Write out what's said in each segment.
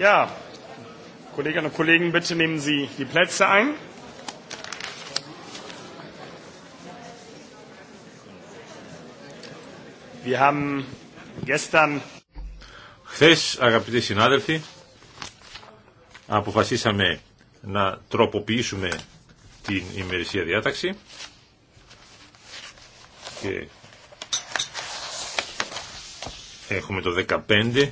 Ja, Kolleginnen und Kollegen, bitte nehmen Sie die Plätze ein. Wir haben gestern Χθες, αγαπητοί συνάδελφοι, αποφασίσαμε να τροποποιήσουμε την ημερησία διάταξη και έχουμε το 15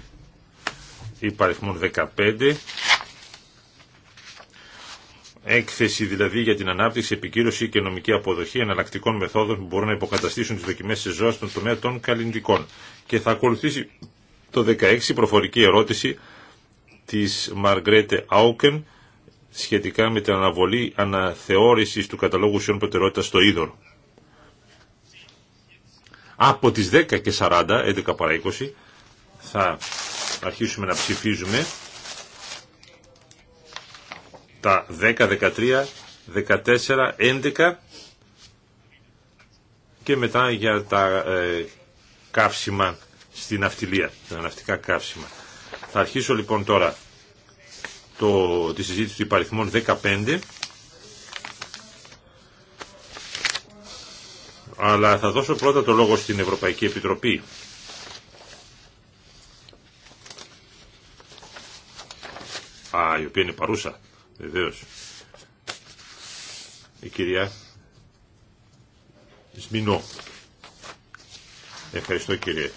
υπαριθμών 15 έκθεση δηλαδή για την ανάπτυξη, επικύρωση και νομική αποδοχή εναλλακτικών μεθόδων που μπορούν να υποκαταστήσουν τις δοκιμές σε ζώα στον τομέα των καλλιντικών. Και θα ακολουθήσει το 16 προφορική ερώτηση της Μαργκρέτε Άουκεν σχετικά με την αναβολή αναθεώρησης του καταλόγου ουσιών προτεραιότητας στο είδωρο. Από τις 10 και 40, 11 παρά 20, θα αρχίσουμε να ψηφίζουμε τα 10, 13, 14, 11 και μετά για τα ε, καύσιμα στην αυτιλία, τα ναυτικά καύσιμα. Θα αρχίσω λοιπόν τώρα το, τη συζήτηση του υπαριθμών 15 αλλά θα δώσω πρώτα το λόγο στην Ευρωπαϊκή Επιτροπή Α, η οποία είναι παρούσα, βεβαίω. Η κυρία Σμινό. Ευχαριστώ κύριε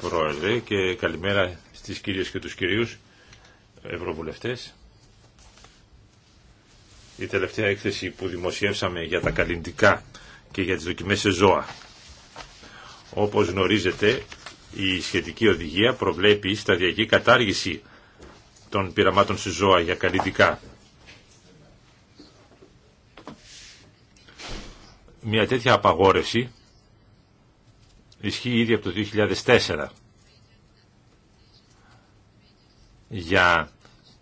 Πρόεδρε και καλημέρα στις κυρίες και τους κυρίους Ευρωβουλευτές. Η τελευταία έκθεση που δημοσιεύσαμε για τα καλλιντικά και για τις δοκιμές σε ζώα. Όπως γνωρίζετε, η σχετική οδηγία προβλέπει σταδιακή κατάργηση των πειραμάτων σε ζώα για καλλιτικά. Μια τέτοια απαγόρευση ισχύει ήδη από το 2004 για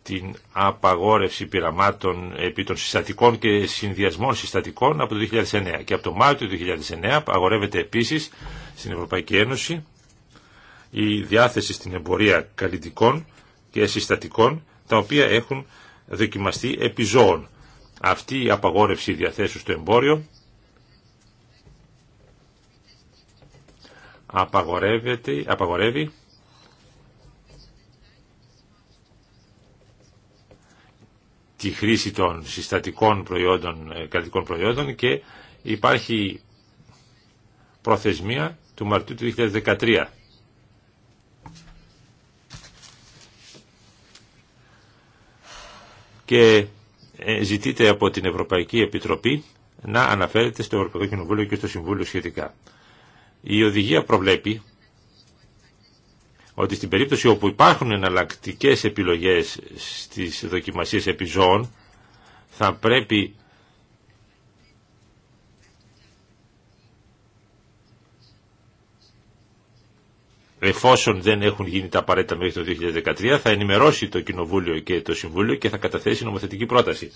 την απαγόρευση πειραμάτων επί των συστατικών και συνδυασμών συστατικών από το 2009. Και από το Μάιο του 2009 απαγορεύεται επίσης στην Ευρωπαϊκή Ένωση η διάθεση στην εμπορία καλλιτικών και συστατικών τα οποία έχουν δοκιμαστεί επιζών. Αυτή η απαγόρευση διαθέσεως στο εμπόριο απαγορεύεται, απαγορεύει τη χρήση των συστατικών προϊόντων, ε, κρατικών προϊόντων και υπάρχει προθεσμία του Μαρτίου του 2013. και ε, ζητείται από την Ευρωπαϊκή Επιτροπή να αναφέρεται στο Ευρωπαϊκό Κοινοβούλιο και στο Συμβούλιο σχετικά. Η οδηγία προβλέπει ότι στην περίπτωση όπου υπάρχουν εναλλακτικέ επιλογές στις δοκιμασίες επιζών θα πρέπει εφόσον δεν έχουν γίνει τα απαραίτητα μέχρι το 2013, θα ενημερώσει το Κοινοβούλιο και το Συμβούλιο και θα καταθέσει νομοθετική πρόταση.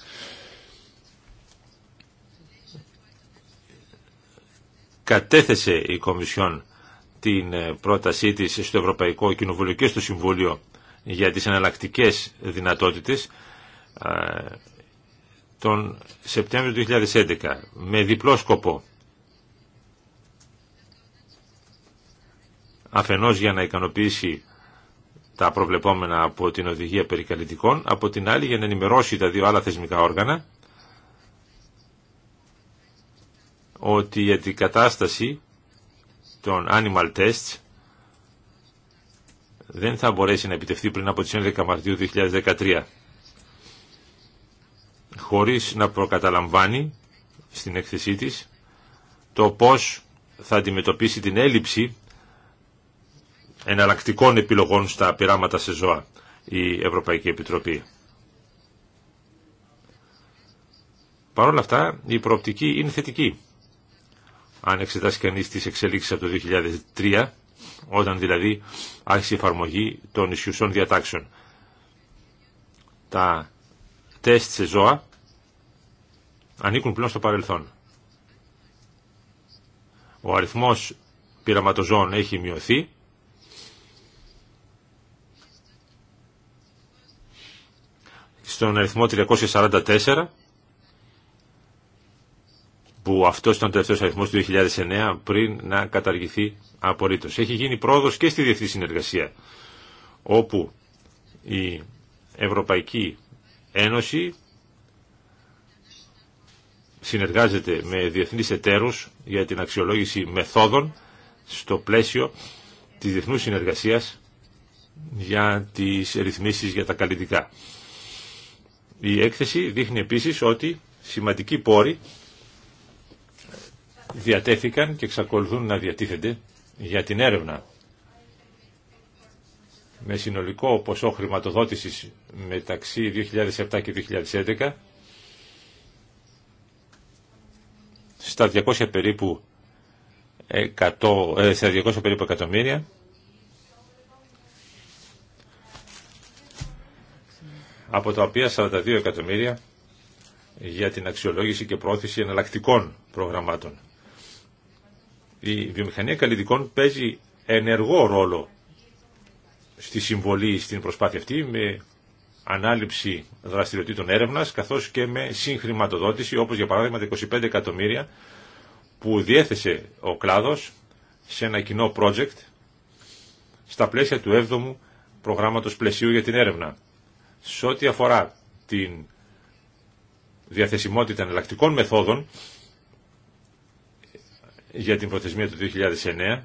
Κατέθεσε η Κομισιόν την ε, πρότασή της στο Ευρωπαϊκό Κοινοβούλιο και στο Συμβούλιο για τις εναλλακτικέ δυνατότητες ε, τον Σεπτέμβριο του 2011 με διπλό σκοπό αφενός για να ικανοποιήσει τα προβλεπόμενα από την οδηγία περικαλυτικών, από την άλλη για να ενημερώσει τα δύο άλλα θεσμικά όργανα ότι η κατάσταση των animal tests δεν θα μπορέσει να επιτευχθεί πριν από τις 11 Μαρτίου 2013 χωρίς να προκαταλαμβάνει στην έκθεσή της το πώς θα αντιμετωπίσει την έλλειψη εναλλακτικών επιλογών στα πειράματα σε ζώα η Ευρωπαϊκή Επιτροπή. Παρ' όλα αυτά η προοπτική είναι θετική. Αν εξετάσει κανεί τι εξελίξει από το 2003, όταν δηλαδή άρχισε η εφαρμογή των ισχυουσών διατάξεων. Τα τεστ σε ζώα ανήκουν πλέον στο παρελθόν. Ο αριθμός πειραματοζώων έχει μειωθεί στον αριθμό 344 που αυτός ήταν ο τελευταίος αριθμός του 2009 πριν να καταργηθεί απολύτως. Έχει γίνει πρόοδος και στη διεθνή συνεργασία όπου η Ευρωπαϊκή Ένωση συνεργάζεται με διεθνείς εταίρους για την αξιολόγηση μεθόδων στο πλαίσιο της διεθνούς συνεργασίας για τις ρυθμίσεις για τα καλλιτικά. Η έκθεση δείχνει επίσης ότι σημαντικοί πόροι διατέθηκαν και εξακολουθούν να διατίθενται για την έρευνα με συνολικό ποσό χρηματοδότησης μεταξύ 2007 και 2011 στα 200 περίπου, 100, ε, στα 200 περίπου εκατομμύρια από τα οποία 42 εκατομμύρια για την αξιολόγηση και πρόθεση εναλλακτικών προγραμμάτων. Η βιομηχανία καλλιτικών παίζει ενεργό ρόλο στη συμβολή στην προσπάθεια αυτή με ανάληψη δραστηριοτήτων έρευνας καθώς και με συγχρηματοδότηση όπως για παράδειγμα τα 25 εκατομμύρια που διέθεσε ο κλάδος σε ένα κοινό project στα πλαίσια του 7ου προγράμματος πλαισίου για την έρευνα. Σε ό,τι αφορά την διαθεσιμότητα εναλλακτικών μεθόδων για την προθεσμία του 2009,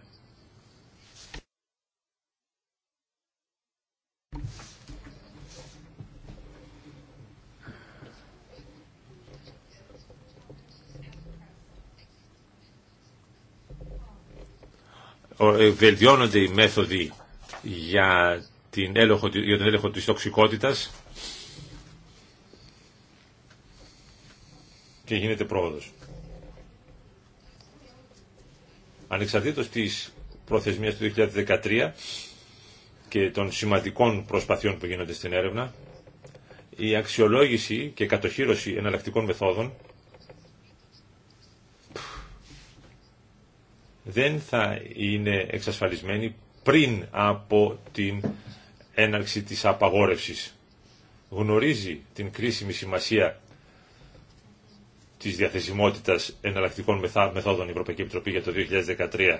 ε, βελτιώνονται οι μέθοδοι για την έλεγχο, για τον έλεγχο της τοξικότητας και γίνεται πρόοδος. Ανεξαρτήτως της προθεσμίας του 2013 και των σημαντικών προσπαθειών που γίνονται στην έρευνα, η αξιολόγηση και κατοχύρωση εναλλακτικών μεθόδων δεν θα είναι εξασφαλισμένη πριν από την έναρξη της απαγόρευσης. Γνωρίζει την κρίσιμη σημασία της διαθεσιμότητας εναλλακτικών μεθόδων η Ευρωπαϊκή Επιτροπή για το 2013.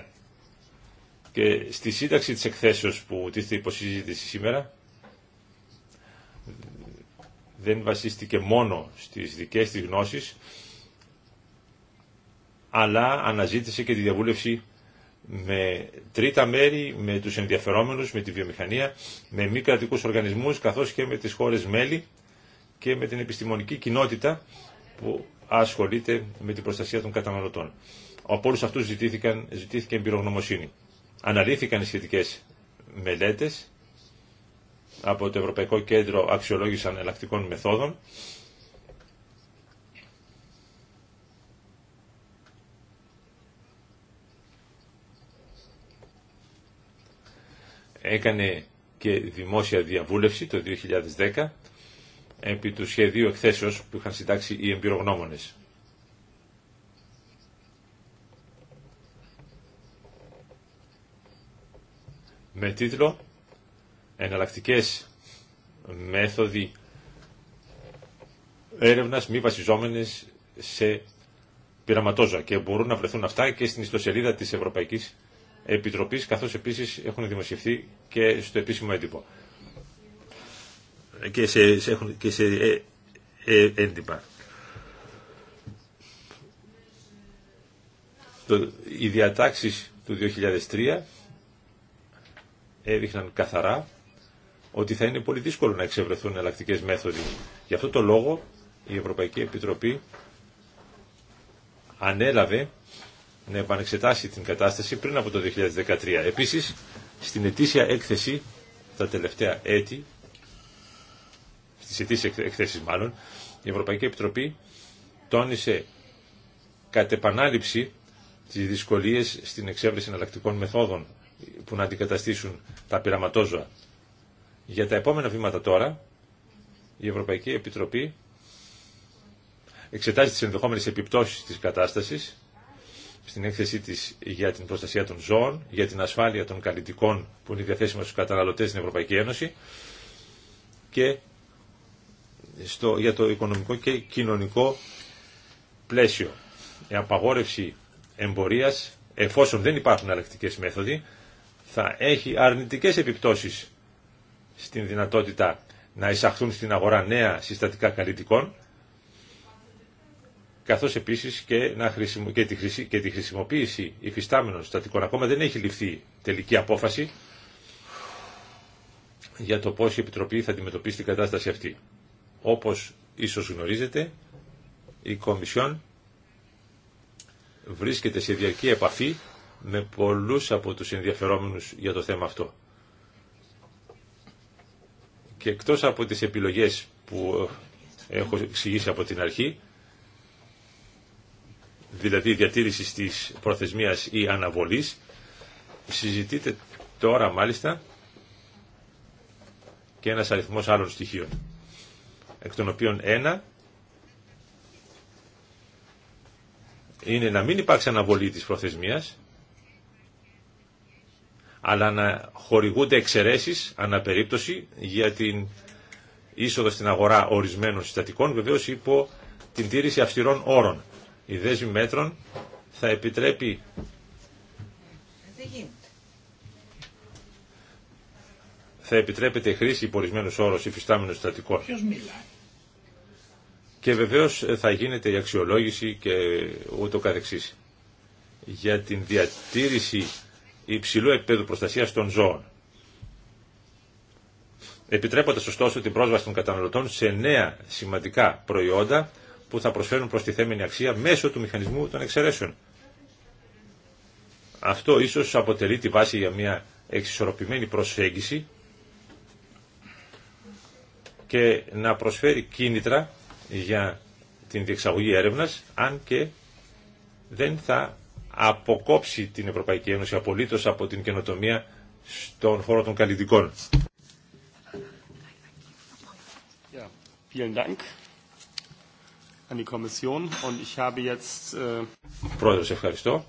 Και στη σύνταξη της εκθέσεως που τίθεται υποσυζήτηση σήμερα, δεν βασίστηκε μόνο στις δικές της γνώσεις, αλλά αναζήτησε και τη διαβούλευση με τρίτα μέρη, με τους ενδιαφερόμενους, με τη βιομηχανία, με μη κρατικούς οργανισμούς, καθώς και με τις χώρες μέλη και με την επιστημονική κοινότητα που ασχολείται με την προστασία των καταναλωτών. Από όλους αυτούς ζητήθηκαν, ζητήθηκε εμπειρογνωμοσύνη. Αναλύθηκαν οι σχετικές μελέτες από το Ευρωπαϊκό Κέντρο Αξιολόγηση Αναλλακτικών Μεθόδων έκανε και δημόσια διαβούλευση το 2010 επί του σχεδίου εκθέσεως που είχαν συντάξει οι εμπειρογνώμονες. Με τίτλο «Εναλλακτικές μέθοδοι έρευνας μη βασιζόμενες σε πειραματόζα» και μπορούν να βρεθούν αυτά και στην ιστοσελίδα της Ευρωπαϊκής Επιτροπής, καθώς επίσης έχουν δημοσιευθεί και στο επίσημο έντυπο. Και σε, σε έχουν, και σε ε, ε, έντυπα. Το, οι διατάξει του 2003 έδειχναν καθαρά ότι θα είναι πολύ δύσκολο να εξευρεθούν εναλλακτικέ μέθοδοι. Γι' αυτό το λόγο η Ευρωπαϊκή Επιτροπή ανέλαβε να επανεξετάσει την κατάσταση πριν από το 2013. Επίσης, στην ετήσια έκθεση τα τελευταία έτη, στις ετήσιες εκθέσεις μάλλον, η Ευρωπαϊκή Επιτροπή τόνισε κατ' επανάληψη τις δυσκολίες στην εξέβρεση εναλλακτικών μεθόδων που να αντικαταστήσουν τα πειραματόζωα. Για τα επόμενα βήματα τώρα, η Ευρωπαϊκή Επιτροπή εξετάζει τις ενδεχόμενες επιπτώσεις της κατάστασης στην έκθεσή της για την προστασία των ζώων, για την ασφάλεια των καλλιτικών που είναι διαθέσιμα στου καταναλωτές στην Ευρωπαϊκή Ένωση και στο, για το οικονομικό και κοινωνικό πλαίσιο. Η απαγόρευση εμπορίας, εφόσον δεν υπάρχουν αλλακτικέ μέθοδοι, θα έχει αρνητικές επιπτώσεις στην δυνατότητα να εισαχθούν στην αγορά νέα συστατικά καλλιτικών καθώς επίσης και, να χρησιμο... και, τη τη χρησιμοποίηση υφιστάμενων στατικών. Ακόμα δεν έχει ληφθεί τελική απόφαση για το πώς η Επιτροπή θα αντιμετωπίσει την κατάσταση αυτή. Όπως ίσως γνωρίζετε, η Κομισιόν βρίσκεται σε διαρκή επαφή με πολλούς από τους ενδιαφερόμενους για το θέμα αυτό. Και εκτός από τις επιλογές που έχω εξηγήσει από την αρχή, δηλαδή διατήρησης της προθεσμίας ή αναβολής. Συζητείται τώρα μάλιστα και ένας αριθμός άλλων στοιχείων, εκ των οποίων ένα είναι να μην υπάρξει αναβολή της προθεσμίας, αλλά να χορηγούνται εξαιρέσεις αναπερίπτωση για την είσοδο στην αγορά ορισμένων συστατικών, βεβαίως υπό την τήρηση αυστηρών όρων. Η δέσμη μέτρων θα επιτρέπει θα επιτρέπεται χρήση υπορισμένου όρου υφιστάμενου στρατικών. Και βεβαίω ε, θα γίνεται η αξιολόγηση και ούτω καθεξή. Για την διατήρηση υψηλού επίπεδου προστασία των ζώων. Επιτρέποντα ωστόσο την πρόσβαση των καταναλωτών σε νέα σημαντικά προϊόντα που θα προσφέρουν τη προστιθέμενη αξία μέσω του μηχανισμού των εξαιρέσεων. Αυτό ίσως αποτελεί τη βάση για μια εξισορροπημένη προσέγγιση και να προσφέρει κίνητρα για την διεξαγωγή έρευνας, αν και δεν θα αποκόψει την Ευρωπαϊκή Ένωση απολύτως από την καινοτομία στον χώρο των καλλιτικών. Yeah an äh, Πρόεδρος, ευχαριστώ.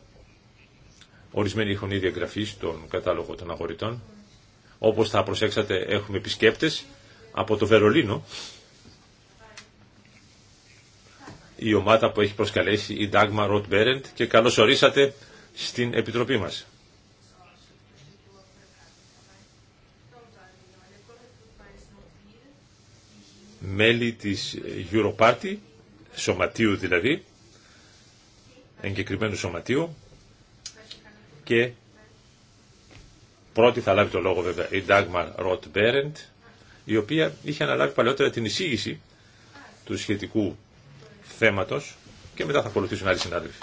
Ορισμένοι έχουν ήδη εγγραφεί στον κατάλογο των αγορητών. Όπως θα προσέξατε έχουμε επισκέπτες από το Βερολίνο. Η ομάδα που έχει προσκαλέσει η Ντάγμα Ροτ Μπέρεντ και καλώς ορίσατε στην Επιτροπή μας. Μέλη της Europarty σωματίου, δηλαδή, εγκεκριμένου σωματίου, και πρώτη θα λάβει το λόγο βέβαια η Dagmar Ροτ Μπέρεντ, η οποία είχε αναλάβει παλαιότερα την εισήγηση του σχετικού θέματος και μετά θα ακολουθήσουν άλλοι συνάδελφοι.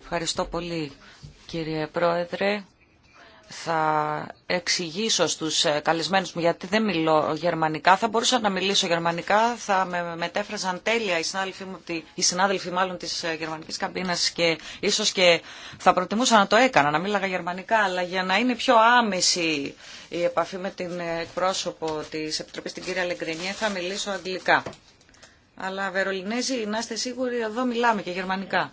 Ευχαριστώ πολύ κύριε Πρόεδρε θα εξηγήσω στους ε, καλεσμένους μου γιατί δεν μιλώ γερμανικά. Θα μπορούσα να μιλήσω γερμανικά, θα με μετέφραζαν τέλεια οι συνάδελφοι, μου, οι συνάδελφοι μάλλον της ε, γερμανικής καμπίνας και ίσως και θα προτιμούσα να το έκανα, να μίλαγα γερμανικά, αλλά για να είναι πιο άμεση η επαφή με την ε, εκπρόσωπο της Επιτροπής, την κυρία Λεγκρινιέ, θα μιλήσω αγγλικά. Αλλά Βερολινέζοι, να είστε σίγουροι, εδώ μιλάμε και γερμανικά.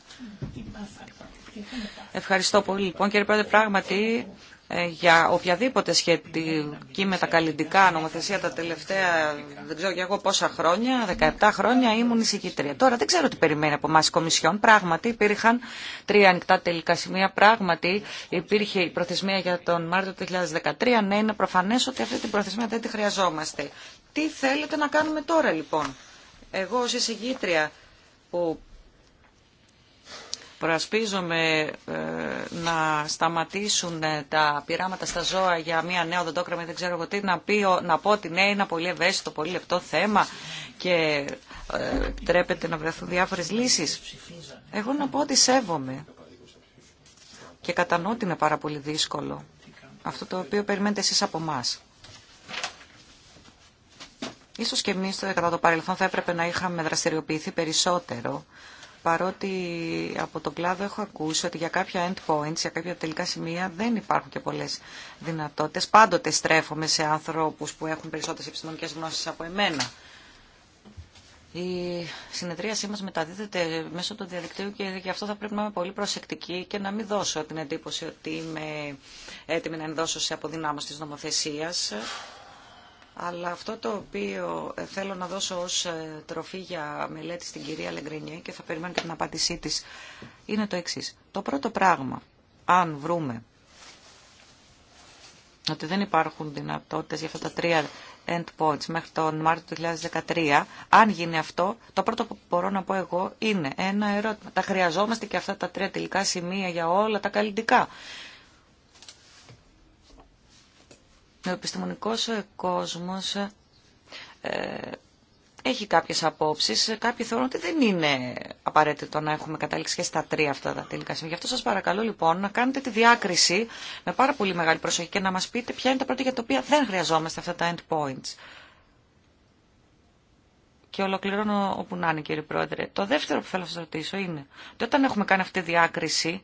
Ευχαριστώ πολύ. Λοιπόν, κύριε Πρόεδρε, πράγματι ε, για οποιαδήποτε σχετική με τα καλλιντικά νομοθεσία τα τελευταία, δεν ξέρω και εγώ πόσα χρόνια, 17 χρόνια ήμουν εισηγήτρια. Τώρα δεν ξέρω τι περιμένει από εμά η Κομισιόν. Πράγματι υπήρχαν τρία ανοιχτά τελικά σημεία. Πράγματι υπήρχε η προθεσμία για τον Μάρτιο του 2013. Ναι, είναι προφανέ ότι αυτή την προθεσμία δεν τη χρειαζόμαστε. Τι θέλετε να κάνουμε τώρα λοιπόν. Εγώ ως εισηγήτρια που Προασπίζομαι ε, να σταματήσουν τα πειράματα στα ζώα για μια νέα οδοντόκραμη, δεν ξέρω εγώ τι, να, πει, να πω ότι ναι, είναι πολύ ευαίσθητο, πολύ λεπτό θέμα και ε, επιτρέπεται να βρεθούν διάφορες λύσεις. Εγώ να πω ότι σέβομαι και κατανοώ ότι είναι πάρα πολύ δύσκολο αυτό το οποίο περιμένετε εσείς από εμά. Ίσως και εμείς κατά το παρελθόν θα έπρεπε να είχαμε δραστηριοποιηθεί περισσότερο παρότι από τον κλάδο έχω ακούσει ότι για κάποια endpoints, για κάποια τελικά σημεία δεν υπάρχουν και πολλές δυνατότητες. Πάντοτε στρέφομαι σε ανθρώπους που έχουν περισσότερες επιστημονικές γνώσεις από εμένα. Η συνεδρίασή μας μεταδίδεται μέσω του διαδικτύου και γι' αυτό θα πρέπει να είμαι πολύ προσεκτική και να μην δώσω την εντύπωση ότι είμαι έτοιμη να ενδώσω σε αποδυνάμωση της νομοθεσίας. Αλλά αυτό το οποίο ε, θέλω να δώσω ως ε, τροφή για μελέτη στην κυρία Λεγκρινιέ και θα περιμένω και την απάντησή της είναι το εξής. Το πρώτο πράγμα, αν βρούμε ότι δεν υπάρχουν δυνατότητες για αυτά τα τρία endpoints μέχρι τον Μάρτιο του 2013, αν γίνει αυτό, το πρώτο που μπορώ να πω εγώ είναι ένα ερώτημα. Τα χρειαζόμαστε και αυτά τα τρία τελικά σημεία για όλα τα καλλιντικά. Ο επιστημονικός ε, κόσμος ε, ε, έχει κάποιες απόψεις. Κάποιοι θεωρούν ότι δεν είναι απαραίτητο να έχουμε καταλήξει και στα τρία αυτά τα τελικά σημεία. Γι' αυτό σας παρακαλώ λοιπόν να κάνετε τη διάκριση με πάρα πολύ μεγάλη προσοχή και να μας πείτε ποια είναι τα πρώτα για τα οποία δεν χρειαζόμαστε αυτά τα endpoints. Και ολοκληρώνω όπου να είναι κύριε Πρόεδρε. Το δεύτερο που θέλω να σας ρωτήσω είναι ότι όταν έχουμε κάνει αυτή τη διάκριση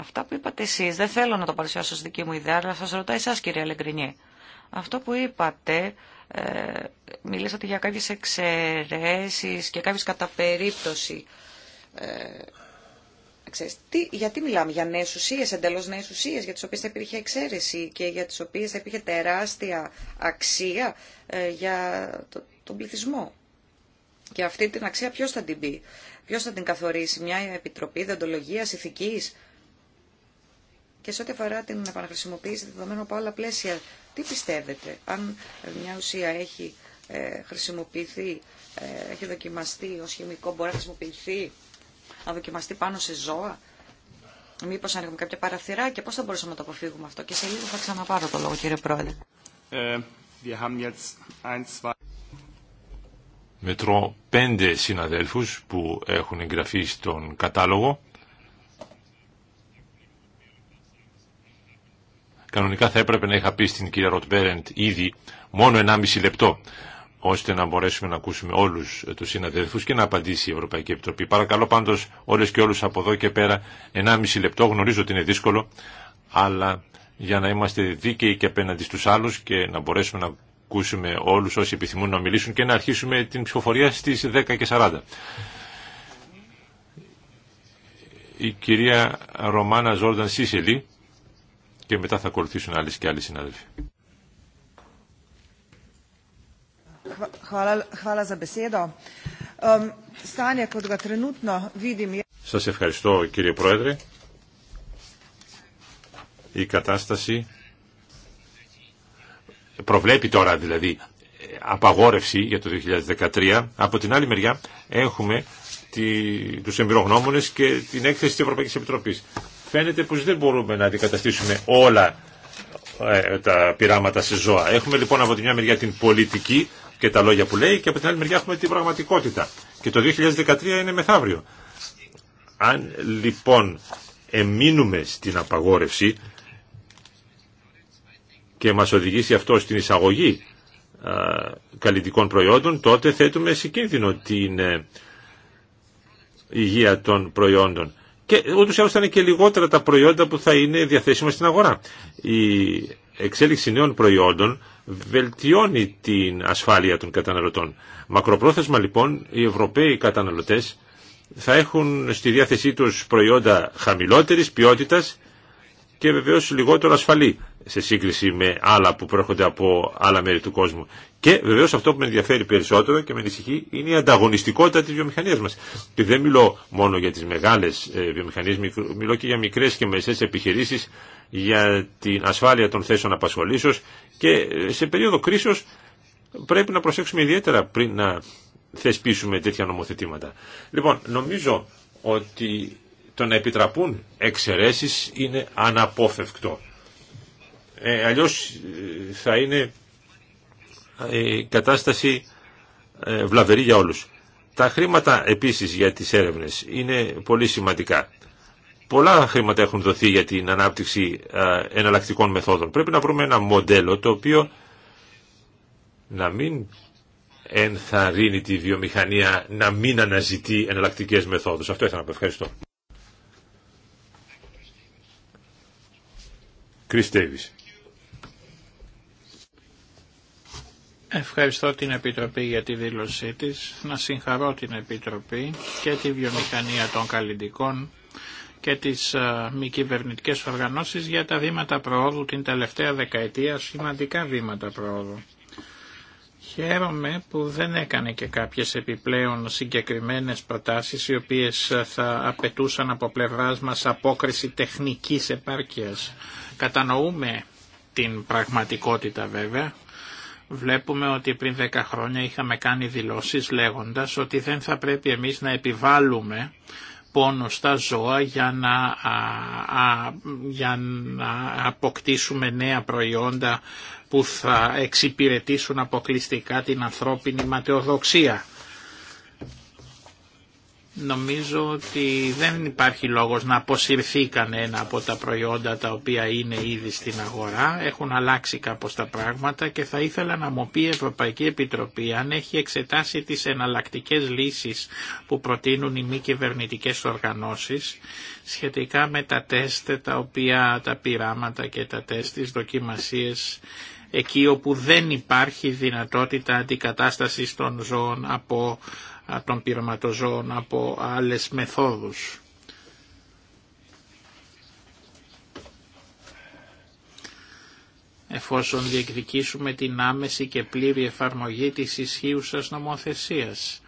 Αυτά που είπατε εσείς, δεν θέλω να το παρουσιάσω ως δική μου ιδέα, αλλά σας ρωτάει εσάς κύριε Αλεγκρινιέ. Αυτό που είπατε, ε, μιλήσατε για κάποιες εξαιρέσεις και κάποιες κατά περίπτωση. Ε, ξέρεις, τι, γιατί μιλάμε, για νέες ουσίες, εντελώς νέες ουσίες, για τις οποίες θα υπήρχε εξαίρεση και για τις οποίες θα υπήρχε τεράστια αξία ε, για τον πληθυσμό. Και αυτή την αξία ποιος θα την πει, ποιος θα την καθορίσει, μια επιτροπή δεντολογίας ηθικής, και σε ό,τι αφορά την επαναχρησιμοποίηση δεδομένων από όλα πλαίσια, τι πιστεύετε, αν μια ουσία έχει ε, χρησιμοποιηθεί, ε, έχει δοκιμαστεί ως χημικό, μπορεί να χρησιμοποιηθεί, να δοκιμαστεί πάνω σε ζώα, μήπως έχουμε κάποια και πώς θα μπορούσαμε να το αποφύγουμε αυτό. Και σε λίγο θα ξαναπάρω το λόγο, κύριε Πρόεδρε. Ε, Μετρώ πέντε συναδέλφους που έχουν εγγραφεί στον κατάλογο. Κανονικά θα έπρεπε να είχα πει στην κυρία Ροτμπέρεντ ήδη μόνο 1,5 λεπτό ώστε να μπορέσουμε να ακούσουμε όλου του συναδέλφου και να απαντήσει η Ευρωπαϊκή Επιτροπή. Παρακαλώ πάντω όλε και όλου από εδώ και πέρα 1,5 λεπτό. Γνωρίζω ότι είναι δύσκολο, αλλά για να είμαστε δίκαιοι και απέναντι στου άλλου και να μπορέσουμε να ακούσουμε όλου όσοι επιθυμούν να μιλήσουν και να αρχίσουμε την ψηφοφορία στι 10.40. Η κυρία Ρωμάνα Ζόρνταν Σίσελη και μετά θα ακολουθήσουν άλλες και άλλοι συνάδελφοι. Um, Σας ευχαριστώ κύριε Πρόεδρε. Η κατάσταση προβλέπει τώρα δηλαδή απαγόρευση για το 2013. Από την άλλη μεριά έχουμε τους εμπειρογνώμονες και την έκθεση της Ευρωπαϊκής Επιτροπής φαίνεται πως δεν μπορούμε να αντικαταστήσουμε όλα ε, τα πειράματα σε ζώα. Έχουμε λοιπόν από τη μια μεριά την πολιτική και τα λόγια που λέει και από την άλλη μεριά έχουμε την πραγματικότητα. Και το 2013 είναι μεθαύριο. Αν λοιπόν εμείνουμε στην απαγόρευση και μας οδηγήσει αυτό στην εισαγωγή α, καλλιτικών προϊόντων, τότε θέτουμε σε κίνδυνο την ε, υγεία των προϊόντων και ούτω ή άλλω θα είναι και λιγότερα τα προϊόντα που θα είναι διαθέσιμα στην αγορά. Η εξέλιξη νέων προϊόντων βελτιώνει την ασφάλεια των καταναλωτών. Μακροπρόθεσμα λοιπόν οι Ευρωπαίοι καταναλωτές θα έχουν στη διάθεσή τους προϊόντα χαμηλότερης ποιότητας και βεβαίως λιγότερο ασφαλή σε σύγκριση με άλλα που προέρχονται από άλλα μέρη του κόσμου. Και βεβαίως αυτό που με ενδιαφέρει περισσότερο και με ανησυχεί είναι η ανταγωνιστικότητα της βιομηχανίας μας. Και δεν μιλώ μόνο για τις μεγάλες ε, βιομηχανίες, μιλώ και για μικρές και μεσές επιχειρήσεις, για την ασφάλεια των θέσεων απασχολήσεως και ε, σε περίοδο κρίσεως πρέπει να προσέξουμε ιδιαίτερα πριν να θεσπίσουμε τέτοια νομοθετήματα. Λοιπόν, νομίζω ότι το να επιτραπούν εξαιρέσεις είναι αναπόφευκτο. Ε, αλλιώς ε, θα είναι ε, η κατάσταση ε, βλαβερή για όλους. Τα χρήματα επίσης για τις έρευνες είναι πολύ σημαντικά. Πολλά χρήματα έχουν δοθεί για την ανάπτυξη εναλλακτικών μεθόδων. Πρέπει να βρούμε ένα μοντέλο το οποίο να μην ενθαρρύνει τη βιομηχανία να μην αναζητεί εναλλακτικές μεθόδους. Αυτό ήθελα να πω. Ευχαριστώ. Ευχαριστώ την Επιτροπή για τη δήλωσή της. Να συγχαρώ την Επιτροπή και τη βιομηχανία των καλλιντικών και τις ε, μη κυβερνητικέ οργανώσεις για τα βήματα προόδου την τελευταία δεκαετία, σημαντικά βήματα προόδου. Χαίρομαι που δεν έκανε και κάποιες επιπλέον συγκεκριμένες προτάσεις οι οποίες θα απαιτούσαν από πλευράς μας απόκριση τεχνικής επάρκειας Κατανοούμε την πραγματικότητα βέβαια. Βλέπουμε ότι πριν 10 χρόνια είχαμε κάνει δηλώσεις λέγοντας ότι δεν θα πρέπει εμείς να επιβάλλουμε πόνο στα ζώα για να, για να αποκτήσουμε νέα προϊόντα που θα εξυπηρετήσουν αποκλειστικά την ανθρώπινη ματαιοδοξία. Νομίζω ότι δεν υπάρχει λόγος να αποσυρθεί κανένα από τα προϊόντα τα οποία είναι ήδη στην αγορά. Έχουν αλλάξει κάπως τα πράγματα και θα ήθελα να μου πει η Ευρωπαϊκή Επιτροπή αν έχει εξετάσει τις εναλλακτικέ λύσεις που προτείνουν οι μη κυβερνητικέ οργανώσεις σχετικά με τα τεστ, τα οποία τα πειράματα και τα τεστ, τις δοκιμασίες εκεί όπου δεν υπάρχει δυνατότητα αντικατάστασης των ζώων από των πειραματοζώων από άλλες μεθόδους. εφόσον διεκδικήσουμε την άμεση και πλήρη εφαρμογή της ισχύουσας νομοθεσίας.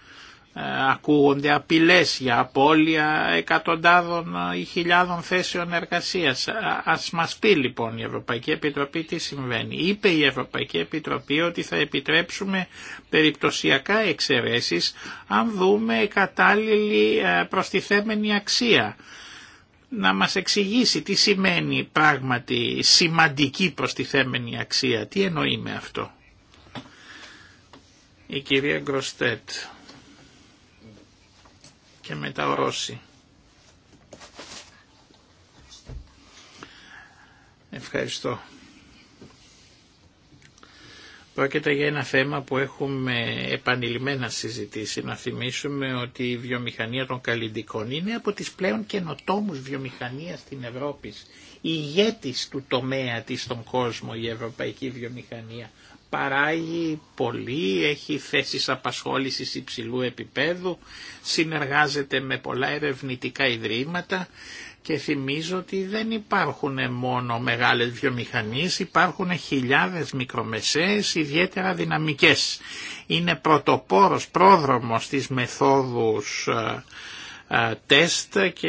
Ε, ακούγονται απειλές για απώλεια εκατοντάδων ή χιλιάδων θέσεων εργασίας. Ας μας πει λοιπόν η Ευρωπαϊκή Επιτροπή τι συμβαίνει. Είπε η Ευρωπαϊκή Επιτροπή ότι θα επιτρέψουμε περιπτωσιακά εξαιρέσεις αν δούμε κατάλληλη ε, προστιθέμενη αξία. Να μας εξηγήσει τι σημαίνει πράγματι σημαντική προστιθέμενη αξία. Τι εννοεί με αυτό. Η κυρία Γκροστέτ και μετά ο Ρώση. Ευχαριστώ. Πρόκειται για ένα θέμα που έχουμε επανειλημμένα συζητήσει. Να θυμίσουμε ότι η βιομηχανία των καλλιντικών είναι από τις πλέον καινοτόμους βιομηχανία στην Ευρώπη. Η ηγέτης του τομέα της στον κόσμο η ευρωπαϊκή βιομηχανία παράγει πολύ, έχει θέσεις απασχόλησης υψηλού επίπεδου, συνεργάζεται με πολλά ερευνητικά ιδρύματα και θυμίζω ότι δεν υπάρχουν μόνο μεγάλες βιομηχανίες, υπάρχουν χιλιάδες μικρομεσαίες ιδιαίτερα δυναμικές. Είναι πρωτοπόρος, πρόδρομος της μεθόδους ε, τεστ και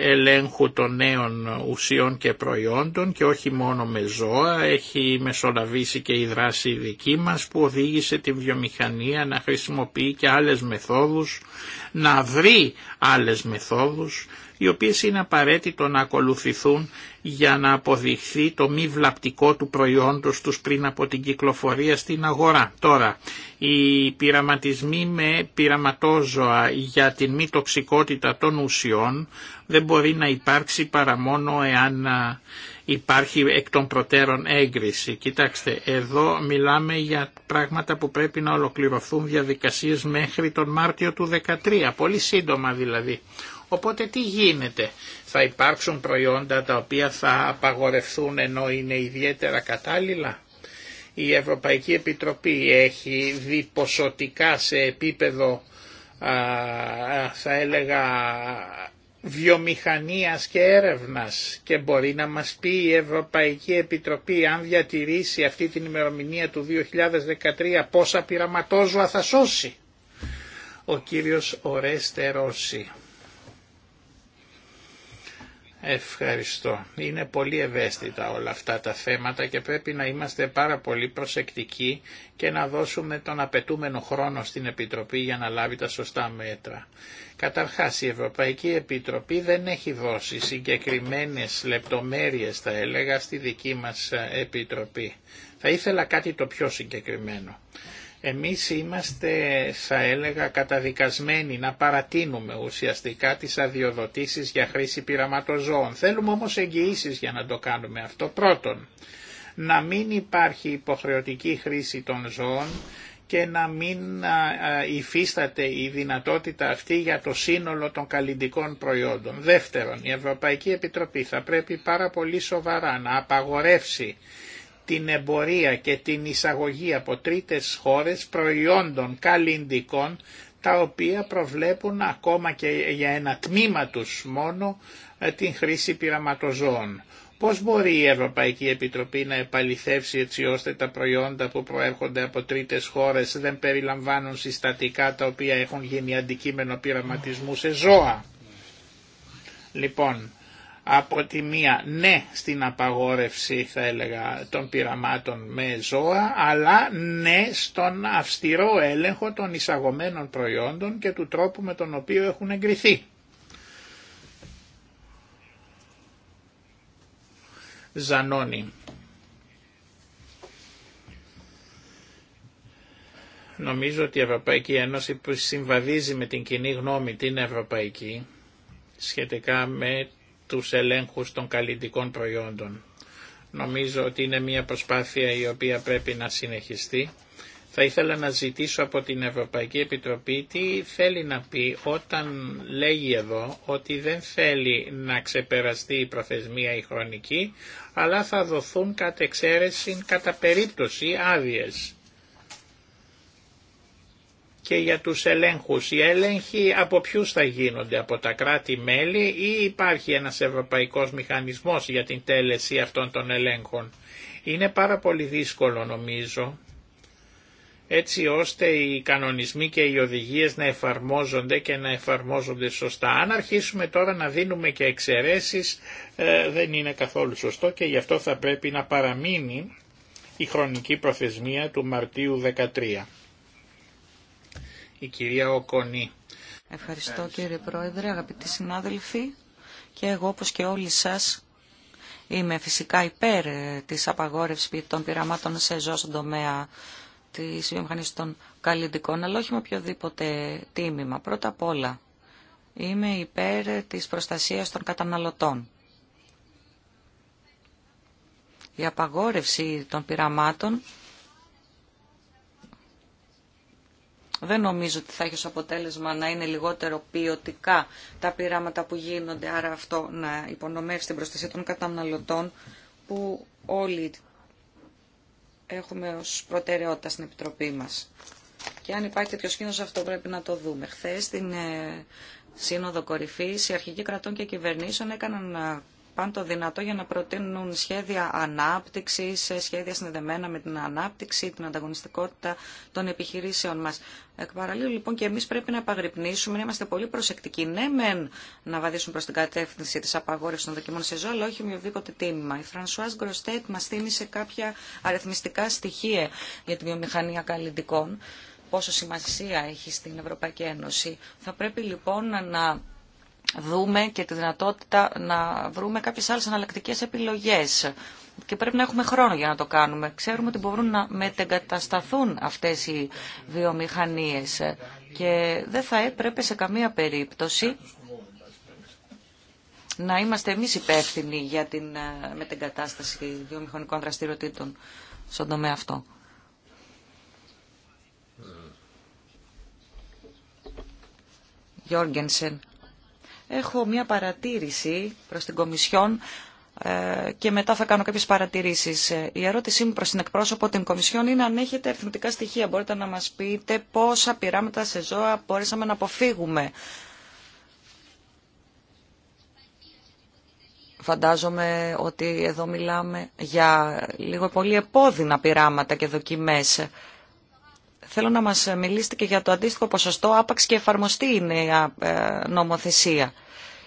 ελέγχου των νέων ουσιών και προϊόντων και όχι μόνο με ζώα, έχει μεσολαβήσει και η δράση δική μας που οδήγησε την βιομηχανία να χρησιμοποιεί και άλλες μεθόδους, να βρει άλλες μεθόδους οι οποίες είναι απαραίτητο να ακολουθηθούν για να αποδειχθεί το μη βλαπτικό του προϊόντος τους πριν από την κυκλοφορία στην αγορά. Τώρα, οι πειραματισμοί με πειραματόζωα για την μη τοξικότητα των ουσιών δεν μπορεί να υπάρξει παρά μόνο εάν υπάρχει εκ των προτέρων έγκριση. Κοιτάξτε, εδώ μιλάμε για πράγματα που πρέπει να ολοκληρωθούν διαδικασίες μέχρι τον Μάρτιο του 2013, πολύ σύντομα δηλαδή. Οπότε τι γίνεται. Θα υπάρξουν προϊόντα τα οποία θα απαγορευθούν ενώ είναι ιδιαίτερα κατάλληλα. Η Ευρωπαϊκή Επιτροπή έχει δει ποσοτικά σε επίπεδο θα έλεγα βιομηχανίας και έρευνας και μπορεί να μας πει η Ευρωπαϊκή Επιτροπή αν διατηρήσει αυτή την ημερομηνία του 2013 πόσα πειραματόζωα θα σώσει. Ο κύριος Ορέστε Ρώση. Ευχαριστώ. Είναι πολύ ευαίσθητα όλα αυτά τα θέματα και πρέπει να είμαστε πάρα πολύ προσεκτικοί και να δώσουμε τον απαιτούμενο χρόνο στην Επιτροπή για να λάβει τα σωστά μέτρα. Καταρχάς η Ευρωπαϊκή Επιτροπή δεν έχει δώσει συγκεκριμένες λεπτομέρειες θα έλεγα στη δική μας Επιτροπή. Θα ήθελα κάτι το πιο συγκεκριμένο. Εμείς είμαστε, θα έλεγα, καταδικασμένοι να παρατείνουμε ουσιαστικά τις αδειοδοτήσεις για χρήση πειραματοζώων. Θέλουμε όμως εγγυήσεις για να το κάνουμε αυτό. Πρώτον, να μην υπάρχει υποχρεωτική χρήση των ζώων και να μην υφίσταται η δυνατότητα αυτή για το σύνολο των καλλιντικών προϊόντων. Δεύτερον, η Ευρωπαϊκή Επιτροπή θα πρέπει πάρα πολύ σοβαρά να απαγορεύσει την εμπορία και την εισαγωγή από τρίτες χώρες προϊόντων καλλιντικών τα οποία προβλέπουν ακόμα και για ένα τμήμα τους μόνο ε, την χρήση πειραματοζώων. Πώς μπορεί η Ευρωπαϊκή Επιτροπή να επαληθεύσει έτσι ώστε τα προϊόντα που προέρχονται από τρίτες χώρες δεν περιλαμβάνουν συστατικά τα οποία έχουν γίνει αντικείμενο πειραματισμού σε ζώα. Λοιπόν, από τη μία ναι στην απαγόρευση θα έλεγα των πειραμάτων με ζώα αλλά ναι στον αυστηρό έλεγχο των εισαγωμένων προϊόντων και του τρόπου με τον οποίο έχουν εγκριθεί. Ζανόνι. Νομίζω ότι η Ευρωπαϊκή Ένωση που συμβαδίζει με την κοινή γνώμη την Ευρωπαϊκή σχετικά με τους ελέγχους των καλλιντικών προϊόντων. Νομίζω ότι είναι μια προσπάθεια η οποία πρέπει να συνεχιστεί. Θα ήθελα να ζητήσω από την Ευρωπαϊκή Επιτροπή τι θέλει να πει όταν λέγει εδώ ότι δεν θέλει να ξεπεραστεί η προθεσμία η χρονική, αλλά θα δοθούν κατ' εξαίρεση κατά περίπτωση άδειες και για τους ελέγχους. Οι έλεγχοι από ποιου θα γίνονται, από τα κράτη-μέλη ή υπάρχει ένας ευρωπαϊκός μηχανισμός για την τέλεση αυτών των ελέγχων. Είναι πάρα πολύ δύσκολο νομίζω έτσι ώστε οι κανονισμοί και οι οδηγίες να εφαρμόζονται και να εφαρμόζονται σωστά. Αν αρχίσουμε τώρα να δίνουμε και εξαιρέσεις ε, δεν είναι καθόλου σωστό και γι' αυτό θα πρέπει να παραμείνει η χρονική προθεσμία του Μαρτίου 13 η κυρία Οκονή. Ευχαριστώ κύριε Πρόεδρε, αγαπητοί συνάδελφοι και εγώ όπως και όλοι σας είμαι φυσικά υπέρ ε, της απαγόρευσης των πειραμάτων σε ζώα στον τομέα της βιομηχανίας των καλλιντικών, αλλά όχι με οποιοδήποτε τίμημα. Πρώτα απ' όλα είμαι υπέρ της προστασίας των καταναλωτών. Η απαγόρευση των πειραμάτων δεν νομίζω ότι θα έχει ως αποτέλεσμα να είναι λιγότερο ποιοτικά τα πειράματα που γίνονται, άρα αυτό να υπονομεύσει την προστασία των καταναλωτών που όλοι έχουμε ως προτεραιότητα στην Επιτροπή μας. Και αν υπάρχει τέτοιο κίνδυνος αυτό πρέπει να το δούμε. Χθε στην ε, Σύνοδο Κορυφής οι αρχικοί κρατών και κυβερνήσεων έκαναν ε, το δυνατό για να προτείνουν σχέδια ανάπτυξη, ε, σχέδια συνδεδεμένα με την ανάπτυξη, την ανταγωνιστικότητα των επιχειρήσεων μα. Εκ παραλίου, λοιπόν και εμεί πρέπει να επαγρυπνήσουμε, να είμαστε πολύ προσεκτικοί. Ναι μεν να βαδίσουν προ την κατεύθυνση τη απαγόρευση των δοκιμών σε ζώα, αλλά όχι με οδήποτε τίμημα. Η Φρανσουά Γκροστέτ μας θύμισε κάποια αριθμιστικά στοιχεία για τη βιομηχανία καλλιντικών πόσο σημασία έχει στην Ευρωπαϊκή Ένωση. Θα πρέπει λοιπόν να δούμε και τη δυνατότητα να βρούμε κάποιες άλλες αναλλακτικέ επιλογές. Και πρέπει να έχουμε χρόνο για να το κάνουμε. Ξέρουμε ότι μπορούν να μετεγκατασταθούν αυτές οι βιομηχανίες και δεν θα έπρεπε σε καμία περίπτωση να είμαστε εμείς υπεύθυνοι για την ε, μετεγκατάσταση βιομηχανικών δραστηριοτήτων στον τομέα αυτό. Mm. Έχω μια παρατήρηση προς την Κομισιόν ε, και μετά θα κάνω κάποιες παρατηρήσεις. Ε, η ερώτησή μου προς την εκπρόσωπο την Κομισιόν είναι αν έχετε αριθμητικά στοιχεία. Μπορείτε να μας πείτε πόσα πειράματα σε ζώα μπορέσαμε να αποφύγουμε. Φαντάζομαι ότι εδώ μιλάμε για λίγο πολύ επώδυνα πειράματα και δοκιμές. Θέλω να μας μιλήσετε και για το αντίστοιχο ποσοστό άπαξ και εφαρμοστεί η νέα ε, νομοθεσία.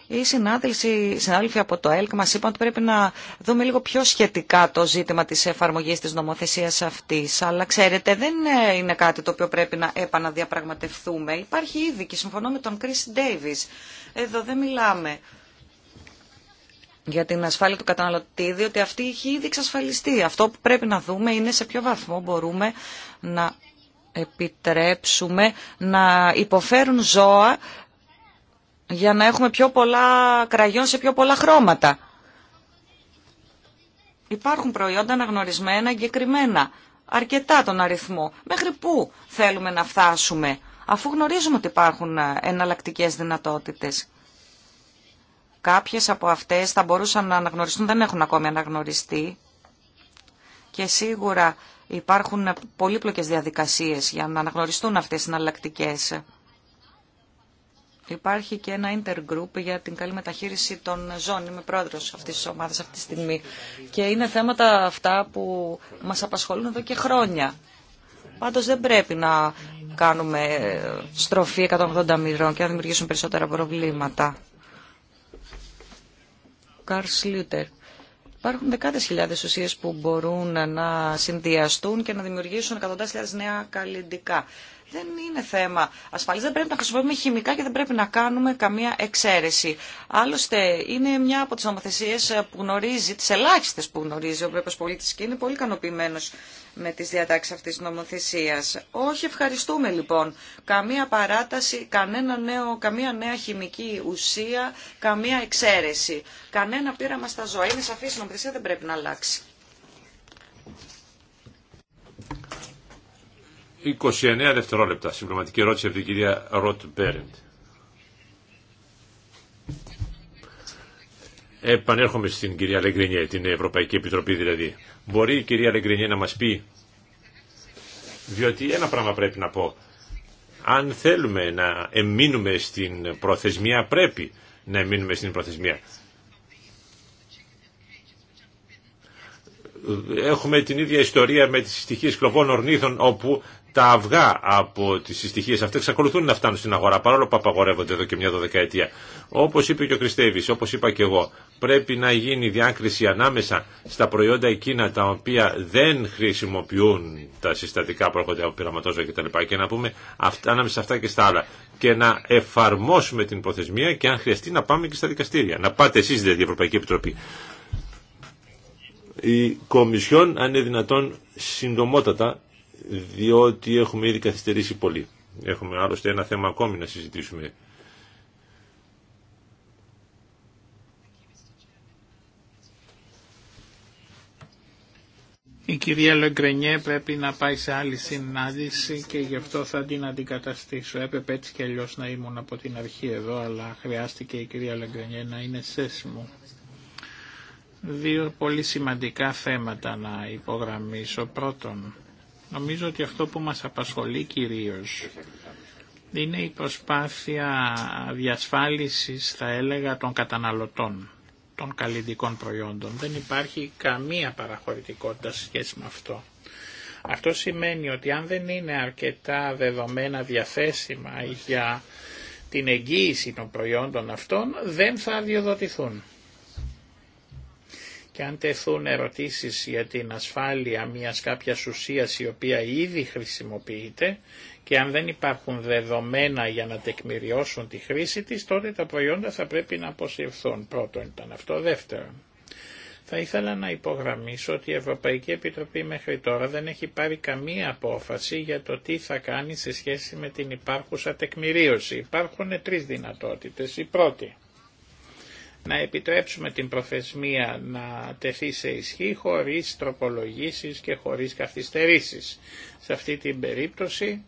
Οι συνάδελφοι, συνάδελφοι από το ΕΛΚ μας είπαν ότι πρέπει να δούμε λίγο πιο σχετικά το ζήτημα της εφαρμογής της νομοθεσίας αυτής. Αλλά ξέρετε, δεν ε, είναι κάτι το οποίο πρέπει να επαναδιαπραγματευτούμε. Υπάρχει ήδη και συμφωνώ με τον Κρίς Ντέιβις. Εδώ δεν μιλάμε για την ασφάλεια του καταναλωτή, διότι αυτή έχει ήδη εξασφαλιστεί. Αυτό που πρέπει να δούμε είναι σε ποιο βαθμό μπορούμε να επιτρέψουμε να υποφέρουν ζώα για να έχουμε πιο πολλά κραγιόν σε πιο πολλά χρώματα. Υπάρχουν προϊόντα αναγνωρισμένα εγκεκριμένα, αρκετά τον αριθμό. Μέχρι πού θέλουμε να φτάσουμε, αφού γνωρίζουμε ότι υπάρχουν εναλλακτικές δυνατότητες. Κάποιες από αυτές θα μπορούσαν να αναγνωριστούν, δεν έχουν ακόμη αναγνωριστεί. Και σίγουρα Υπάρχουν πολύπλοκες διαδικασίες για να αναγνωριστούν αυτές οι συναλλακτικέ. Υπάρχει και ένα intergroup για την καλή μεταχείριση των ζώνων. Είμαι πρόεδρο αυτή τη ομάδα αυτή τη στιγμή. Και είναι θέματα αυτά που μας απασχολούν εδώ και χρόνια. Πάντως δεν πρέπει να κάνουμε στροφή 180 μοιρών και να δημιουργήσουμε περισσότερα προβλήματα. Καρ Σλούτερ. Υπάρχουν δεκάδε χιλιάδε ουσίε που μπορούν να συνδυαστούν και να δημιουργήσουν εκατοντάς χιλιάδε νέα καλλιντικά δεν είναι θέμα ασφαλής, δεν πρέπει να χρησιμοποιούμε χημικά και δεν πρέπει να κάνουμε καμία εξαίρεση. Άλλωστε, είναι μια από τις νομοθεσίες που γνωρίζει, τις ελάχιστες που γνωρίζει ο πρέπει Πολίτης και είναι πολύ ικανοποιημένο με τις διατάξεις αυτής της νομοθεσίας. Όχι ευχαριστούμε λοιπόν καμία παράταση, κανένα νέο, καμία νέα χημική ουσία, καμία εξαίρεση. Κανένα πείραμα στα ζώα. Είναι σαφή η νομοθεσία δεν πρέπει να αλλάξει. 29 δευτερόλεπτα. Συμπληρωματική ερώτηση από την κυρία Ροτ Μπέρεντ. Επανέρχομαι στην κυρία Λεγκρινιέ, την Ευρωπαϊκή Επιτροπή δηλαδή. Μπορεί η κυρία Λεγκρινιέ να μας πει, διότι ένα πράγμα πρέπει να πω. Αν θέλουμε να εμείνουμε στην προθεσμία, πρέπει να εμείνουμε στην προθεσμία. Έχουμε την ίδια ιστορία με τις στοιχείες κλοβών ορνήθων, όπου τα αυγά από τις συστοιχίες αυτές εξακολουθούν να φτάνουν στην αγορά παρόλο που απαγορεύονται εδώ και μια δωδεκαετία. Όπως είπε και ο Κριστέβης, όπως είπα και εγώ, πρέπει να γίνει διάκριση ανάμεσα στα προϊόντα εκείνα τα οποία δεν χρησιμοποιούν τα συστατικά που έρχονται από πειραματόζωα κτλ. Και να πούμε αυτά, ανάμεσα αυτά και στα άλλα. Και να εφαρμόσουμε την προθεσμία και αν χρειαστεί να πάμε και στα δικαστήρια. Να πάτε εσείς δηλαδή η Ευρωπαϊκή Επιτροπή. Η Κομισιόν, αν είναι δυνατόν, συντομότατα διότι έχουμε ήδη καθυστερήσει πολύ. Έχουμε άλλωστε ένα θέμα ακόμη να συζητήσουμε. Η κυρία Λεγκρενιέ πρέπει να πάει σε άλλη συνάντηση και γι' αυτό θα την αντικαταστήσω. Έπρεπε έτσι και αλλιώ να ήμουν από την αρχή εδώ, αλλά χρειάστηκε η κυρία Λεγκρενιέ να είναι σέσιμο. Δύο πολύ σημαντικά θέματα να υπογραμμίσω. Πρώτον, Νομίζω ότι αυτό που μας απασχολεί κυρίως είναι η προσπάθεια διασφάλισης, θα έλεγα, των καταναλωτών, των καλλιντικών προϊόντων. Δεν υπάρχει καμία παραχωρητικότητα σχέση με αυτό. Αυτό σημαίνει ότι αν δεν είναι αρκετά δεδομένα διαθέσιμα για την εγγύηση των προϊόντων αυτών, δεν θα αδειοδοτηθούν και αν τεθούν ερωτήσεις για την ασφάλεια μιας κάποιας ουσίας η οποία ήδη χρησιμοποιείται και αν δεν υπάρχουν δεδομένα για να τεκμηριώσουν τη χρήση της, τότε τα προϊόντα θα πρέπει να αποσυρθούν. Πρώτον ήταν αυτό. Δεύτερον, θα ήθελα να υπογραμμίσω ότι η Ευρωπαϊκή Επιτροπή μέχρι τώρα δεν έχει πάρει καμία απόφαση για το τι θα κάνει σε σχέση με την υπάρχουσα τεκμηρίωση. Υπάρχουν τρεις δυνατότητες. Η πρώτη, να επιτρέψουμε την προθεσμία να τεθεί σε ισχύ χωρίς τροπολογήσεις και χωρίς καθυστερήσεις. Σε αυτή την περίπτωση,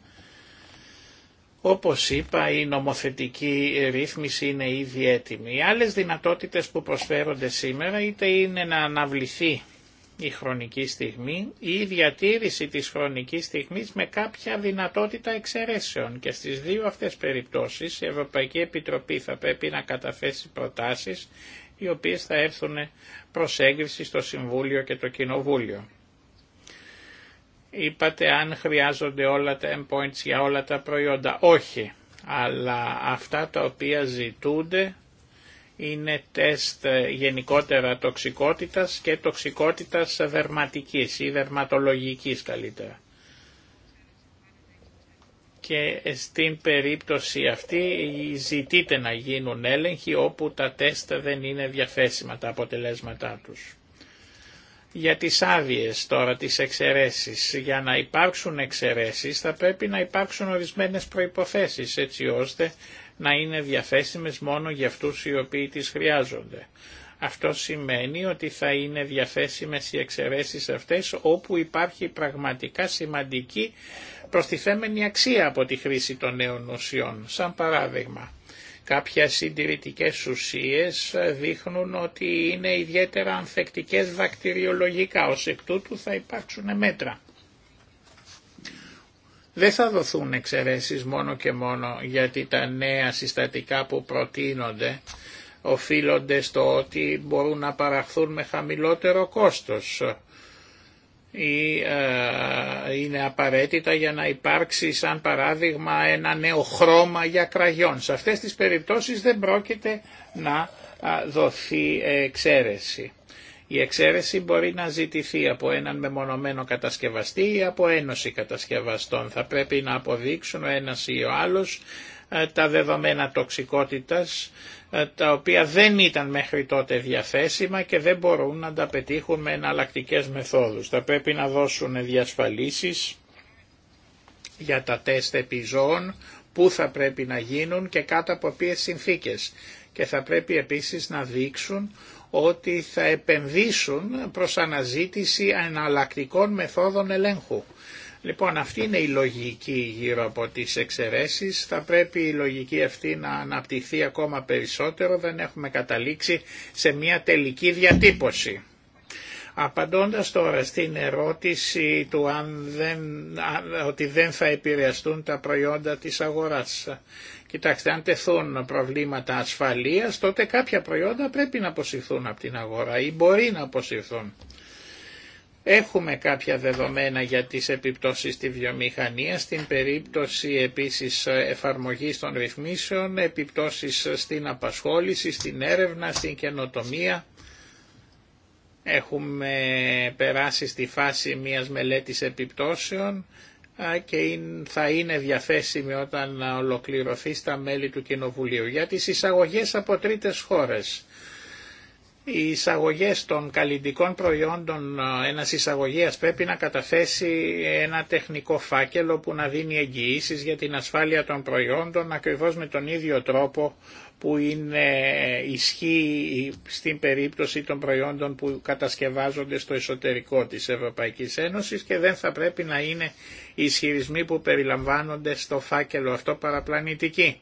όπως είπα, η νομοθετική ρύθμιση είναι ήδη έτοιμη. Οι άλλες δυνατότητες που προσφέρονται σήμερα είτε είναι να αναβληθεί η χρονική στιγμή ή η διατήρηση της χρονικής στιγμής με κάποια δυνατότητα εξαιρέσεων και στις δύο αυτές περιπτώσεις η Ευρωπαϊκή Επιτροπή θα πρέπει να καταθέσει προτάσεις οι οποίες θα έρθουν προς έγκριση στο Συμβούλιο και το Κοινοβούλιο. Είπατε αν χρειάζονται όλα τα endpoints για όλα τα προϊόντα. Όχι, αλλά αυτά τα οποία ζητούνται είναι τεστ γενικότερα τοξικότητας και τοξικότητας δερματικής ή δερματολογικής καλύτερα. Και στην περίπτωση αυτή ζητείται να γίνουν έλεγχοι όπου τα τεστ δεν είναι διαθέσιμα τα αποτελέσματά τους. Για τις άδειε τώρα, τις εξαιρεσει. για να υπάρξουν εξαιρεσει θα πρέπει να υπάρξουν ορισμένες προϋποθέσεις έτσι ώστε να είναι διαθέσιμες μόνο για αυτούς οι οποίοι τις χρειάζονται. Αυτό σημαίνει ότι θα είναι διαθέσιμες οι εξαιρέσεις αυτές όπου υπάρχει πραγματικά σημαντική προστιθέμενη αξία από τη χρήση των νέων ουσιών. Σαν παράδειγμα, κάποια συντηρητικές ουσίες δείχνουν ότι είναι ιδιαίτερα ανθεκτικές βακτηριολογικά, ως εκ τούτου θα υπάρξουν μέτρα. Δεν θα δοθούν εξαιρέσεις μόνο και μόνο γιατί τα νέα συστατικά που προτείνονται οφείλονται στο ότι μπορούν να παραχθούν με χαμηλότερο κόστος ή ε, είναι απαραίτητα για να υπάρξει σαν παράδειγμα ένα νέο χρώμα για κραγιόν. Σε αυτές τις περιπτώσεις δεν πρόκειται να ε, δοθεί εξαίρεση. Η εξαίρεση μπορεί να ζητηθεί από έναν μεμονωμένο κατασκευαστή ή από ένωση κατασκευαστών. Θα πρέπει να αποδείξουν ο ένας ή ο άλλος ε, τα δεδομένα τοξικότητας ε, τα οποία δεν ήταν μέχρι τότε διαθέσιμα και δεν μπορούν να τα πετύχουν με εναλλακτικέ μεθόδους. Θα πρέπει να δώσουν διασφαλίσεις για τα τεστ επιζώων που θα πρέπει να γίνουν και κάτω από ποιες συνθήκες. Και θα πρέπει επίσης να δείξουν ότι θα επενδύσουν προς αναζήτηση εναλλακτικών μεθόδων ελέγχου. Λοιπόν αυτή είναι η λογική γύρω από τις εξαιρεσει. θα πρέπει η λογική αυτή να αναπτυχθεί ακόμα περισσότερο, δεν έχουμε καταλήξει σε μια τελική διατύπωση. Απαντώντας τώρα στην ερώτηση του ότι δεν θα επηρεαστούν τα προϊόντα της αγοράς. Κοιτάξτε, αν τεθούν προβλήματα ασφαλείας, τότε κάποια προϊόντα πρέπει να αποσυρθούν από την αγορά ή μπορεί να αποσυρθούν. Έχουμε κάποια δεδομένα για τις επιπτώσεις στη βιομηχανία, στην περίπτωση επίσης εφαρμογής των ρυθμίσεων, επιπτώσεις στην απασχόληση, στην έρευνα, στην καινοτομία. Έχουμε περάσει στη φάση μιας μελέτης επιπτώσεων, και θα είναι διαθέσιμη όταν ολοκληρωθεί στα μέλη του Κοινοβουλίου. Για τις εισαγωγές από τρίτες χώρες. Οι εισαγωγές των καλλιντικών προϊόντων ένας εισαγωγέας πρέπει να καταθέσει ένα τεχνικό φάκελο που να δίνει εγγυήσει για την ασφάλεια των προϊόντων ακριβώς με τον ίδιο τρόπο που είναι ισχύει στην περίπτωση των προϊόντων που κατασκευάζονται στο εσωτερικό της Ευρωπαϊκής Ένωσης και δεν θα πρέπει να είναι οι ισχυρισμοί που περιλαμβάνονται στο φάκελο αυτό παραπλανητική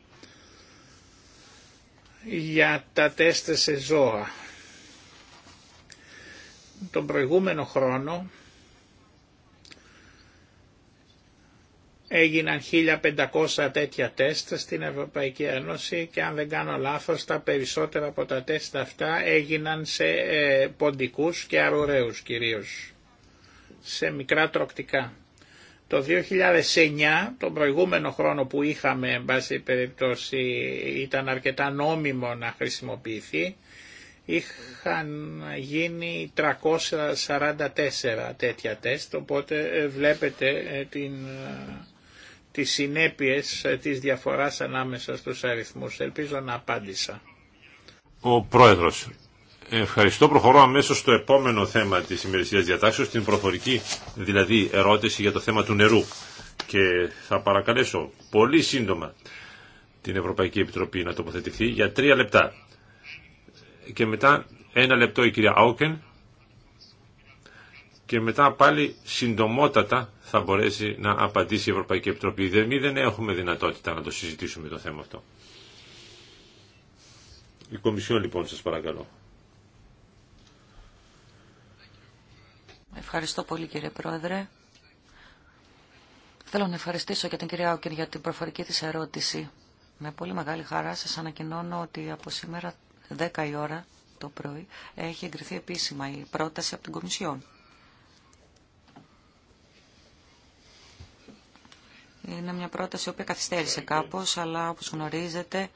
για τα τεστ σε ζώα. Τον προηγούμενο χρόνο έγιναν 1500 τέτοια τεστ στην Ευρωπαϊκή Ένωση και αν δεν κάνω λάθος τα περισσότερα από τα τεστ αυτά έγιναν σε ε, ποντικούς και αρουραίους κυρίως, σε μικρά τροκτικά. Το 2009, τον προηγούμενο χρόνο που είχαμε, εν πάση περιπτώσει, ήταν αρκετά νόμιμο να χρησιμοποιηθεί, είχαν γίνει 344 τέτοια τεστ, οπότε ε, βλέπετε ε, την, ε, τις συνέπειες της διαφοράς ανάμεσα στους αριθμούς. Ελπίζω να απάντησα. Ο Πρόεδρος, Ευχαριστώ. Προχωρώ αμέσως στο επόμενο θέμα της ημερησίας διατάξεως, την προφορική δηλαδή ερώτηση για το θέμα του νερού. Και θα παρακαλέσω πολύ σύντομα την Ευρωπαϊκή Επιτροπή να τοποθετηθεί για τρία λεπτά. Και μετά ένα λεπτό η κυρία Άουκεν και μετά πάλι συντομότατα θα μπορέσει να απαντήσει η Ευρωπαϊκή Επιτροπή. Δεν, έχουμε δυνατότητα να το συζητήσουμε το θέμα αυτό. Η Κομισιόν λοιπόν σας παρακαλώ. Ευχαριστώ πολύ κύριε Πρόεδρε. Θέλω να ευχαριστήσω και την κυρία Όκεν για την προφορική της ερώτηση. Με πολύ μεγάλη χαρά σας ανακοινώνω ότι από σήμερα 10 η ώρα το πρωί έχει εγκριθεί επίσημα η πρόταση από την Κομισιόν. Είναι μια πρόταση που οποία καθυστέρησε κάπως, αλλά όπως γνωρίζετε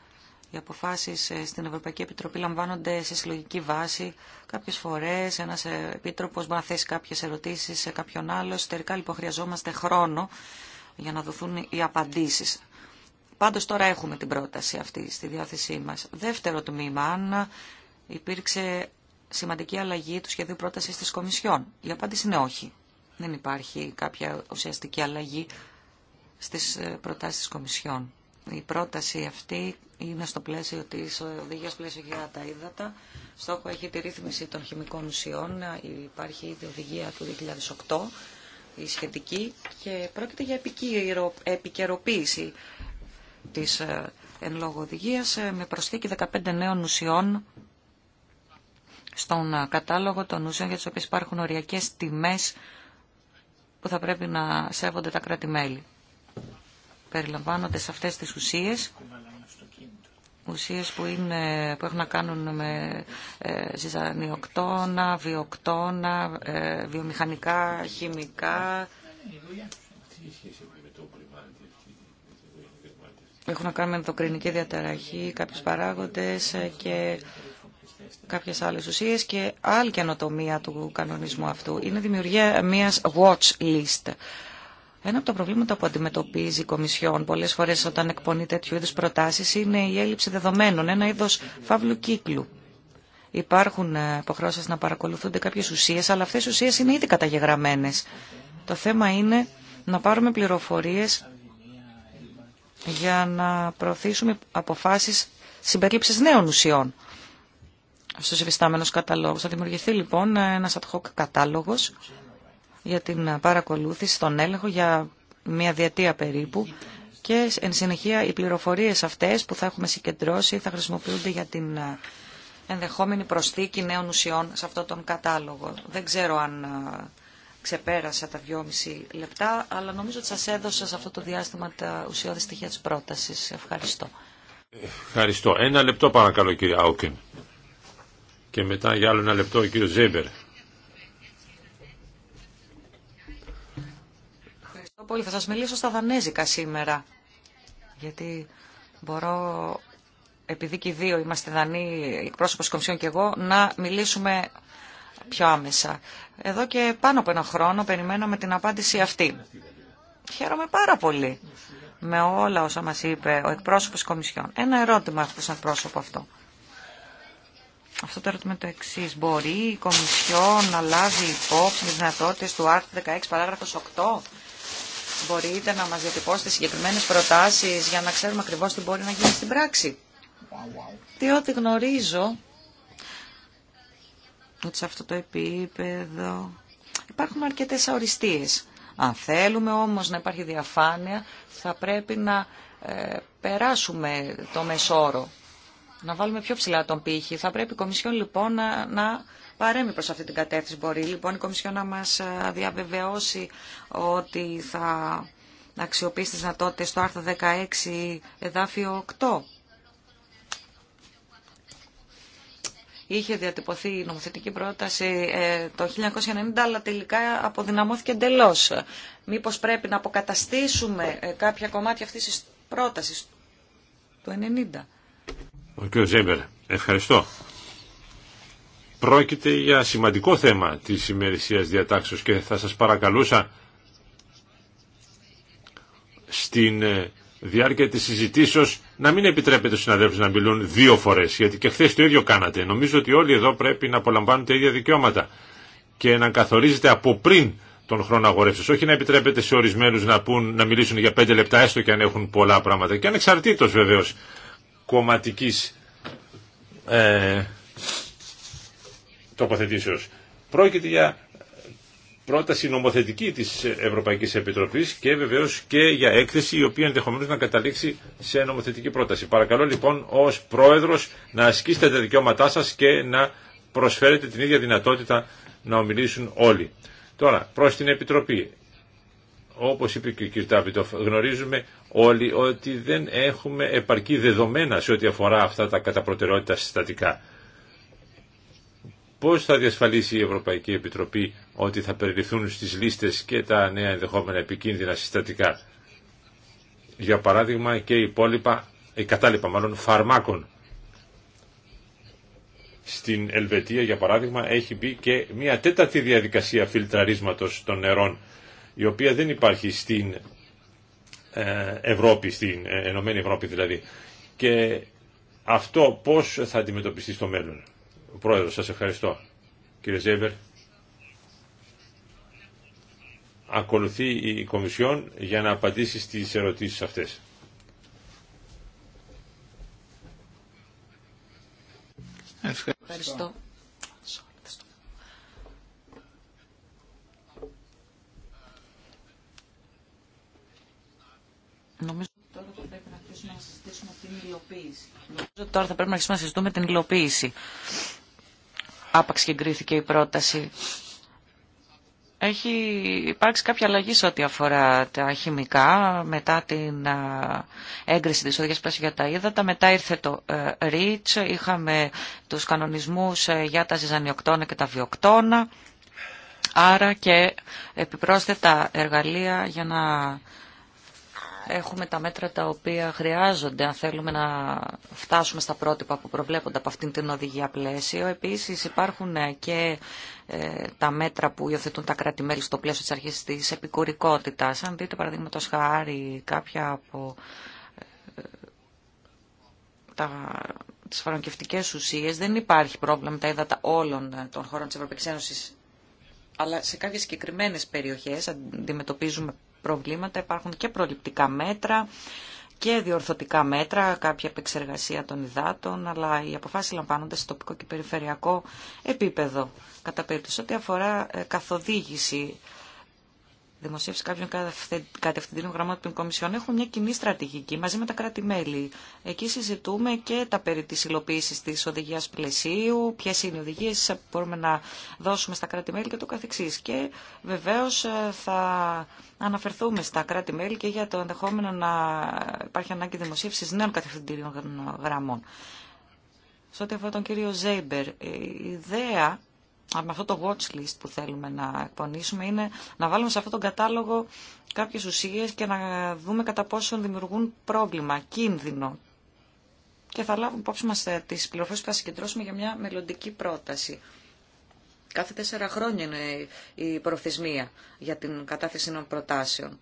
οι αποφάσεις ε, στην Ευρωπαϊκή Επιτροπή λαμβάνονται σε συλλογική βάση. Κάποιες φορές ένας ε, επίτροπος μπορεί να θέσει κάποιες ερωτήσεις σε κάποιον άλλο. Εσωτερικά λοιπόν χρειαζόμαστε χρόνο για να δοθούν οι απαντήσεις. Πάντως τώρα έχουμε την πρόταση αυτή στη διάθεσή μας. Δεύτερο τμήμα, αν υπήρξε σημαντική αλλαγή του σχεδίου πρότασης της Κομισιόν. Η απάντηση είναι όχι. Δεν υπάρχει κάποια ουσιαστική αλλαγή στις ε, προτάσεις της Κομισιόν. Η πρόταση αυτή είναι στο πλαίσιο τη οδηγία πλαίσιο για τα ύδατα. Στόχο έχει τη ρύθμιση των χημικών ουσιών. Υπάρχει ήδη οδηγία του 2008 η σχετική και πρόκειται για επικαιροποίηση της ε, εν λόγω οδηγία ε, με προσθήκη 15 νέων ουσιών στον ε, κατάλογο των ουσιών για τι οποίε υπάρχουν οριακές τιμέ που θα πρέπει να σέβονται τα κράτη-μέλη. Περιλαμβάνονται σε αυτές τις ουσίες ουσίες που, είναι, που έχουν να κάνουν με ε, ζυζανιοκτώνα, βιοκτώνα, ε, βιομηχανικά, χημικά. Έχουν να κάνουν με ενδοκρινική διαταραχή, κάποιους παράγοντες ε, και κάποιες άλλες ουσίες και άλλη καινοτομία του κανονισμού αυτού. Είναι δημιουργία μιας watch list ένα από τα προβλήματα που αντιμετωπίζει η Κομισιόν πολλές φορές όταν εκπονεί τέτοιου είδους προτάσεις είναι η έλλειψη δεδομένων, ένα είδος φαύλου κύκλου. Υπάρχουν ε, υποχρεώσει να παρακολουθούνται κάποιε ουσίε, αλλά αυτέ οι ουσίε είναι ήδη καταγεγραμμένε. Το θέμα είναι να πάρουμε πληροφορίε για να προωθήσουμε αποφάσει συμπερίληψη νέων ουσιών στου υφιστάμενου καταλόγου. Θα δημιουργηθεί λοιπόν ένα ad hoc κατάλογο για την παρακολούθηση, τον έλεγχο για μια διετία περίπου και εν συνεχεία οι πληροφορίες αυτές που θα έχουμε συγκεντρώσει θα χρησιμοποιούνται για την ε, ενδεχόμενη προσθήκη νέων ουσιών σε αυτόν τον κατάλογο. Δεν ξέρω αν ε, ξεπέρασα τα 2,5 λεπτά, αλλά νομίζω ότι σας έδωσα σε αυτό το διάστημα τα ουσιώδη στοιχεία της πρότασης. Ευχαριστώ. Ευχαριστώ. Ένα λεπτό παρακαλώ κύριε Άουκεν. Και μετά για άλλο ένα λεπτό ο κύριος Ζέμπερ. πολύ. Θα σας μιλήσω στα δανέζικα σήμερα, γιατί μπορώ, επειδή και οι δύο είμαστε δανείοι εκπρόσωπος Κομισιόν και εγώ, να μιλήσουμε πιο άμεσα. Εδώ και πάνω από ένα χρόνο περιμένω με την απάντηση αυτή. Χαίρομαι πάρα πολύ με όλα όσα μας είπε ο εκπρόσωπος Κομισιόν. Ένα ερώτημα προς σαν εκπρόσωπο αυτό. Αυτό το ερώτημα είναι το εξή. Μπορεί η Κομισιόν να λάβει υπόψη τι δυνατότητε του άρθρου 16 παράγραφος 8 Μπορείτε να μας διατυπώσετε συγκεκριμένες προτάσεις για να ξέρουμε ακριβώς τι μπορεί να γίνει στην πράξη. ότι γνωρίζω ότι σε αυτό το επίπεδο υπάρχουν αρκετές αοριστείες. Αν θέλουμε όμως να υπάρχει διαφάνεια, θα πρέπει να ε, περάσουμε το μεσόρο, να βάλουμε πιο ψηλά τον πύχη. Θα πρέπει η Κομισιόν λοιπόν να παρέμει προς αυτή την κατεύθυνση. Μπορεί λοιπόν η Κομισιόν να μας ε, διαβεβαιώσει ότι θα αξιοποιήσει τις δυνατότητες στο άρθρο 16 εδάφιο 8. Είχε διατυπωθεί η νομοθετική πρόταση ε, το 1990, αλλά τελικά αποδυναμώθηκε εντελώ. Μήπως πρέπει να αποκαταστήσουμε ε, κάποια κομμάτια αυτής της πρότασης του 1990. Ο κ. Ζέμπερ, ευχαριστώ. Πρόκειται για σημαντικό θέμα της ημερησίας διατάξεως και θα σας παρακαλούσα στην ε, διάρκεια της συζητήσεως να μην επιτρέπετε στους συναδέλφους να μιλούν δύο φορές, γιατί και χθε το ίδιο κάνατε. Νομίζω ότι όλοι εδώ πρέπει να απολαμβάνουν τα ίδια δικαιώματα και να καθορίζετε από πριν τον χρόνο αγορεύσεως, όχι να επιτρέπετε σε ορισμένου να, να μιλήσουν για πέντε λεπτά έστω και αν έχουν πολλά πράγματα και ανεξαρτήτως βεβαίω κομματική ε, τοποθετήσεως. Πρόκειται για πρόταση νομοθετική της Ευρωπαϊκής Επιτροπής και βεβαίως και για έκθεση η οποία ενδεχομένω να καταλήξει σε νομοθετική πρόταση. Παρακαλώ λοιπόν ως Πρόεδρος να ασκήσετε τα δικαιώματά σας και να προσφέρετε την ίδια δυνατότητα να ομιλήσουν όλοι. Τώρα, προς την Επιτροπή. Όπως είπε και ο κ. Τάβιτοφ, γνωρίζουμε όλοι ότι δεν έχουμε επαρκή δεδομένα σε ό,τι αφορά αυτά τα κατά συστατικά. Πώς θα διασφαλίσει η Ευρωπαϊκή Επιτροπή ότι θα περιληφθούν στις λίστες και τα νέα ενδεχόμενα επικίνδυνα συστατικά. Για παράδειγμα και υπόλοιπα, η κατάλοιπα μάλλον φαρμάκων. Στην Ελβετία για παράδειγμα έχει μπει και μια τέταρτη διαδικασία φιλτραρίσματος των νερών η οποία δεν υπάρχει στην ε, Ευρώπη, στην ε, Ενωμένη Ευρώπη δηλαδή. Και αυτό πώς θα αντιμετωπιστεί στο μέλλον. Πρόεδρο, Πρόεδρος, σας ευχαριστώ. Κύριε Ζέμπερ, ακολουθεί η Κομισιόν για να απαντήσει στις ερωτήσεις αυτές. Ευχαριστώ. Ευχαριστώ. Νομίζω ότι τώρα θα πρέπει να αρχίσουμε να συζητήσουμε την υλοποίηση. Νομίζω ότι τώρα θα πρέπει να αρχίσουμε να συζητούμε την υλοποίηση άπαξ και εγκρίθηκε η πρόταση. Έχει υπάρξει κάποια αλλαγή σε ό,τι αφορά τα χημικά μετά την έγκριση της οδηγίας πλαίσια για τα ύδατα. Μετά ήρθε το REACH, ε, είχαμε τους κανονισμούς ε, για τα ζυζανιοκτώνα και τα βιοκτώνα. Άρα και επιπρόσθετα εργαλεία για να έχουμε τα μέτρα τα οποία χρειάζονται αν θέλουμε να φτάσουμε στα πρότυπα που προβλέπονται από αυτήν την οδηγία πλαίσιο. Επίσης υπάρχουν και ε, τα μέτρα που υιοθετούν τα κράτη-μέλη στο πλαίσιο της αρχής της επικουρικότητας. Αν δείτε παραδείγματος χάρη κάποια από ε, τα, τις φαρμακευτικές ουσίες δεν υπάρχει πρόβλημα με τα ύδατα όλων των χωρών της Ευρωπαϊκής αλλά σε κάποιες συγκεκριμένες περιοχές αντιμετωπίζουμε προβλήματα. Υπάρχουν και προληπτικά μέτρα και διορθωτικά μέτρα, κάποια επεξεργασία των υδάτων, αλλά οι αποφάσεις λαμβάνονται σε τοπικό και περιφερειακό επίπεδο. Κατά περίπτωση, ό,τι αφορά ε, καθοδήγηση δημοσίευση κάποιων κατευθυντήριων γραμμάτων των Κομισιόν έχουν μια κοινή στρατηγική μαζί με τα κράτη-μέλη. Εκεί συζητούμε και τα περί της υλοποίηση της οδηγίας πλαισίου, ποιε είναι οι οδηγίες που μπορούμε να δώσουμε στα κράτη-μέλη και το καθεξής. Και βεβαίως ε, θα αναφερθούμε στα κράτη-μέλη και για το ενδεχόμενο να υπάρχει ανάγκη δημοσίευση νέων κατευθυντήριων γραμμών. Σε ό,τι αφορά τον κύριο Ζέιμπερ, ε, η ιδέα με αυτό το watch list που θέλουμε να εκπονήσουμε είναι να βάλουμε σε αυτόν τον κατάλογο κάποιες ουσίες και να δούμε κατά πόσον δημιουργούν πρόβλημα, κίνδυνο. Και θα λάβουμε υπόψη μας ε, τις πληροφορίες που θα συγκεντρώσουμε για μια μελλοντική πρόταση. Κάθε τέσσερα χρόνια είναι η προθεσμία για την κατάθεση των προτάσεων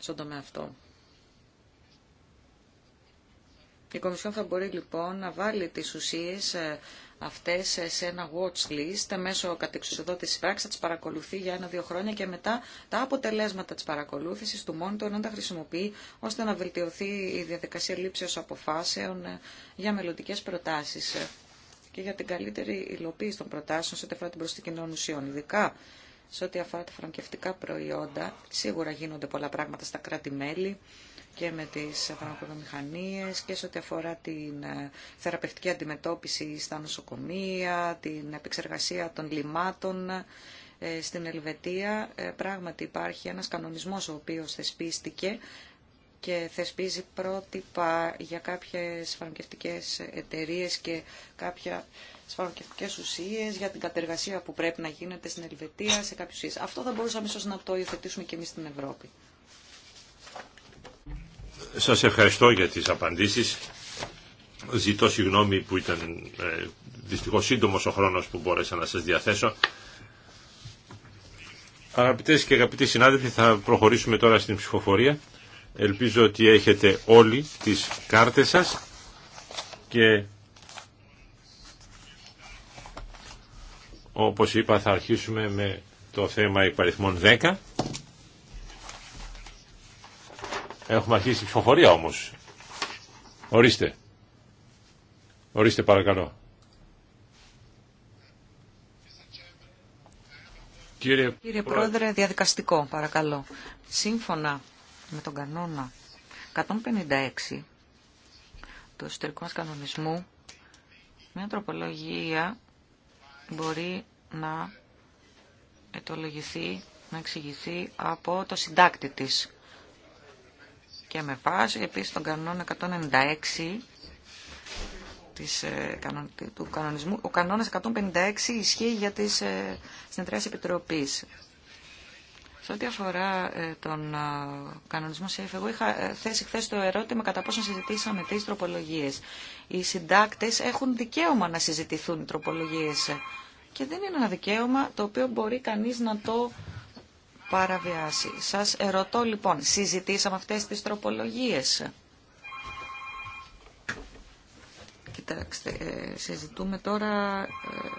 στον τομέα αυτό. Η Κομισιόν θα μπορεί λοιπόν να βάλει τις ουσίες ε, αυτές σε ένα watch list μέσω κατεξουσιοδότησης πράξης, θα τις παρακολουθεί για ένα-δύο χρόνια και μετά τα αποτελέσματα της παρακολούθησης του monitor να τα χρησιμοποιεί ώστε να βελτιωθεί η διαδικασία λήψεως αποφάσεων ε, για μελλοντικέ προτάσεις ε, και για την καλύτερη υλοποίηση των προτάσεων σε ό,τι αφορά την νέων ουσιών. Ειδικά σε ό,τι αφορά τα φαρμακευτικά προϊόντα, σίγουρα γίνονται πολλά πράγματα στα κράτη-μέλη και με τις φαρμακοβιομηχανίες και σε ό,τι αφορά την ε, θεραπευτική αντιμετώπιση στα νοσοκομεία, την επεξεργασία των λιμάτων ε, στην Ελβετία. Ε, πράγματι υπάρχει ένας κανονισμός ο οποίος θεσπίστηκε και θεσπίζει πρότυπα για κάποιες φαρμακευτικές εταιρείες και κάποια φαρμακευτικές ουσίες για την κατεργασία που πρέπει να γίνεται στην Ελβετία σε κάποιες ουσίες. Αυτό θα μπορούσαμε ίσως να το υιοθετήσουμε και εμείς στην Ευρώπη. Σας ευχαριστώ για τις απαντήσεις. Ζητώ συγγνώμη που ήταν ε, δυστυχώς σύντομος ο χρόνος που μπόρεσα να σας διαθέσω. Αγαπητές και αγαπητοί συνάδελφοι, θα προχωρήσουμε τώρα στην ψηφοφορία. Ελπίζω ότι έχετε όλοι τις κάρτες σας και όπως είπα θα αρχίσουμε με το θέμα υπαριθμών 10. Έχουμε αρχίσει ψηφοφορία όμως. Ορίστε. Ορίστε παρακαλώ. Κύριε, Κύριε Πρόεδρε, διαδικαστικό παρακαλώ. Σύμφωνα με τον κανόνα 156 του εσωτερικού μας κανονισμού, μια τροπολογία μπορεί να ετολογηθεί, να εξηγηθεί από το συντάκτη της και με βάση επίσης τον κανόνα 196 της, ε, του κανονισμού. Ο κανόνας 156 ισχύει για τις ε, επιτροπή. επιτροπής. Σε ό,τι αφορά ε, τον ε, κανονισμό ΣΕΦ, εγώ είχα θέσει χθε το ερώτημα κατά πόσο συζητήσαμε τι τροπολογίε. Οι συντάκτε έχουν δικαίωμα να συζητηθούν οι τροπολογίε. Και δεν είναι ένα δικαίωμα το οποίο μπορεί κανεί να το παραβιάσει. Σας ερωτώ λοιπόν, συζητήσαμε αυτές τις τροπολογίες. Κοιτάξτε, ε, συζητούμε τώρα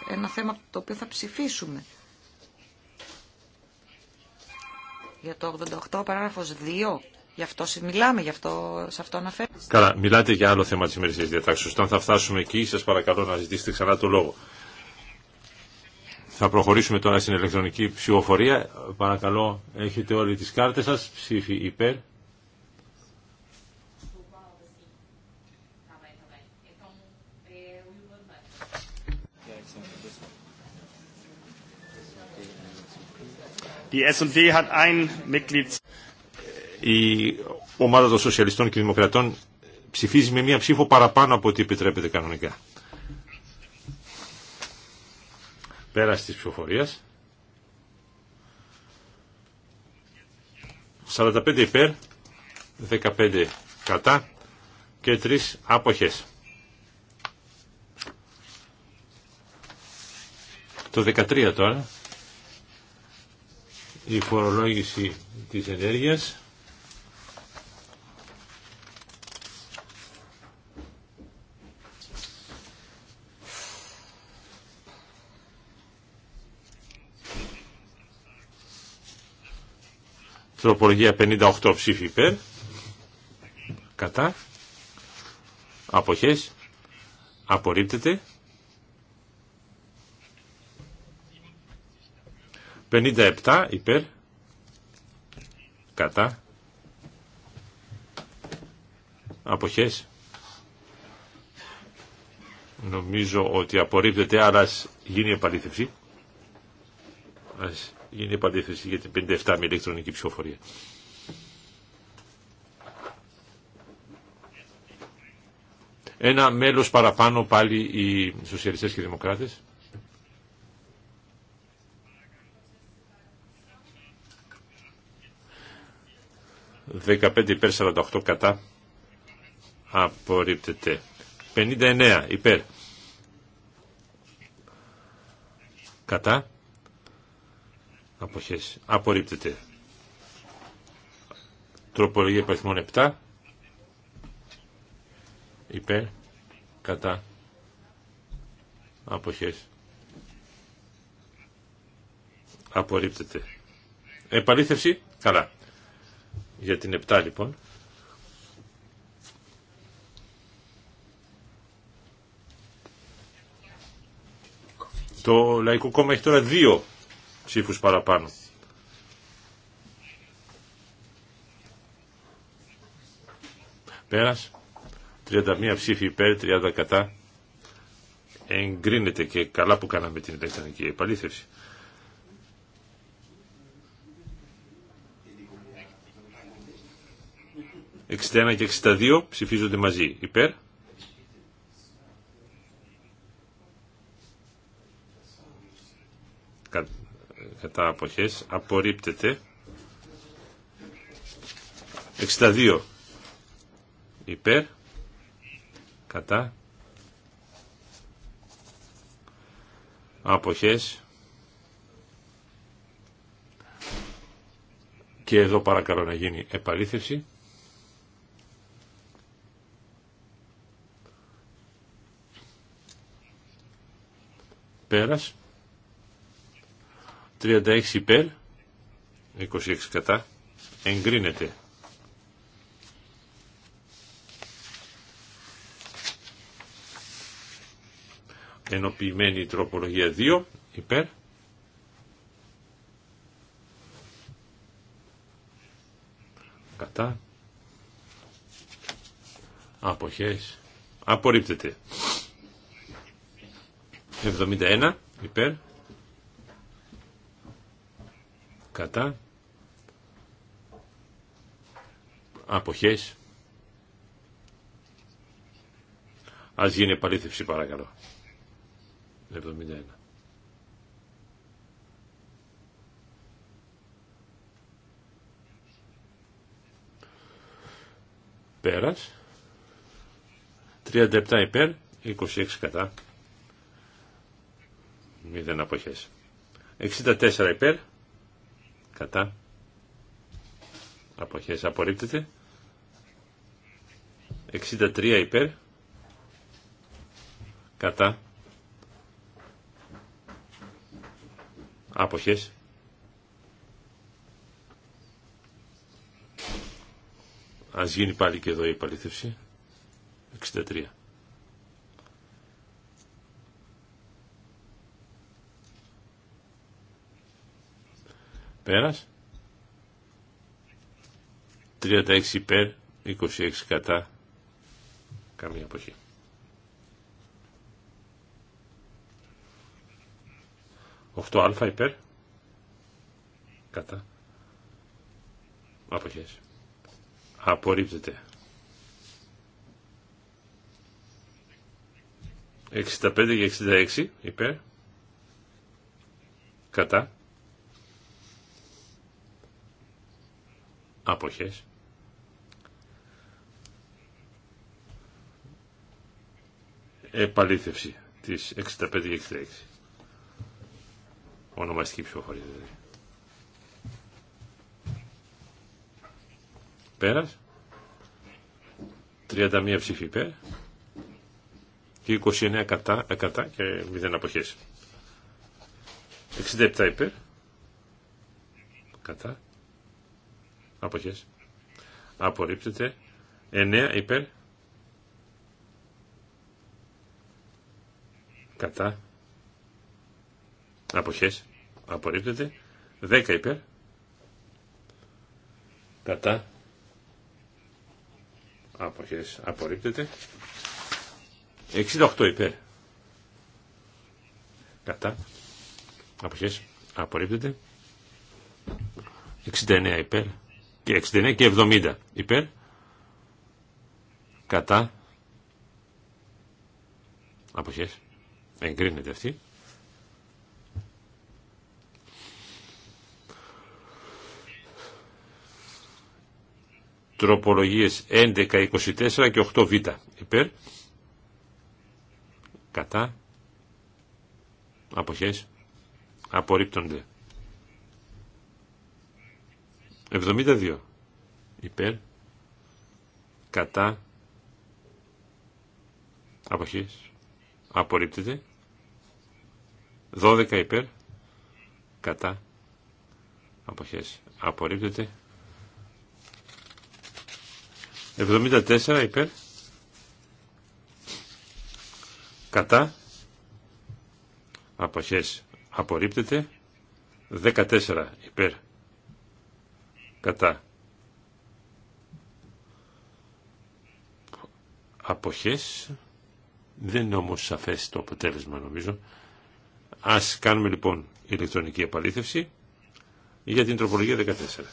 ε, ένα θέμα το οποίο θα ψηφίσουμε. Για το 88 παράγραφος 2. Γι' αυτό μιλάμε, γι' αυτό σε αυτό Καλά, μιλάτε για άλλο θέμα τη ημερησία διατάξεως. Όταν θα φτάσουμε εκεί, σας παρακαλώ να ζητήσετε ξανά το λόγο. Θα προχωρήσουμε τώρα στην ηλεκτρονική ψηφοφορία. Παρακαλώ, έχετε όλοι τις κάρτες σας, ψήφι υπέρ. Η ομάδα των Σοσιαλιστών και Δημοκρατών ψηφίζει με μία ψήφο παραπάνω από ό,τι επιτρέπεται κανονικά. Πέραση της ψηφοφορίας. 45 υπέρ, 15 κατά και 3 άποχες. Το 13 τώρα, η φορολόγηση της ενέργειας. Τροπολογία 58 ψήφι υπέρ. Κατά. Αποχές. Απορρίπτεται. 57 υπέρ. Κατά. Αποχές. Νομίζω ότι απορρίπτεται, άρα γίνει επαλήθευση γίνει παντήθεση για την 57 με ηλεκτρονική ψηφοφορία. Ένα μέλος παραπάνω πάλι οι σοσιαλιστές και οι δημοκράτες. ...15 υπέρ 48 κατά... ...απορρίπτεται... ...59 υπέρ... ...κατά... Αποχές. Απορρίπτεται. Τροπολογία υπαριθμών 7. Υπέρ. Κατά. Αποχές. Απορρίπτεται. Επαλήθευση. Καλά. Για την 7 λοιπόν. Το Λαϊκό Κόμμα έχει τώρα δύο ψήφου παραπάνω. Πέρας, 31 ψήφοι υπέρ, 30 κατά. Εγκρίνεται και καλά που κάναμε την ηλεκτρονική επαλήθευση. ...61 και 62 ψηφίζονται μαζί. Υπέρ κατά αποχές απορρίπτεται 62 υπέρ κατά αποχές και εδώ παρακαλώ να γίνει επαλήθευση πέρας 36 υπέρ, 26 κατά, εγκρίνεται. Ενοποιημένη τροπολογία 2 υπέρ. Κατά. Αποχές. Απορρίπτεται. 71 υπέρ κατά αποχές ας γίνει επαλήθευση παρακαλώ 71 πέρας 37 υπέρ 26 κατά 0 αποχές 64 υπέρ κατά αποχές απορρίπτεται 63 υπέρ κατά άποχες ας γίνει πάλι και εδώ η παλήθευση. 63 Πέρας. 36 υπέρ, 26 κατά, καμία εποχή. αποχή αλφα υπέρ, κατά, αποχές. Απορρίπτεται. 65 και 66 υπέρ, κατά, Αποχές. Επαλήθευση της 65 66. Ονομαστική ψηφοφορία δηλαδή. Πέρας. 31 ψήφοι υπέρ και 29 κατά, κατά και 0 αποχές. 67 υπέρ κατά Αποχές. Απορρίπτεται. 9 υπέρ. Κατά. Αποχές. Απορρίπτεται. 10 υπέρ. Κατά. Αποχές. Απορρίπτεται. 68 υπέρ. Κατά. Αποχές. Απορρίπτεται. 69 υπέρ και 69 και 70 υπέρ κατά αποχές εγκρίνεται αυτή τροπολογίες 11, 24 και 8β υπέρ κατά αποχές απορρίπτονται 72 υπέρ κατά αποχές απορρίπτεται 12 υπέρ κατά αποχές απορρίπτεται 74 υπέρ κατά αποχές απορρίπτεται 14 υπέρ κατά αποχές δεν είναι όμως σαφές το αποτέλεσμα νομίζω ας κάνουμε λοιπόν ηλεκτρονική επαλήθευση για την τροπολογία 14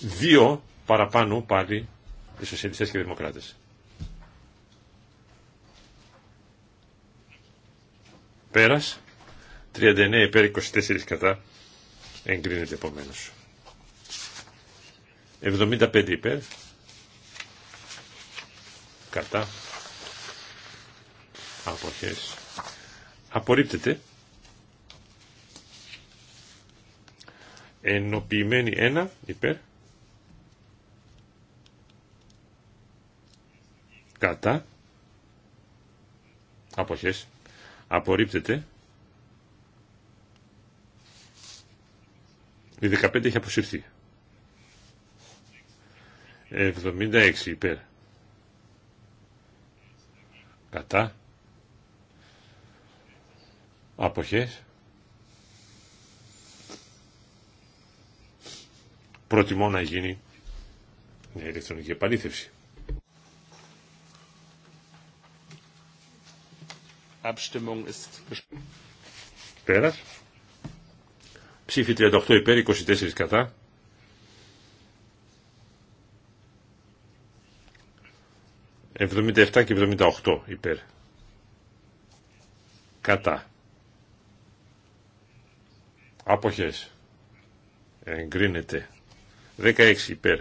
δύο παραπάνω πάλι οι σοσιαλιστές και οι δημοκράτες. Πέρας. 39 υπέρ 24 κατά εγκρίνεται επομένως. 75 υπέρ κατά αποχές απορρίπτεται ενοποιημένη 1 υπέρ κατά αποχές απορρίπτεται Η 15 έχει αποσυρθεί. 76 υπέρ. Κατά. Αποχές. Προτιμώ να γίνει μια ηλεκτρονική επαλήθευση. Abstimmung Ψήφι 38 υπέρ, 24 κατά. ...77 και 78 υπέρ. Κατά. Αποχές. Εγκρίνεται. 16 υπέρ.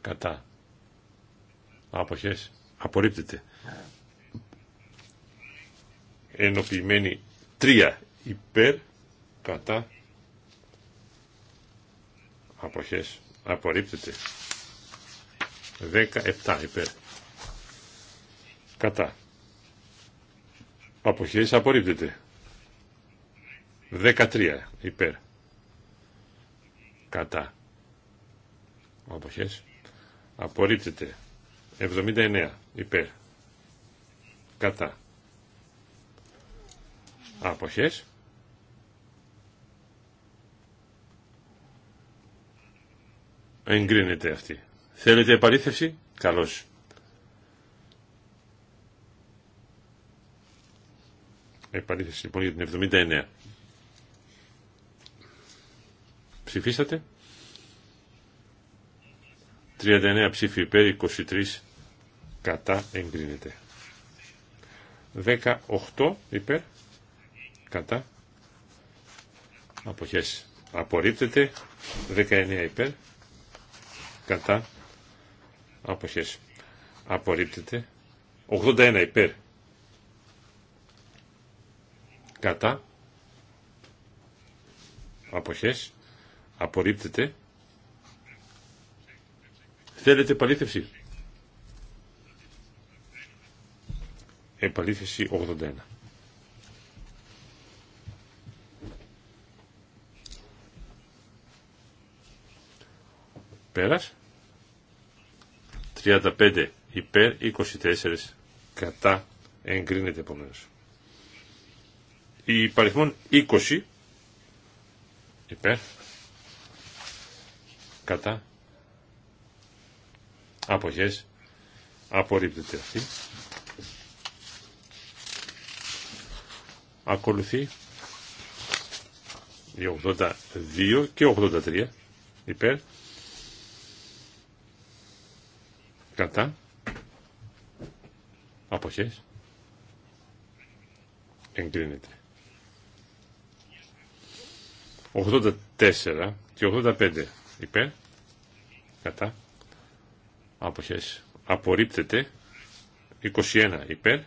Κατά. Αποχές. Απορρίπτεται. Ενοποιημένη 3 υπέρ κατά αποχές απορρίπτεται 17 υπέρ κατά αποχές απορρίπτεται 13 υπέρ κατά αποχές απορρίπτεται 79 υπέρ κατά αποχές Εγκρίνεται αυτή. Θέλετε επαλήθευση. Καλώς. Επαλήθευση λοιπόν για την 79. Ψηφίσατε. 39 ψήφοι υπέρ, 23 κατά εγκρίνεται. 18 υπέρ, κατά αποχές. Απορρίπτεται. 19 υπέρ, κατά αποχές απορρίπτεται 81 υπέρ κατά αποχές απορρίπτεται θέλετε επαλήθευση επαλήθευση 81 Πέρας. 35 υπέρ, 24 κατά εγκρίνεται επομένως. Η υπαριθμόν 20 υπέρ, κατά, αποχές, απορρίπτεται αυτή. Ακολουθεί η 82 και 83 υπέρ, κατά αποχές εγκρίνεται 84 και 85 υπέρ κατά αποχές απορρίπτεται 21 υπέρ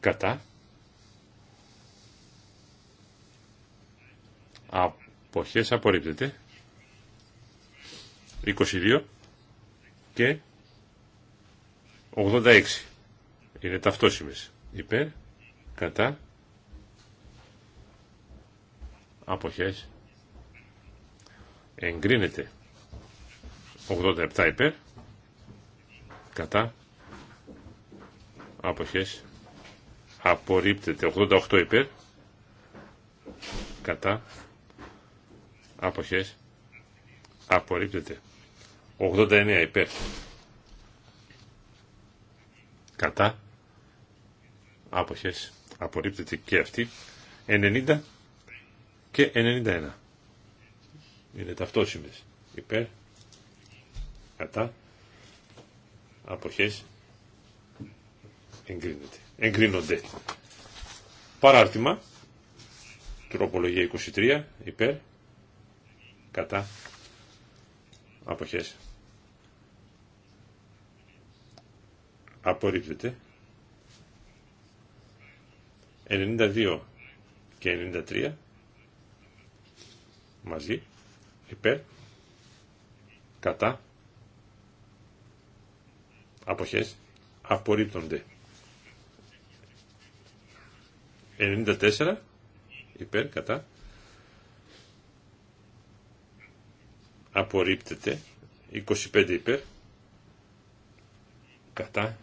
κατά αποχές απορρίπτεται 22 και 86 είναι ταυτόσημες υπέρ, κατά αποχές εγκρίνεται 87 υπέρ κατά αποχές απορρίπτεται 88 υπέρ κατά αποχές απορρίπτεται 89 υπέρ. Κατά. Άποχες. Απορρίπτεται και αυτή. 90 και 91. Είναι ταυτόσιμες. Υπέρ. Κατά. Αποχές. Εγκρίνεται. Εγκρίνονται. Παράρτημα. Τροπολογία 23. Υπέρ. Κατά. Αποχές απορρίπτεται. 92 και 93 μαζί υπέρ κατά αποχές απορρίπτονται. 94 υπέρ κατά απορρίπτεται 25 υπέρ κατά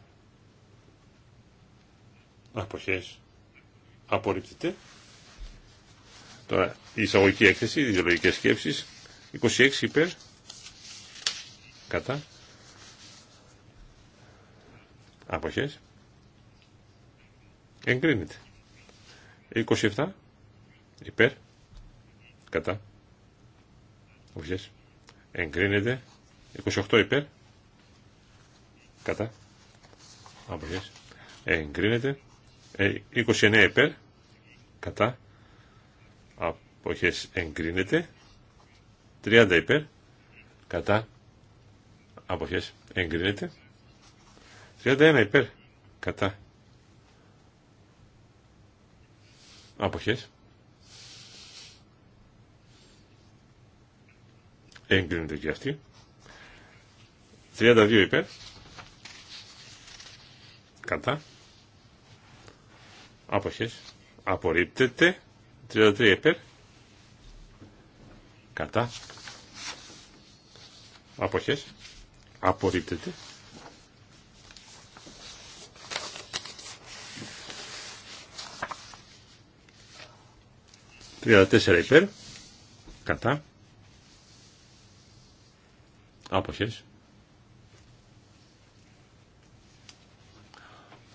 αποχές απορρίπτεται. Τώρα η εισαγωγική έκθεση, οι ιδεολογικές σκέψεις, 26 υπέρ, κατά, αποχές, εγκρίνεται. 27 υπέρ, κατά, αποχές, εγκρίνεται. 28 υπέρ, κατά, αποχές, εγκρίνεται. 29 ε, υπέρ, κατά, αποχές εγκρίνεται, 30 υπέρ, κατά, αποχές εγκρίνεται, 31 υπέρ, κατά, αποχές, εγκρίνεται και αυτή, 32 υπέρ, κατά, Αποχές. Απορρίπτεται. 33 υπέρ. Κατά. Αποχές. Απορρίπτεται. 34 τέσσερα υπέρ. Κατά. Άποχες.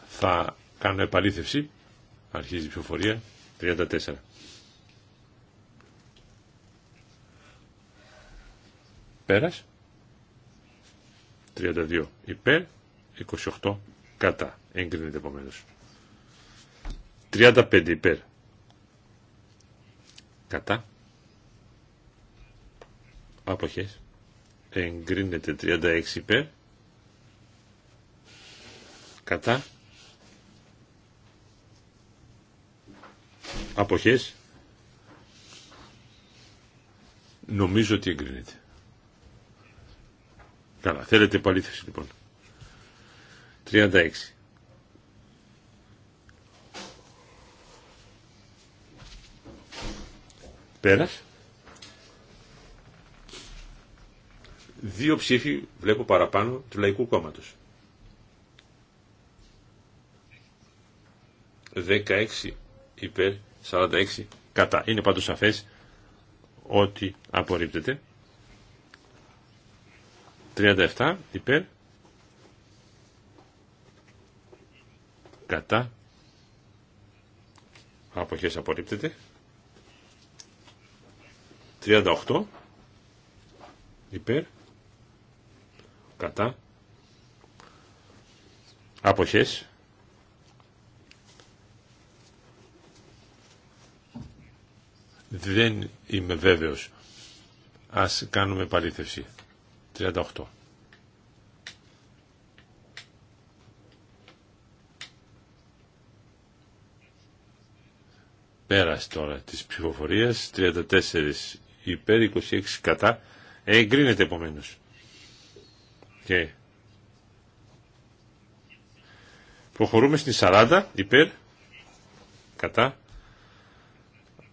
Θα κάνω επαλήθευση. Αρχίζει η ψηφοφορία. 34. Πέρας. 32 υπέρ. 28 κατά. Εγκρίνεται επομένω. 35 υπέρ. Κατά. Αποχές. Εγκρίνεται 36 υπέρ. Κατά. αποχές νομίζω ότι εγκρίνεται. Καλά, θέλετε επαλήθευση λοιπόν. 36. Πέρας. Δύο ψήφοι βλέπω παραπάνω του Λαϊκού Κόμματος. 16 υπέρ 46 κατά. Είναι πάντως σαφές ότι απορρίπτεται. 37 υπέρ. Κατά. Αποχές απορρίπτεται. 38 υπέρ. Κατά. Αποχές Δεν είμαι βέβαιος. Ας κάνουμε παρήθευση. 38. Πέρας τώρα της ψηφοφορίας, 34 υπέρ, 26 κατά, εγκρίνεται επομένως. Και προχωρούμε στην 40 υπέρ, κατά,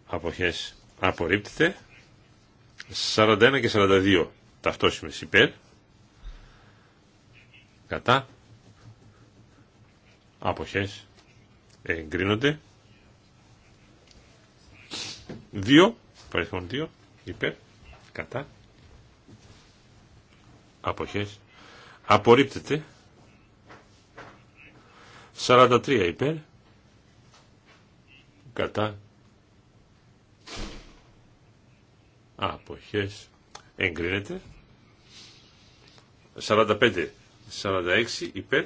αποχές απορρίπτεται 41 και 42 ταυτόσιμες υπέρ κατά αποχές εγκρίνονται 2 παρελθόν 2 υπέρ κατά αποχές απορρίπτεται 43 υπέρ κατά αποχές εγκρίνεται 45 46 υπέρ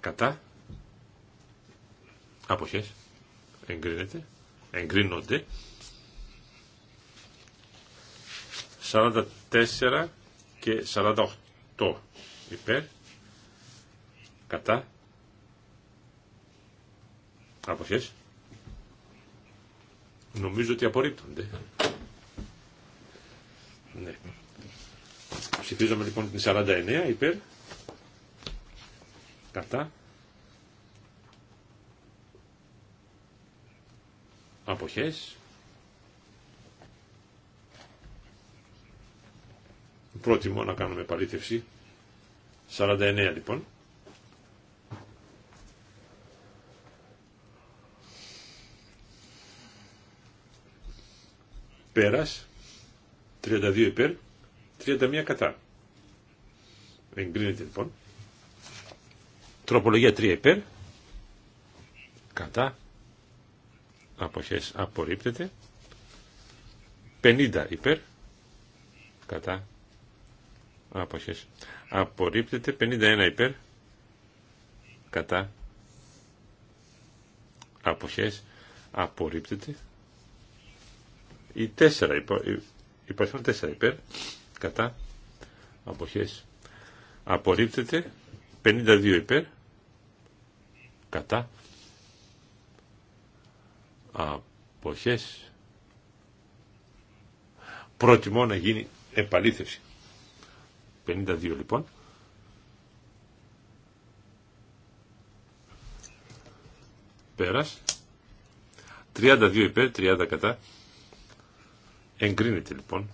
κατά αποχές εγκρίνεται εγκρίνονται 44 και 48 υπέρ κατά αποχές Νομίζω ότι απορρίπτονται. Ναι. Ψηφίζομαι λοιπόν την 49 υπέρ. Κατά. Αποχές. Πρότιμο να κάνουμε παρήθευση. 49 λοιπόν. Πέρας. 32 υπέρ. 31 κατά. Εγκρίνεται λοιπόν. Τροπολογία 3 υπέρ. Κατά. Αποχές απορρίπτεται. 50 υπέρ. Κατά. Αποχές. Απορρίπτεται. 51 υπέρ. Κατά. Αποχές. Απορρίπτεται. Η 4 υπάρχουν τέσσερα υπέρ κατά αποχές απορρίπτεται 52 υπέρ κατά αποχές προτιμώ να γίνει επαλήθευση 52 λοιπόν πέρας 32 υπέρ 30 κατά Εγκρίνεται λοιπόν.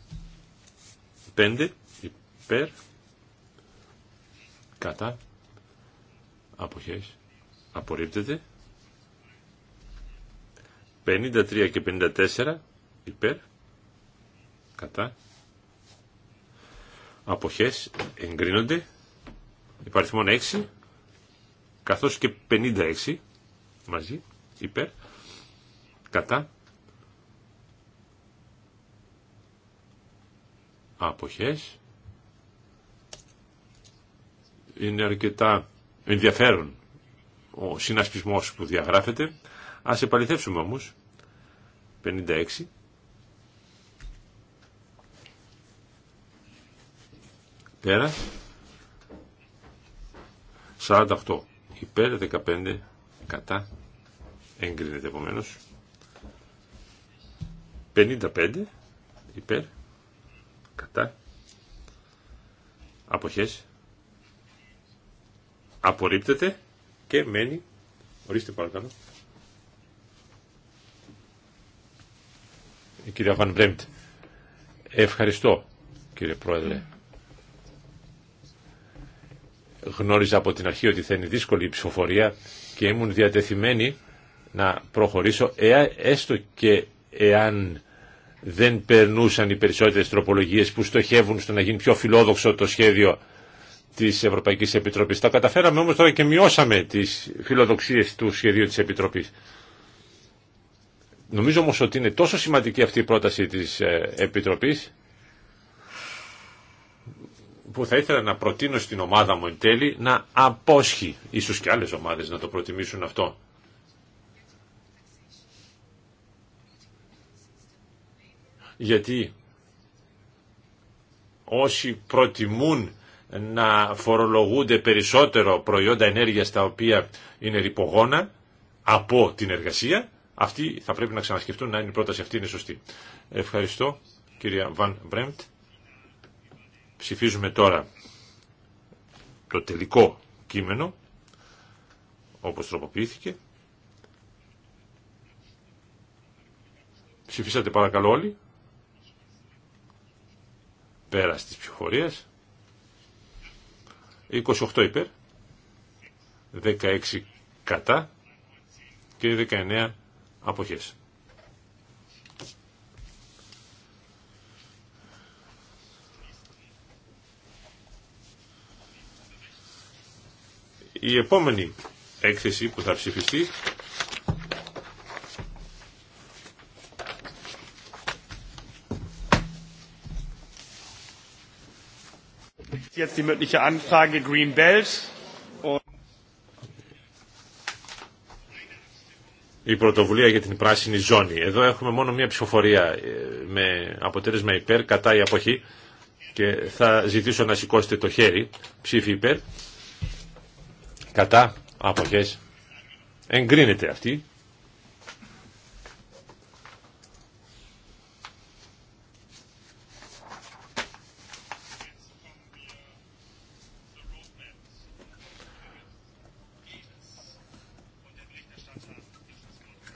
5 υπέρ κατά αποχές απορρίπτεται. 53 και 54 υπέρ κατά αποχές εγκρίνονται. Υπαριθμόν 6 καθώς και 56 μαζί υπέρ κατά αποχές. Είναι αρκετά ενδιαφέρον ο συνασπισμός που διαγράφεται. Ας επαληθεύσουμε όμως. 56. Πέρα. 48. Υπέρ 15. Κατά. Εγκρίνεται επομένως. 55. Υπέρ κατά αποχές απορρίπτεται και μένει ορίστε παρακαλώ η κυρία Βαν ευχαριστώ κύριε Πρόεδρε γνώριζα από την αρχή ότι θα είναι δύσκολη η ψηφοφορία και ήμουν διατεθειμένη να προχωρήσω έστω και εάν δεν περνούσαν οι περισσότερες τροπολογίες που στοχεύουν στο να γίνει πιο φιλόδοξο το σχέδιο της Ευρωπαϊκής Επιτροπής. Τα καταφέραμε όμως τώρα και μειώσαμε τις φιλοδοξίες του σχεδίου της Επιτροπής. Νομίζω όμως ότι είναι τόσο σημαντική αυτή η πρόταση της ε, Επιτροπής που θα ήθελα να προτείνω στην ομάδα μου εν τέλει να απόσχει, ίσως και άλλες ομάδες να το προτιμήσουν αυτό. γιατί όσοι προτιμούν να φορολογούνται περισσότερο προϊόντα ενέργειας τα οποία είναι ρηπογόνα από την εργασία, αυτοί θα πρέπει να ξανασκεφτούν να είναι η πρόταση αυτή είναι σωστή. Ευχαριστώ κυρία Βαν Μπρέμπτ. Ψηφίζουμε τώρα το τελικό κείμενο όπως τροποποιήθηκε. Ψηφίσατε παρακαλώ όλοι. Πέρα στις ψηφοφορίας. 28 υπέρ. 16 κατά και 19 αποχές. Η επόμενη έκθεση που θα ψηφιστεί Η πρωτοβουλία για την πράσινη ζώνη. Εδώ έχουμε μόνο μία ψηφοφορία ε, με αποτέλεσμα υπέρ, κατά η αποχή και θα ζητήσω να σηκώσετε το χέρι. Ψήφι υπέρ, κατά, αποχές. Εγκρίνεται αυτή.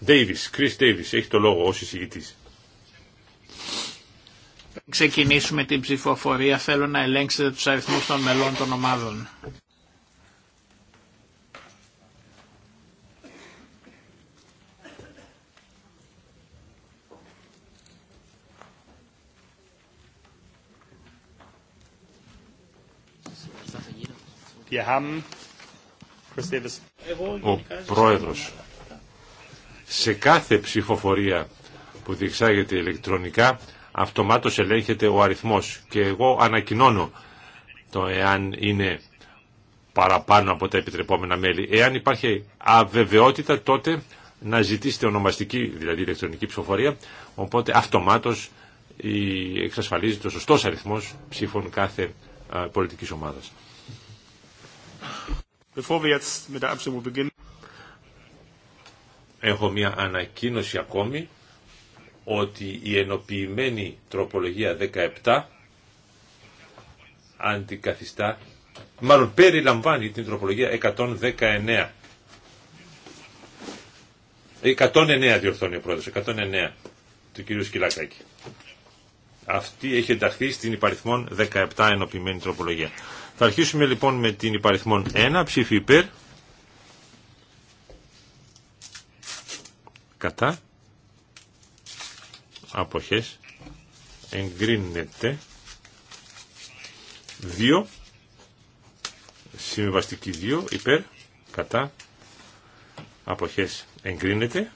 Davis, Chris Davis, έχει το λόγο ως εισηγητής. Ξεκινήσουμε την ψηφοφορία. Θέλω να ελέγξετε τους αριθμούς των μελών των ομάδων. Ο πρόεδρος σε κάθε ψηφοφορία που διεξάγεται ηλεκτρονικά αυτομάτως ελέγχεται ο αριθμός και εγώ ανακοινώνω το εάν είναι παραπάνω από τα επιτρεπόμενα μέλη. Εάν υπάρχει αβεβαιότητα τότε να ζητήσετε ονομαστική, δηλαδή ηλεκτρονική ψηφοφορία, οπότε αυτομάτως εξασφαλίζεται ο σωστός αριθμός ψήφων κάθε πολιτικής ομάδας έχω μια ανακοίνωση ακόμη ότι η ενοποιημένη τροπολογία 17 αντικαθιστά, μάλλον περιλαμβάνει την τροπολογία 119. 109 διορθώνει ο πρόεδρος, 109 του κυρίου Σκυλακάκη. Αυτή έχει ενταχθεί στην υπαριθμόν 17 ενοποιημένη τροπολογία. Θα αρχίσουμε λοιπόν με την υπαριθμόν 1, ψήφι υπέρ. κατά αποχές εγκρίνεται 2 συμβαστική 2 υπέρ κατά αποχές εγκρίνεται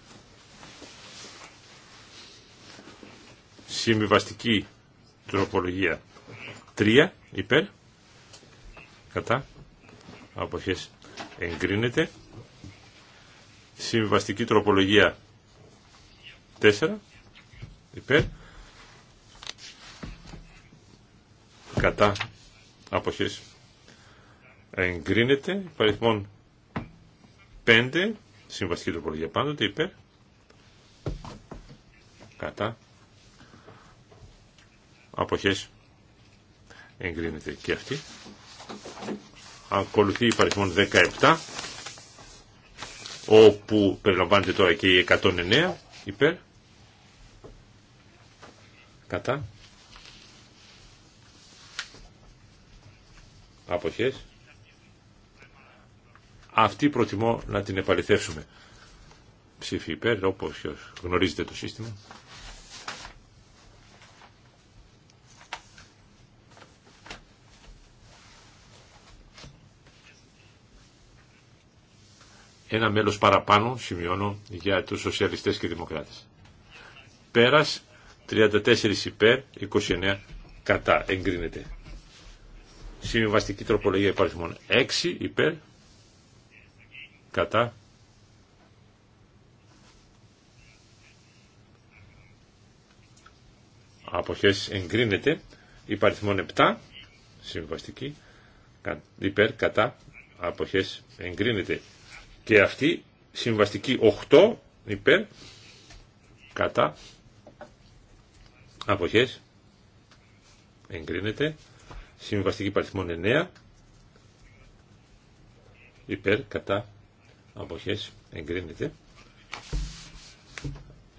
συμβιβαστική τροπολογία 3 υπέρ κατά αποχές εγκρίνεται συμβιβαστική τροπολογία 4 υπέρ κατά αποχές εγκρίνεται παριθμόν 5 συμβαστική τροπολογία πάντοτε υπέρ κατά αποχές εγκρίνεται και αυτή ακολουθεί η παριθμόν 17 όπου περιλαμβάνεται τώρα και η 109 υπέρ Κατά. Αποχές. Αυτή προτιμώ να την επαληθεύσουμε. Ψήφι υπέρ, όπως γνωρίζετε το σύστημα. ένα μέλος παραπάνω, σημειώνω, για τους σοσιαλιστές και δημοκράτες. Πέρας 34 υπέρ, 29 κατά. Εγκρίνεται. Συμβιβαστική τροπολογία υπαριθμών 6 υπέρ, κατά. Αποχές εγκρίνεται. Υπαριθμών 7 συμβαστική υπέρ, κατά. Αποχές εγκρίνεται. Και αυτή συμβαστική 8 υπέρ, κατά Αποχές. Εγκρίνεται. Συμβαστική παριθμών 9. Υπέρ, κατά, αποχές, εγκρίνεται.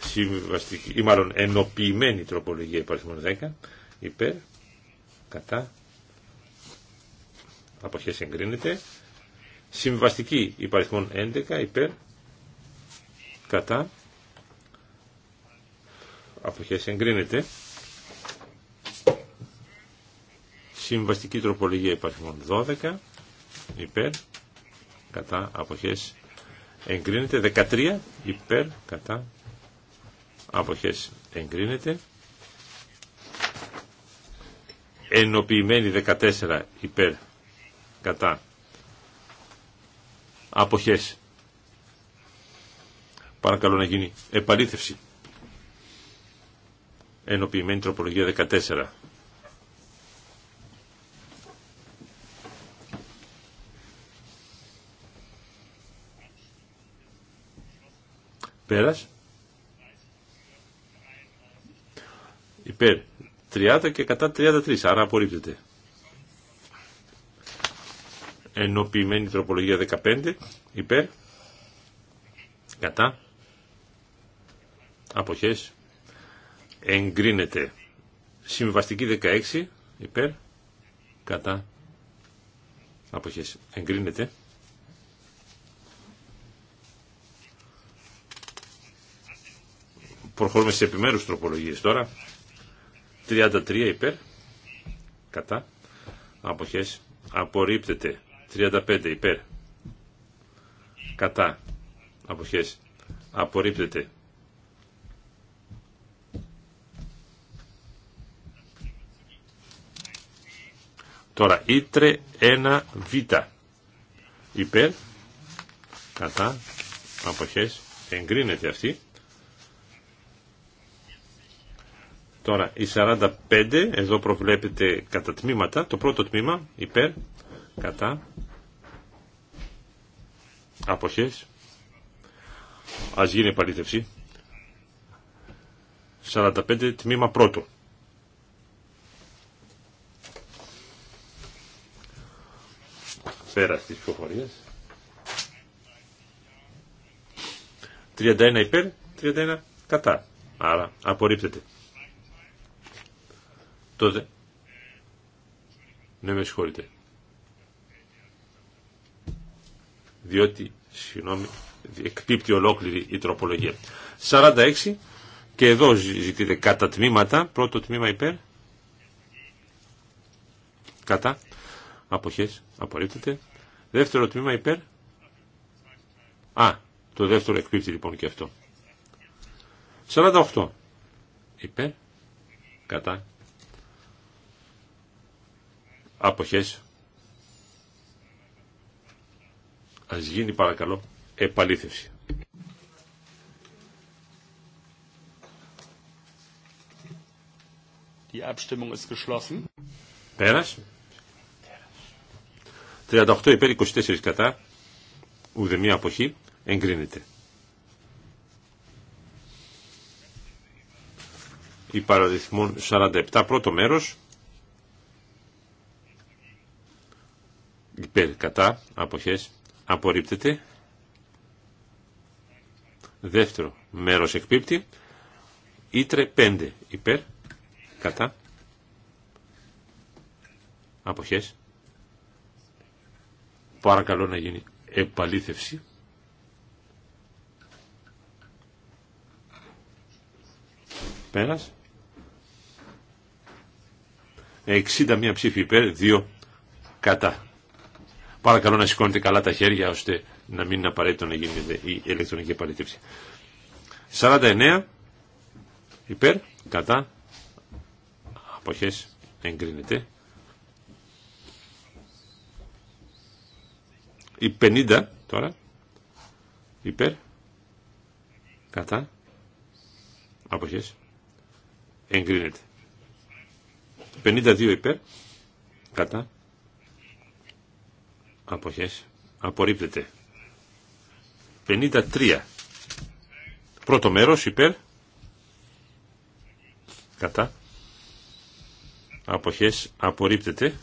Συμβαστική, ή μάλλον ενοποιημένη τροπολογία υπαριθμών 10. Υπέρ, κατά, αποχές εγκρίνεται. Συμβαστική υπαριθμών 11. Υπέρ, κατά, αποχές εγκρίνεται. Συμβαστική τροπολογία μόνο 12 υπέρ κατά αποχές εγκρίνεται. 13 υπέρ κατά αποχές εγκρίνεται. Ενοποιημένη 14 υπέρ κατά αποχές. Παρακαλώ να γίνει επαλήθευση. Ενωποιημένη τροπολογία 14. Πέρας. Υπέρ 30 και κατά 33, άρα απορρίπτεται. Ενωποιημένη τροπολογία 15, υπέρ, κατά, αποχές, εγκρίνεται. Συμβαστική 16 υπέρ κατά αποχές εγκρίνεται. Προχωρούμε σε επιμέρους τροπολογίες τώρα. 33 υπέρ κατά αποχές απορρίπτεται. 35 υπέρ κατά αποχές απορρίπτεται. Τώρα, ήτρε 1β. Υπέρ, κατά, αποχές, εγκρίνεται αυτή. Τώρα, η 45, εδώ προβλέπεται κατά τμήματα. Το πρώτο τμήμα, υπέρ, κατά, αποχές. Ας γίνει επαλήθευση. 45, τμήμα πρώτο. Πέρα τη ψηφοφορίας. 31 υπέρ, 31 κατά. Άρα απορρίπτεται. Τότε. Ναι, με συγχωρείτε. Διότι, συγγνώμη, εκπίπτει ολόκληρη η τροπολογία. 46 και εδώ ζητείτε κατά τμήματα. Πρώτο τμήμα υπέρ. Κατά. Αποχές. Απορρίπτεται. Δεύτερο τμήμα υπέρ. Α, το δεύτερο εκπίπτει λοιπόν και αυτό. 48. Υπέρ. Κατά. Αποχές. Ας γίνει παρακαλώ επαλήθευση. Die 38 υπέρ 24 κατά, ουδε μία αποχή, εγκρίνεται. Η παραδειθμόν 47 πρώτο μέρος, υπέρ κατά, αποχές, απορρίπτεται. Δεύτερο μέρος εκπίπτει, ήτρε 5 υπέρ, κατά, αποχές, Παρακαλώ να γίνει επαλήθευση. Πέρας. 61 ψήφοι υπέρ, 2 κατά. Παρακαλώ να σηκώνετε καλά τα χέρια ώστε να μην είναι απαραίτητο να γίνεται η ηλεκτρονική επαλήθευση. 49 υπέρ, κατά, αποχές εγκρίνεται. Η 50 τώρα. Υπέρ. Κατά. Αποχές. Εγκρίνεται. 52 υπέρ. Κατά. Αποχές. Απορρίπτεται. 53. Πρώτο μέρος υπέρ. Κατά. Αποχές. Απορρίπτεται.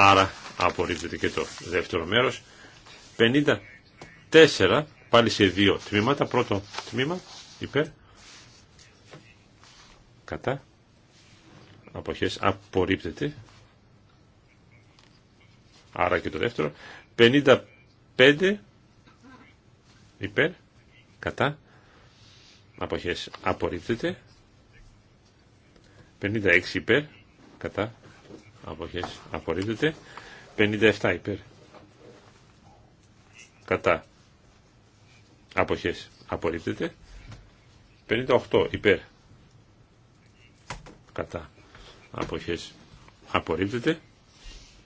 άρα απορρίπτεται και το δεύτερο μέρος. 54 πάλι σε δύο τμήματα, πρώτο τμήμα υπέρ, κατά, αποχές, απορρίπτεται, άρα και το δεύτερο. 55 υπέρ, κατά, αποχές, απορρίπτεται. 56 υπέρ, κατά, αποχές απορρίπτεται 57 υπέρ κατά αποχές απορρίπτεται 58 υπέρ κατά αποχές απορρίπτεται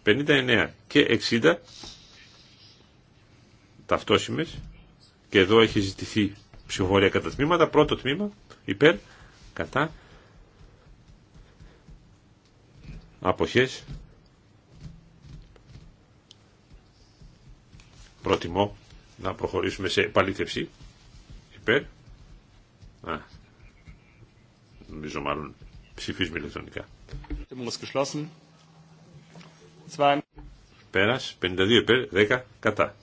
59 και 60 ταυτόσιμες και εδώ έχει ζητηθεί ψηφοφορία κατά τμήματα πρώτο τμήμα υπέρ κατά αποχές προτιμώ να προχωρήσουμε σε επαλήθευση υπέρ Α, νομίζω μάλλον ψηφίζουμε ηλεκτρονικά πέρας 52 υπέρ 10 κατά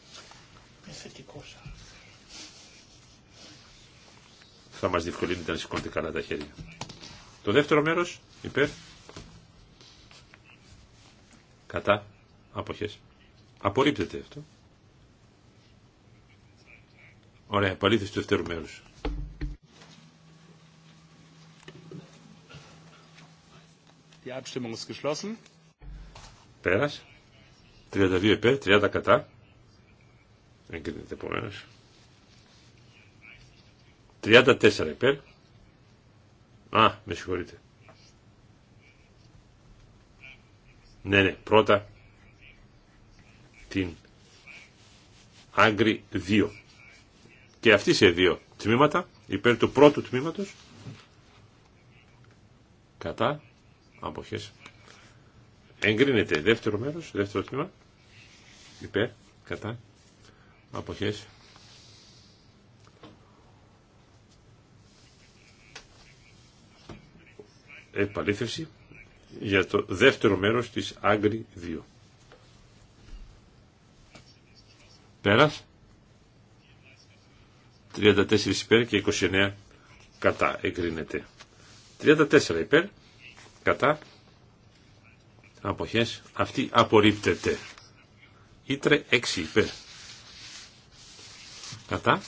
θα μας διευκολύνει να σηκώνετε καλά τα χέρια το δεύτερο μέρος υπέρ Κατά. Αποχές. Απορρίπτεται αυτό. Ωραία, επαλήθευση του δεύτερου μέρους. Die Abstimmung ist geschlossen. Πέρας. 32 υπέρ, 30 κατά. Εγκρίνεται επομένως. 34 υπέρ. Α, με συγχωρείτε. Ναι, ναι, πρώτα την Άγκρη 2. Και αυτή σε δύο τμήματα, υπέρ του πρώτου τμήματος, κατά, αποχές, εγκρίνεται δεύτερο μέρος, δεύτερο τμήμα, υπέρ, κατά, αποχές. Επαλήθευση για το δεύτερο μέρος της Άγκρη 2. Πέρας. 34 υπέρ και 29 κατά εγκρίνεται. 34 υπέρ κατά αποχές. Αυτή απορρίπτεται. Ήτρε 6 υπέρ. Κατά.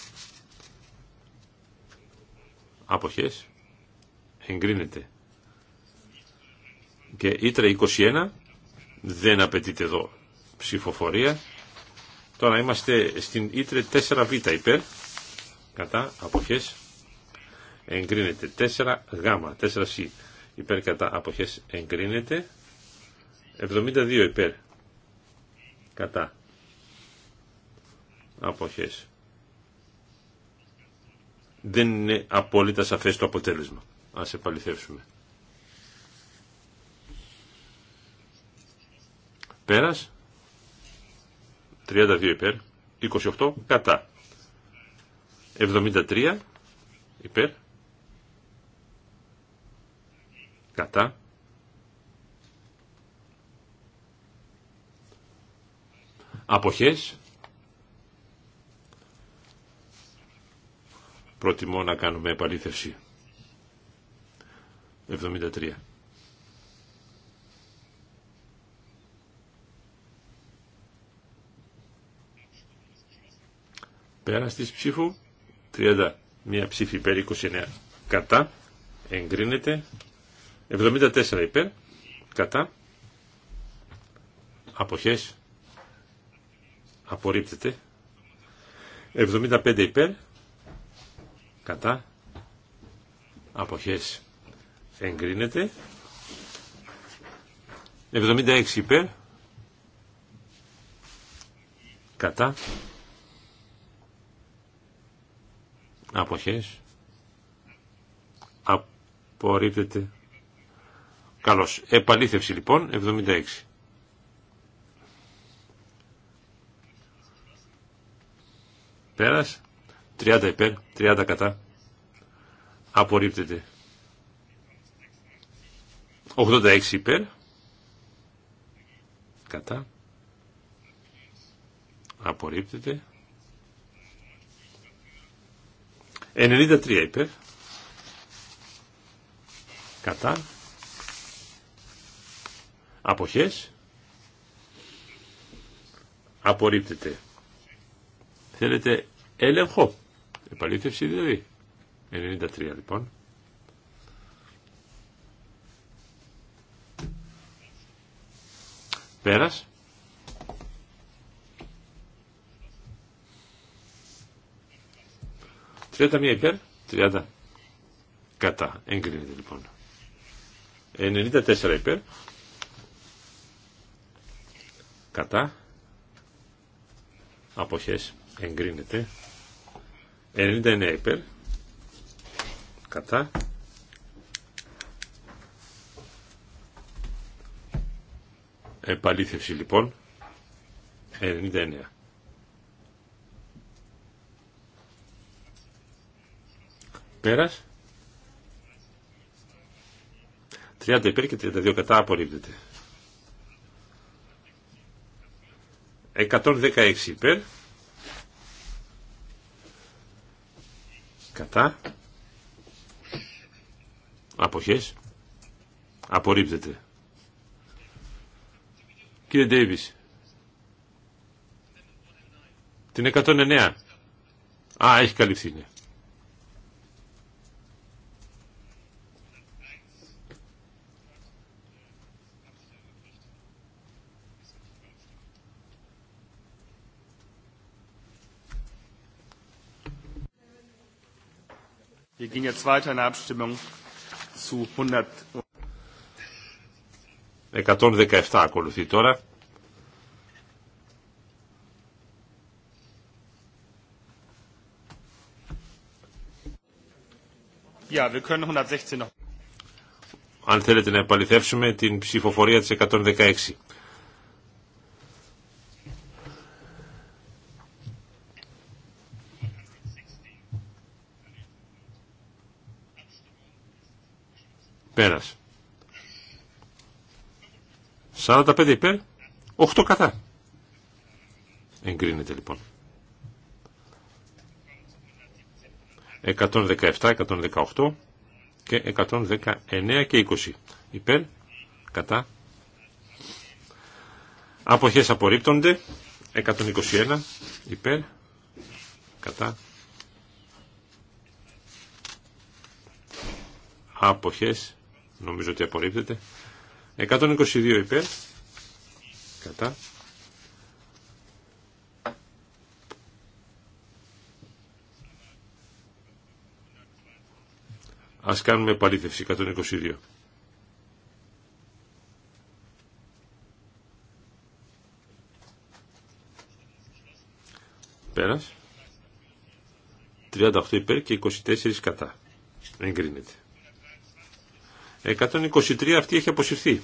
Αποχές. Εγκρίνεται και ήτρε 21 δεν απαιτείται εδώ ψηφοφορία. Τώρα είμαστε στην ήτρε 4β υπέρ κατά αποχές εγκρίνεται 4γ 4σ υπέρ κατά αποχές εγκρίνεται 72 υπέρ κατά αποχές δεν είναι απόλυτα σαφές το αποτέλεσμα ας επαληθεύσουμε Πέρας. 32 υπέρ. 28 κατά. 73 υπέρ. Κατά. Αποχές. Προτιμώ να κάνουμε επαλήθευση. 73. πέραστη ψήφου 30. Μία ψήφη υπέρ 29 κατά. Εγκρίνεται. 74 υπέρ. Κατά. Αποχές. Απορρίπτεται. 75 υπέρ. Κατά. Αποχές. Εγκρίνεται. 76 υπέρ. Κατά. Αποχές. Απορρίπτεται. Καλώς. Επαλήθευση λοιπόν, 76. Πέρας. 30 υπέρ, 30 κατά. Απορρίπτεται. 86 υπέρ. Κατά. Απορρίπτεται. 93 υπέρ. Κατά. Αποχές. Απορρίπτεται. Θέλετε έλεγχο. Επαλήθευση δηλαδή. 93 λοιπόν. Πέρας. 31 υπέρ, 30 κατά. Εγκρίνεται λοιπόν. 94 υπέρ. Κατά. Αποχές. Εγκρίνεται. 99 υπέρ. Κατά. Επαλήθευση λοιπόν. 99. Πέρας. 30 υπέρ και 32 κατά απορρίπτεται. 116 υπέρ. Κατά. Αποχές. Απορρίπτεται. Κύριε Ντέιβις. Την 109. Α, έχει καλυφθεί, ναι. gehen jetzt weiter in der Abstimmung zu 100. 117 ακολουθεί τώρα. Ja, wir können 116 noch. Αν θέλετε να επαληθεύσουμε την ψηφοφορία της 116. Πέρας. 45 υπέρ, 8 κατά. Εγκρίνεται λοιπόν. 117, 118 και 119 και 20 υπέρ, κατά. Αποχές απορρίπτονται. 121 υπέρ, κατά. Αποχές Νομίζω ότι απορρίπτεται. 122 υπέρ. Κατά. Ας κάνουμε παρήθευση. 122. Πέρας. 38 υπέρ και 24 κατά. Εγκρίνεται. 123 αυτή έχει αποσυρθεί.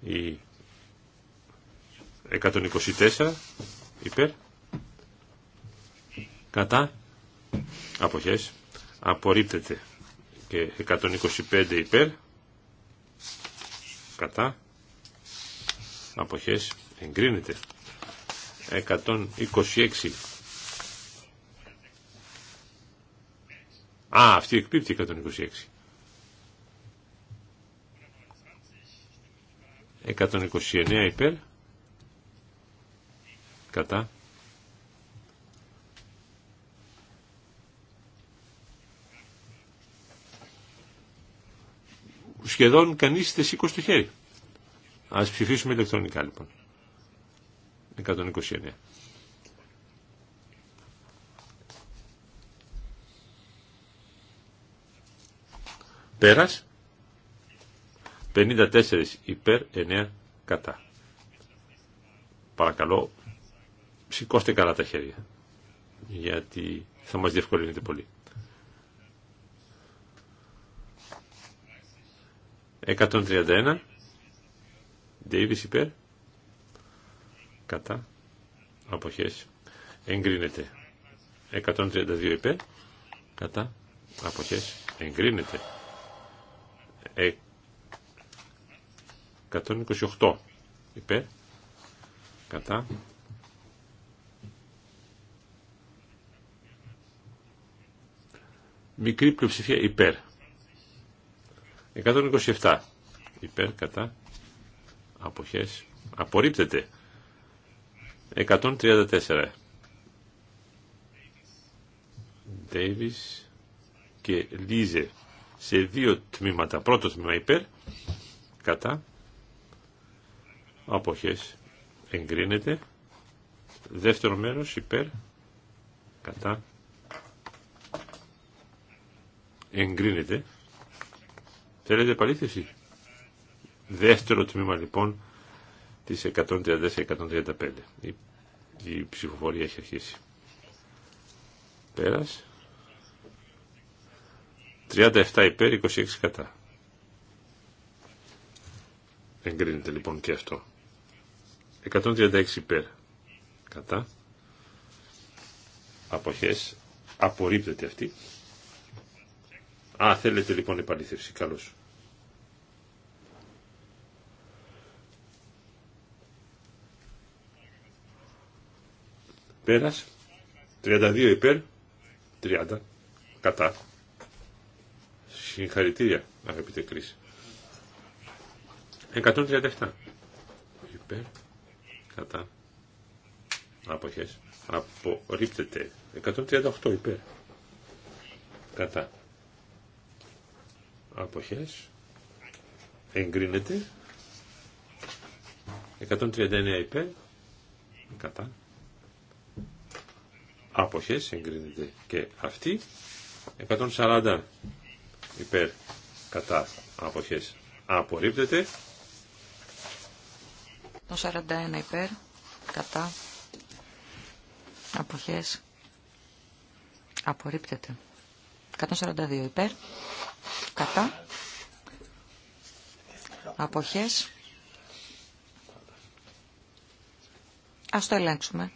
Η 124 υπέρ. Κατά. Αποχές. Απορρίπτεται. Και 125 υπέρ. Κατά. Αποχές. Εγκρίνεται. 126. Α, αυτή εκπίπτει 126. 129 υπέρ κατά σχεδόν κανείς δεν σήκωσε το χέρι ας ψηφίσουμε ηλεκτρονικά λοιπόν 129 Πέρασε. 54 υπέρ 9 κατά. Παρακαλώ, σηκώστε καλά τα χέρια, γιατί θα μας διευκολύνετε πολύ. 131, Davis υπέρ, κατά, αποχές, εγκρίνεται. 132 υπέρ, κατά, αποχές, εγκρίνεται. 128 υπέρ κατά μικρή πλειοψηφία υπέρ 127 υπέρ κατά αποχές απορρίπτεται 134 Davis και Λίζε σε δύο τμήματα πρώτο τμήμα υπέρ κατά αποχές εγκρίνεται δεύτερο μέρος υπέρ κατά εγκρίνεται θέλετε επαλήθευση δεύτερο τμήμα λοιπόν της 134-135 η, η ψηφοφορία έχει αρχίσει πέρας 37 υπέρ 26 κατά εγκρίνεται λοιπόν και αυτό 136 υπέρ. Κατά. Αποχές. Απορρίπτεται αυτή. Α, θέλετε λοιπόν επαλήθευση. Καλώς. Πέρας. 32 υπέρ. 30. Κατά. Συγχαρητήρια, αγαπητέ Κρίση. 137. Υπέρ κατά αποχές απορρίπτεται 138 υπέρ κατά αποχές εγκρίνεται 139 υπέρ κατά άποχες εγκρίνεται και αυτή 140 υπέρ κατά άποχες απορρίπτεται το 41 υπέρ, κατά, αποχές, απορρίπτεται. 142 υπέρ, κατά, αποχές, ας το ελέγξουμε.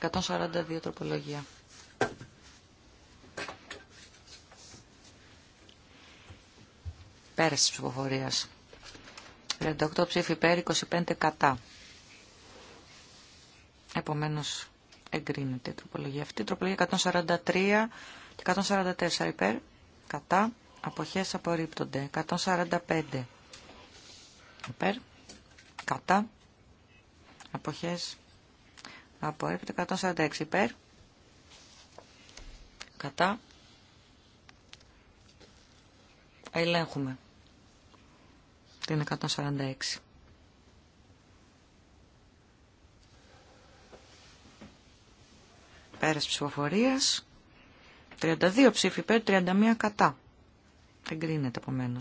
142 τροπολογία. Πέραση της ψηφοφορίας. 38 ψήφοι υπέρ, 25 κατά. Επομένως εγκρίνεται η τροπολογία αυτή. Τροπολογία 143 και 144 υπέρ, κατά. Αποχές απορρίπτονται. 145 υπέρ, κατά. Αποχές απορρίπτονται. 146 υπέρ, κατά. Ελέγχουμε την 146. Πέρας ψηφοφορίας. 32 ψήφοι υπέρ, 31 κατά. Δεν κρίνεται επομένω.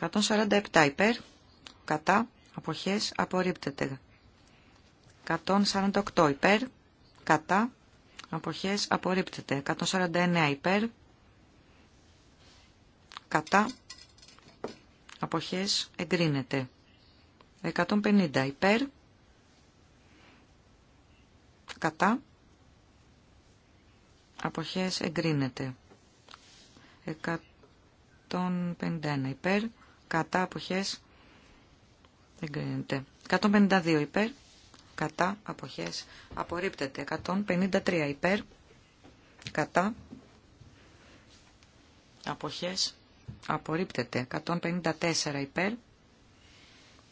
147 υπέρ, κατά, αποχές, απορρίπτεται. 148 υπέρ, κατά, αποχές, απορρίπτεται. 149 υπέρ, κατά, αποχές εγκρίνεται. 150 υπέρ, κατά, αποχές εγκρίνεται. 151 υπέρ, κατά, αποχές εγκρίνεται. 152 υπέρ, κατά, αποχές απορρίπτεται. 153 υπέρ, κατά, αποχές απορρίπτεται 154 υπέρ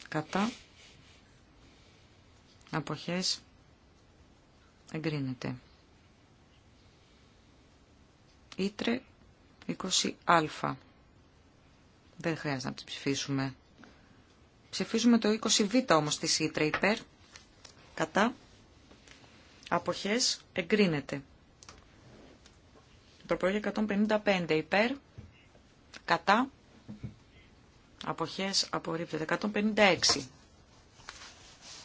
κατά αποχές εγκρίνεται Ήτρε 20α δεν χρειάζεται να τις ψηφίσουμε ψηφίζουμε το 20β όμως της Ήτρε υπέρ κατά αποχές εγκρίνεται προϊόν 155 υπέρ Κατά. Αποχές απορρίπτεται. 156.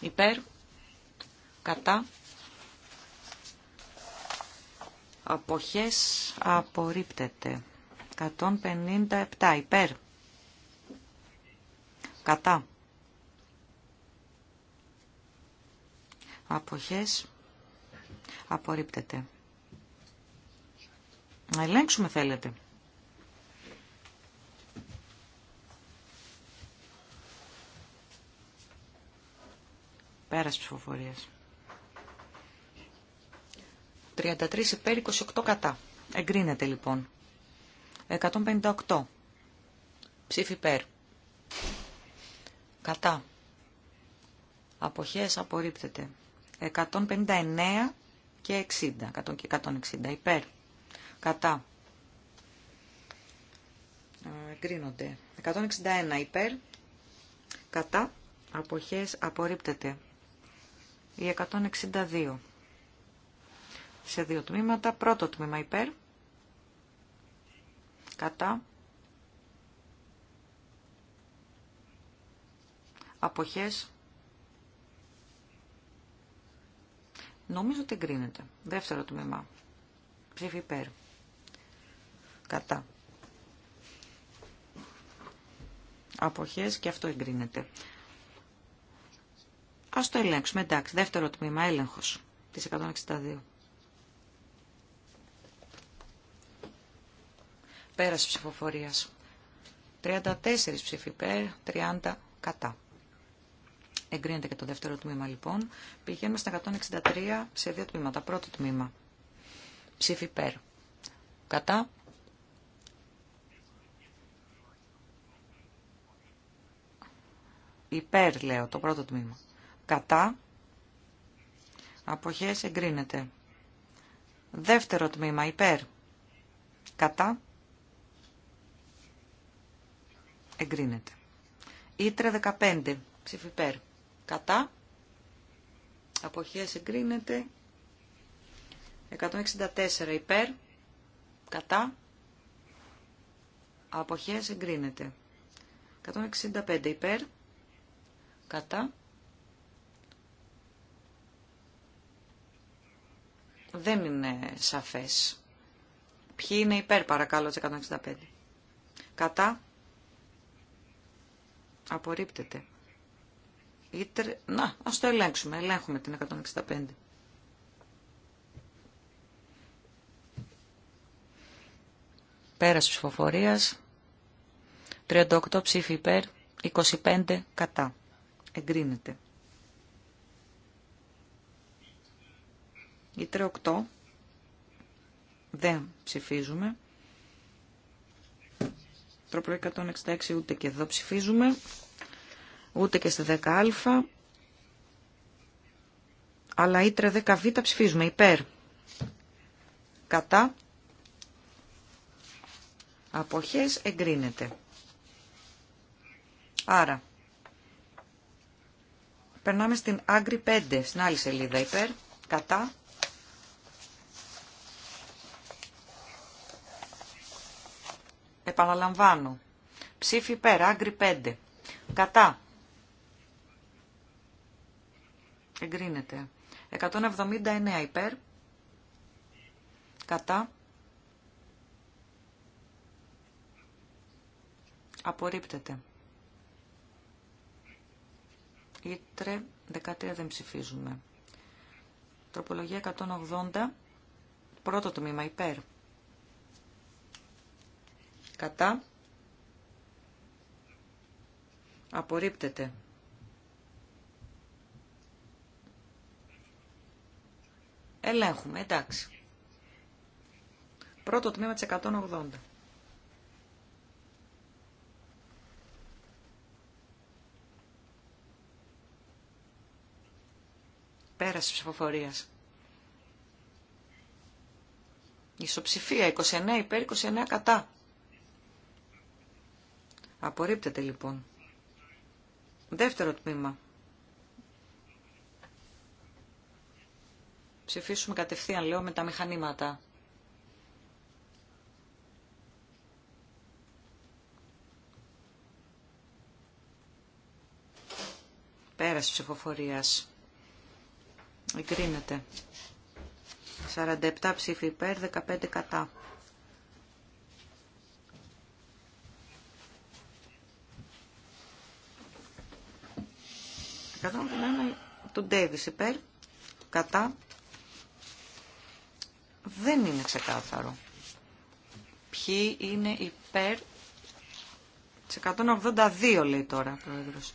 Υπέρ. Κατά. Αποχές απορρίπτεται. 157. Υπέρ. Κατά. Αποχές απορρίπτεται. Να ελέγξουμε θέλετε. Πέρας ψηφοφορίας. 33 υπέρ 28 κατά. Εγκρίνεται λοιπόν. 158. Ψήφι υπέρ. Κατά. Αποχές απορρίπτεται. 159 και 60. 100 και 160 υπέρ. Κατά. Εγκρίνονται. 161 υπέρ. Κατά. Αποχές απορρίπτεται. Η 162. Σε δύο τμήματα. Πρώτο τμήμα υπέρ. Κατά. Αποχές. Νομίζω ότι εγκρίνεται. Δεύτερο τμήμα. Ψήφι υπέρ. Κατά. Αποχές και αυτό εγκρίνεται. Ας το ελέγξουμε. Εντάξει, δεύτερο τμήμα, έλεγχος της 162. Πέραση ψηφοφορίας. 34 ψήφοι υπέρ, 30 κατά. Εγκρίνεται και το δεύτερο τμήμα λοιπόν. Πηγαίνουμε στα 163 σε δύο τμήματα. Πρώτο τμήμα. Ψήφι Κατά. Υπέρ λέω το πρώτο τμήμα. Κατά. Αποχές εγκρίνεται. Δεύτερο τμήμα υπέρ. Κατά. Εγκρίνεται. Ήτρε 15. Ψήφι υπέρ. Κατά. Αποχές εγκρίνεται. 164 υπέρ. Κατά. Αποχές εγκρίνεται. 165 υπέρ. Κατά. δεν είναι σαφές. Ποιοι είναι υπέρ παρακαλώ της 165. Κατά. Απορρίπτεται. Ήτρ... Να, ας το ελέγξουμε. Ελέγχουμε την 165. Πέρας ψηφοφορίας. 38 ψήφοι υπέρ, 25 κατά. Εγκρίνεται. Η 8, δεν ψηφίζουμε. Τρόπο 166 ούτε και εδώ ψηφίζουμε. Ούτε και στη 10α. Αλλά η 10β ψηφίζουμε υπέρ. Κατά. Αποχές εγκρίνεται. Άρα, περνάμε στην άγκρη 5, στην άλλη σελίδα υπέρ, κατά, Επαναλαμβάνω. Ψήφι υπέρ, άγκρι 5. Κατά. Εγκρίνεται. 179 υπέρ. Κατά. Απορρίπτεται. Ήτρε 13 δεν ψηφίζουμε. Τροπολογία 180. Πρώτο τμήμα υπέρ. Κατά. Απορρίπτεται. Ελέγχουμε, εντάξει. Πρώτο τμήμα της 180. Πέραση ψηφοφορίας. Ισοψηφία 29 υπέρ 29 κατά. Απορρίπτεται λοιπόν. Δεύτερο τμήμα. Ψηφίσουμε κατευθείαν, λέω, με τα μηχανήματα. Πέρας ψηφοφορίας. Εγκρίνεται. 47 ψήφοι υπέρ, 15 κατά. 181 του Ντέβις υπέρ, κατά, δεν είναι ξεκάθαρο. Ποιοι είναι υπέρ, σε 182 λέει τώρα ο Πρόεδρος.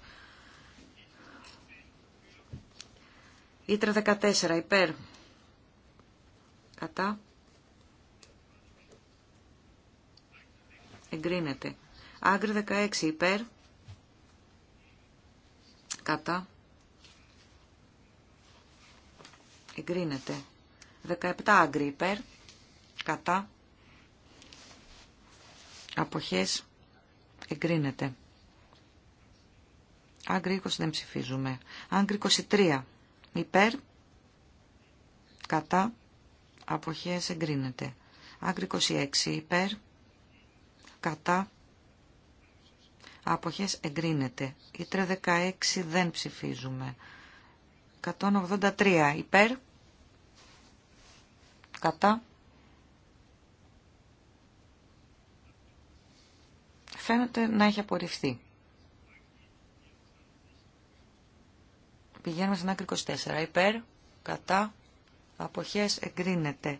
Ήτρε 14 υπέρ, κατά, εγκρίνεται. Άγκρι 16 υπέρ, κατά, Εγκρίνεται. 17 άγκρι υπέρ. Κατά. Αποχές. Εγκρίνεται. Άγκρι 20 δεν ψηφίζουμε. Άγκρι 23 υπέρ. Κατά. Αποχές εγκρίνεται. Άγκρι 26 υπέρ. Κατά. Αποχές εγκρίνεται. Ήτρε 16 δεν ψηφίζουμε. 183 υπέρ, κατά. Φαίνεται να έχει απορριφθεί. Πηγαίνουμε στην άκρη 24. Υπέρ, κατά, αποχές εγκρίνεται.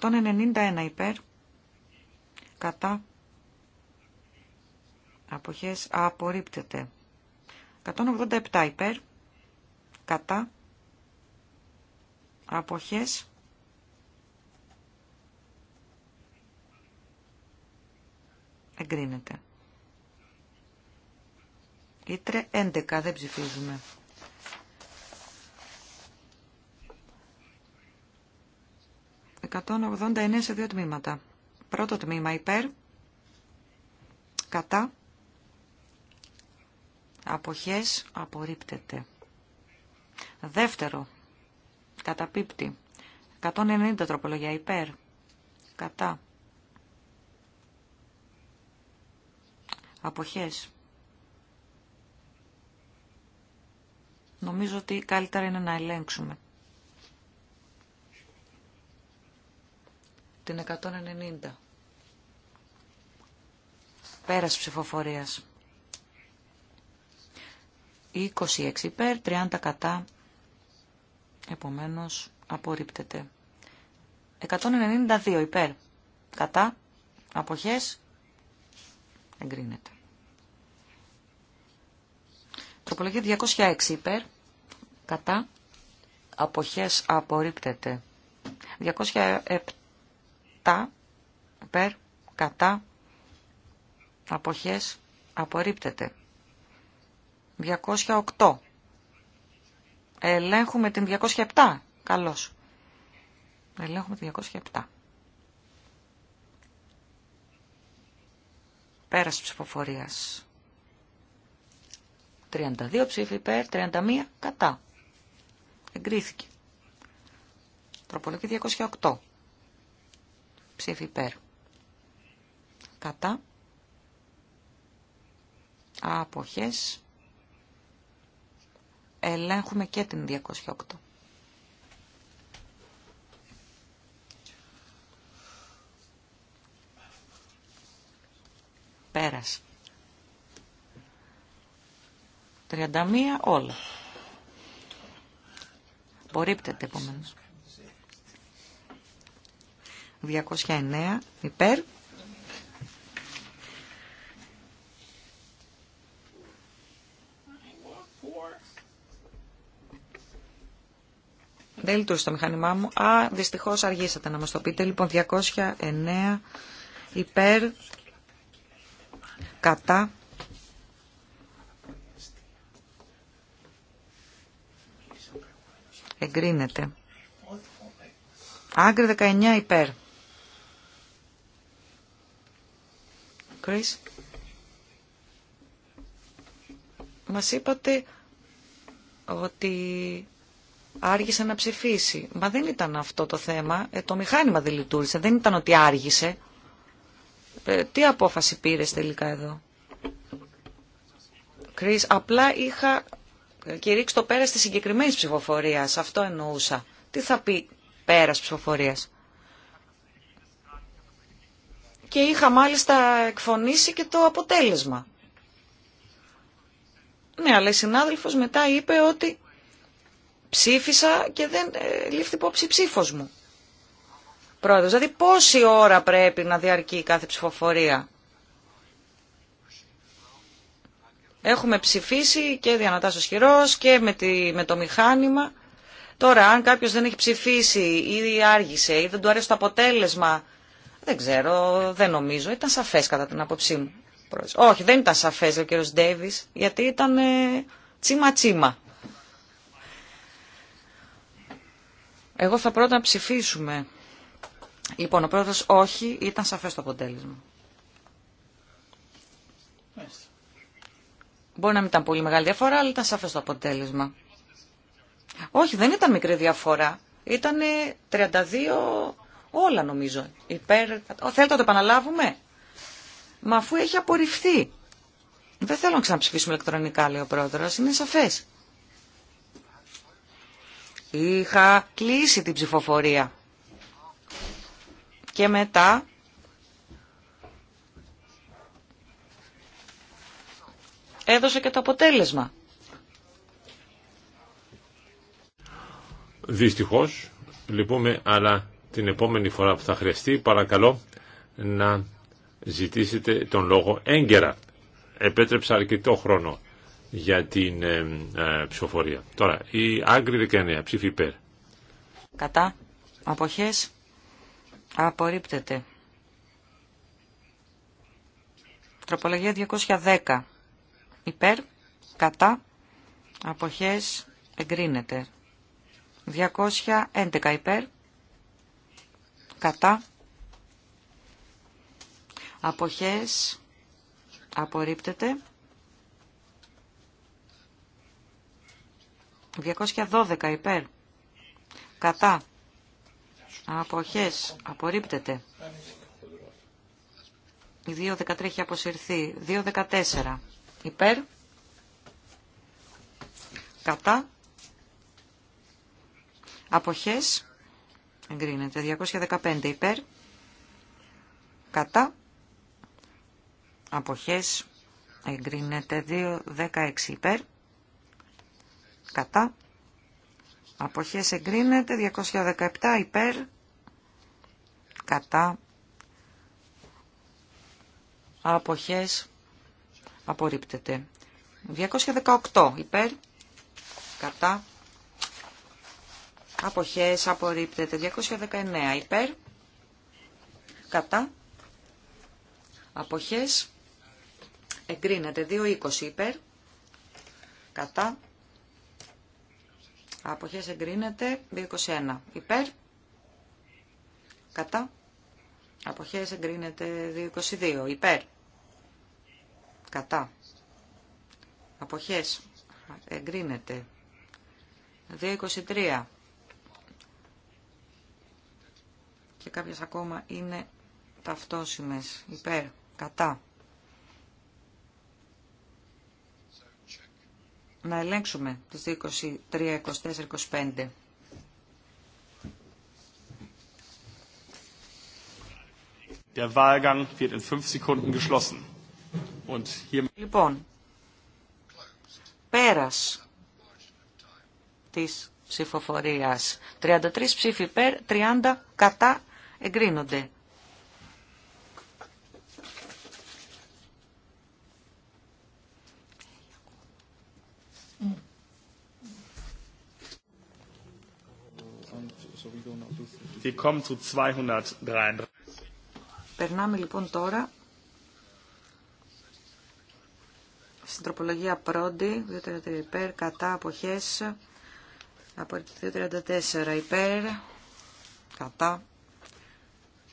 191 υπέρ, κατά, αποχές απορρίπτεται. 187 υπέρ, κατά αποχές εγκρίνεται. Ήτρε 11, δεν ψηφίζουμε. ...189 σε δύο τμήματα. Πρώτο τμήμα υπέρ, κατά, αποχές απορρίπτεται. Δεύτερο, καταπίπτει. 190 τροπολογία υπέρ. Κατά. Αποχές. Νομίζω ότι καλύτερα είναι να ελέγξουμε. Την 190. Πέρας ψηφοφορίας. 26 υπέρ, 30 κατά, Επομένως, απορρίπτεται. 192 υπέρ. Κατά. Αποχές. Εγκρίνεται. Τροπολογία 206 υπέρ. Κατά. Αποχές απορρίπτεται. 207 υπέρ. Κατά. Αποχές απορρίπτεται. 208 Ελέγχουμε την 207. Καλώς. Ελέγχουμε την 207. Πέρας ψηφοφορίας. 32 ψήφοι υπέρ, 31 κατά. Εγκρίθηκε. Τροπολογική 208. Ψήφι υπέρ. Κατά. Αποχές ελέγχουμε και την 208. Πέρας. 31 όλα. Απορρίπτεται επόμενος. 209 υπέρ. Δεν λειτουργήσε το μηχάνημά μου. Α, δυστυχώς αργήσατε να μας το πείτε. Λοιπόν, 209 υπέρ, κατά. Εγκρίνεται. Άγκρη 19 υπέρ. Chris. Μας είπατε ότι άργησε να ψηφίσει. Μα δεν ήταν αυτό το θέμα. Ε, το μηχάνημα δεν λειτουργήσε. Δεν ήταν ότι άργησε. Ε, τι απόφαση πήρε τελικά εδώ. Κρίς, απλά είχα ε, κηρύξει το πέρας της συγκεκριμένης ψηφοφορίας. Αυτό εννοούσα. Τι θα πει πέρας ψηφοφορίας. Και είχα μάλιστα εκφωνήσει και το αποτέλεσμα. Ναι, αλλά η συνάδελφος μετά είπε ότι ψήφισα και δεν ε, λήφθη υπόψη ψήφος μου. Πρόεδρος, δηλαδή πόση ώρα πρέπει να διαρκεί κάθε ψηφοφορία. Έχουμε ψηφίσει και ο σχηρός και με, το μηχάνημα. Τώρα, αν κάποιος δεν έχει ψηφίσει ή άργησε ή δεν του αρέσει το αποτέλεσμα, δεν ξέρω, δεν νομίζω. Ήταν σαφές κατά την άποψή μου. Όχι, δεν ήταν σαφές, λέει ο κύριος Ντέβις γιατί ήταν ε, τσίμα-τσίμα. Εγώ θα πρώτα να ψηφίσουμε. Λοιπόν, ο πρόεδρος όχι, ήταν σαφές το αποτέλεσμα. Μπορεί να μην ήταν πολύ μεγάλη διαφορά, αλλά ήταν σαφές το αποτέλεσμα. Όχι, δεν ήταν μικρή διαφορά. Ήταν 32 όλα νομίζω. Υπέρ... Θέλετε να το επαναλάβουμε. Μα αφού έχει απορριφθεί. Δεν θέλω να ξαναψηφίσουμε ηλεκτρονικά, λέει ο πρόεδρος. Είναι σαφές. Είχα κλείσει την ψηφοφορία. Και μετά έδωσε και το αποτέλεσμα. Δυστυχώς, λυπούμε, αλλά την επόμενη φορά που θα χρειαστεί, παρακαλώ να ζητήσετε τον λόγο έγκαιρα. Επέτρεψα αρκετό χρόνο για την ε, ε, ψηφοφορία. Τώρα, η Άγκρη 19, ψήφι υπέρ. Κατά. Αποχές. Απορρίπτεται. Τροπολογία 210. Υπέρ. Κατά. Αποχές. Εγκρίνεται. 211 υπέρ. Κατά. Αποχές. Απορρίπτεται. 212 υπέρ. Κατά. Αποχές. Απορρίπτεται. Η 2.13 έχει αποσυρθεί. 2.14 υπέρ. Κατά. Αποχές. Εγκρίνεται. 215 υπέρ. Κατά. Αποχές. Εγκρίνεται. 2.16 υπέρ κατά, αποχές εγκρίνεται, 217 υπέρ, κατά, αποχές απορρίπτεται. 218 υπέρ, κατά, αποχές απορρίπτεται. 219 υπέρ, κατά, αποχές εγκρίνεται. 220 υπέρ, κατά, Αποχές εγκρίνεται 221 υπέρ. Κατά. Αποχές εγκρίνεται 222 υπέρ. Κατά. Αποχές εγκρίνεται 223 και κάποιες ακόμα είναι ταυτόσιμες υπέρ. Κατά. να ελέγξουμε τους 23, 24, 25. Der Wahlgang wird in Sekunden geschlossen. Und hier... Λοιπόν, πέρας της ψηφοφορίας. 33 ψήφοι πέρ, 30 κατά εγκρίνονται. 233. Περνάμε λοιπόν τώρα στην τροπολογία πρώτη, 2.33 υπέρ, κατά, αποχές, από 2.34 υπέρ, κατά,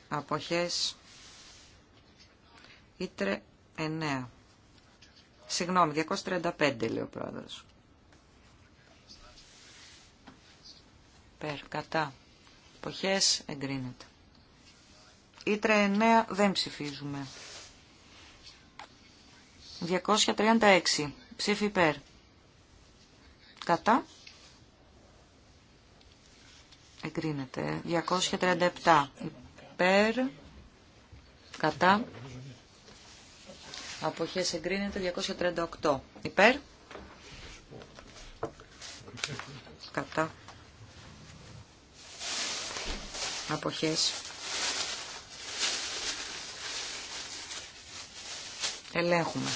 αποχές, ήτρε 9. Συγγνώμη, 235 λέει ο πρόεδρο. Υπέρ, κατά, Αποχές εγκρίνεται. Ήτρε 9 δεν ψηφίζουμε. 236. Ψήφι υπέρ. Κατά. Εγκρίνεται. 237. Υπέρ. Κατά. Αποχές εγκρίνεται. 238. Υπέρ. Κατά. αποχές ελέγχουμε.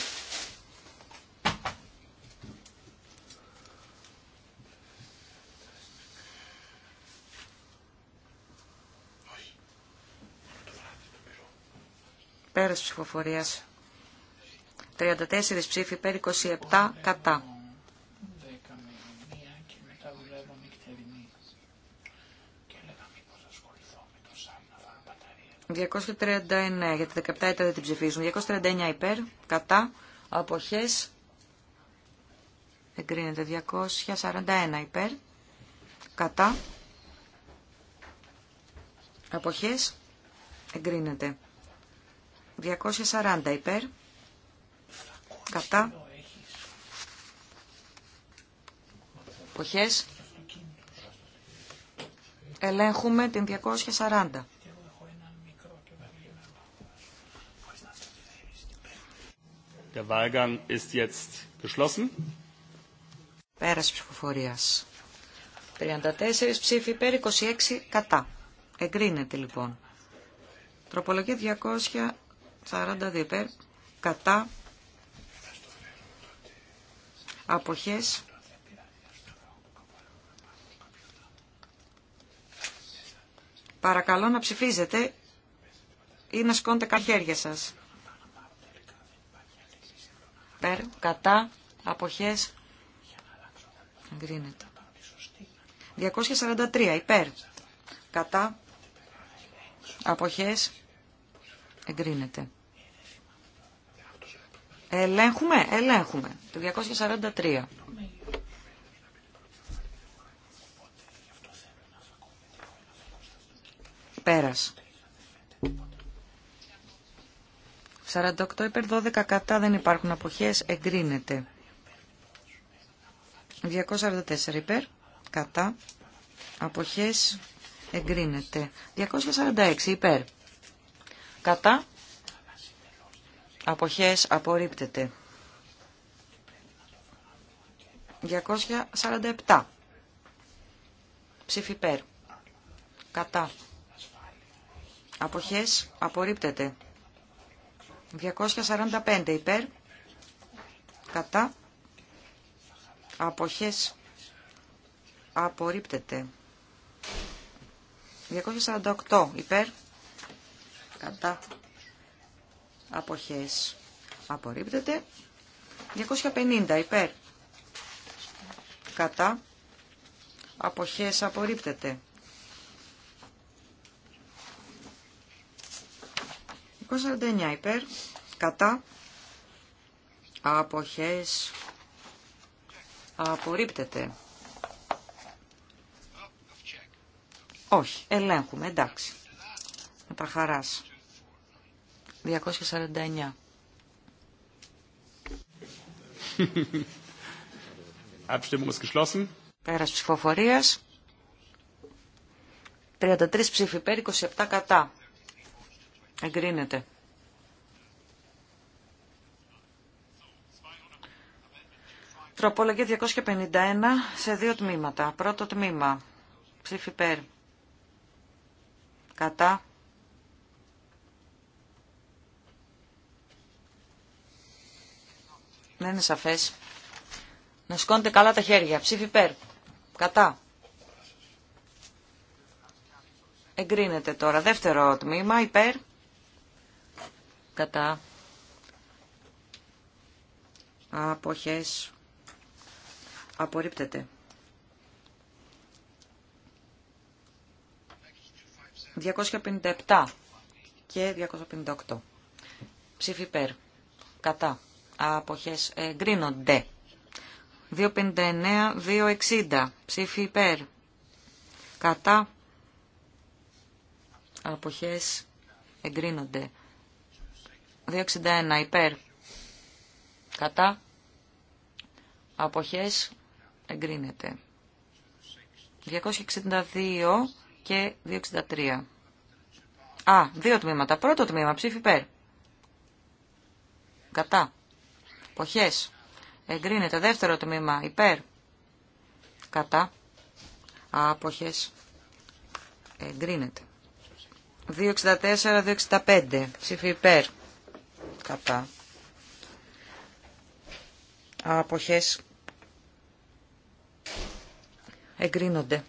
Πέρας ψηφοφορίας. 34 ψήφοι πέρα 27 κατά. 239, γιατί 17 ήταν δεν την ψηφίζουν. 239 υπέρ, κατά, αποχές, εγκρίνεται. 241 υπέρ, κατά, αποχές, εγκρίνεται. 240 υπέρ, κατά, αποχές, ελέγχουμε την 240. Der Wahlgang ist jetzt geschlossen. Πέρας ψηφοφορίας. 34 ψήφοι υπέρ, 26 κατά. Εγκρίνεται λοιπόν. Τροπολογή 242 υπέρ, κατά. Αποχές. Παρακαλώ να ψηφίζετε ή να σκόντε τα χέρια σας υπέρ, κατά, αποχές, εγκρίνεται. 243 υπέρ, κατά, αποχές, εγκρίνεται. Ελέγχουμε, ελέγχουμε, το 243. Πέρας. 48 υπέρ 12 κατά δεν υπάρχουν αποχές, εγκρίνεται. 244 υπέρ, κατά, αποχές, εγκρίνεται. 246 υπέρ, κατά, αποχές, απορρίπτεται. 247 ψήφι υπέρ, κατά, αποχές, απορρίπτεται. 245 υπέρ, κατά, αποχές, απορρίπτεται. 248 υπέρ, κατά, αποχές, απορρίπτεται. 250 υπέρ, κατά, αποχές, απορρίπτεται. 249 υπέρ, κατά, αποχές, απορρίπτεται. Όχι, ελέγχουμε, εντάξει. Με τα 249. Abstimmung ist Πέρας ψηφοφορίας. 33 ψήφοι υπέρ, 27 κατά. Εγκρίνεται. Τροπολογία 251 σε δύο τμήματα. Πρώτο τμήμα. Ψήφι ΠΕΡ. Κατά. Δεν είναι σαφές. Να σκόνετε καλά τα χέρια. Ψήφι ΠΕΡ. Κατά. Εγκρίνεται τώρα. Δεύτερο τμήμα υπέρ κατά αποχές απορρίπτεται. 257 και 258. Ψήφι υπέρ. Κατά. Αποχές εγκρίνονται. 259, 260. Ψήφι υπέρ. Κατά. Αποχές εγκρίνονται. 261 υπέρ. Κατά. Αποχές εγκρίνεται. 262 και 263. Α, δύο τμήματα. Πρώτο τμήμα, ψήφι υπέρ. Κατά. Αποχές. Εγκρίνεται. Δεύτερο τμήμα, υπέρ. Κατά. Αποχές. Εγκρίνεται. 264-265. Ψήφι υπέρ κατά αποχές εγκρίνονται.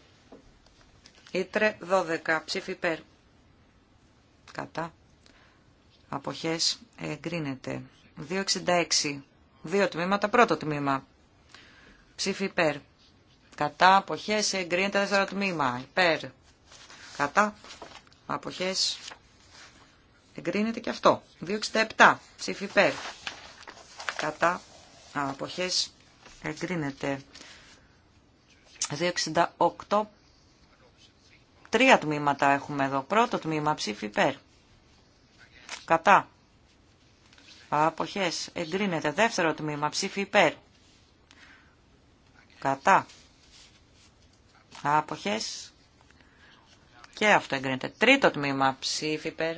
Ήτρε 12 ψήφι υπέρ κατά αποχές εγκρίνεται. 266 δύο τμήματα πρώτο τμήμα ψήφι υπέρ κατά αποχές εγκρίνεται δεύτερο τμήμα υπέρ κατά αποχές Εγκρίνεται και αυτό. 267. Ψήφι υπέρ. Κατά αποχές εγκρίνεται. 268. Τρία τμήματα έχουμε εδώ. Πρώτο τμήμα ψήφι υπέρ. Κατά. Αποχές εγκρίνεται. Δεύτερο τμήμα ψήφι υπέρ. Κατά. Αποχές. Και αυτό εγκρίνεται. Τρίτο τμήμα ψήφι υπέρ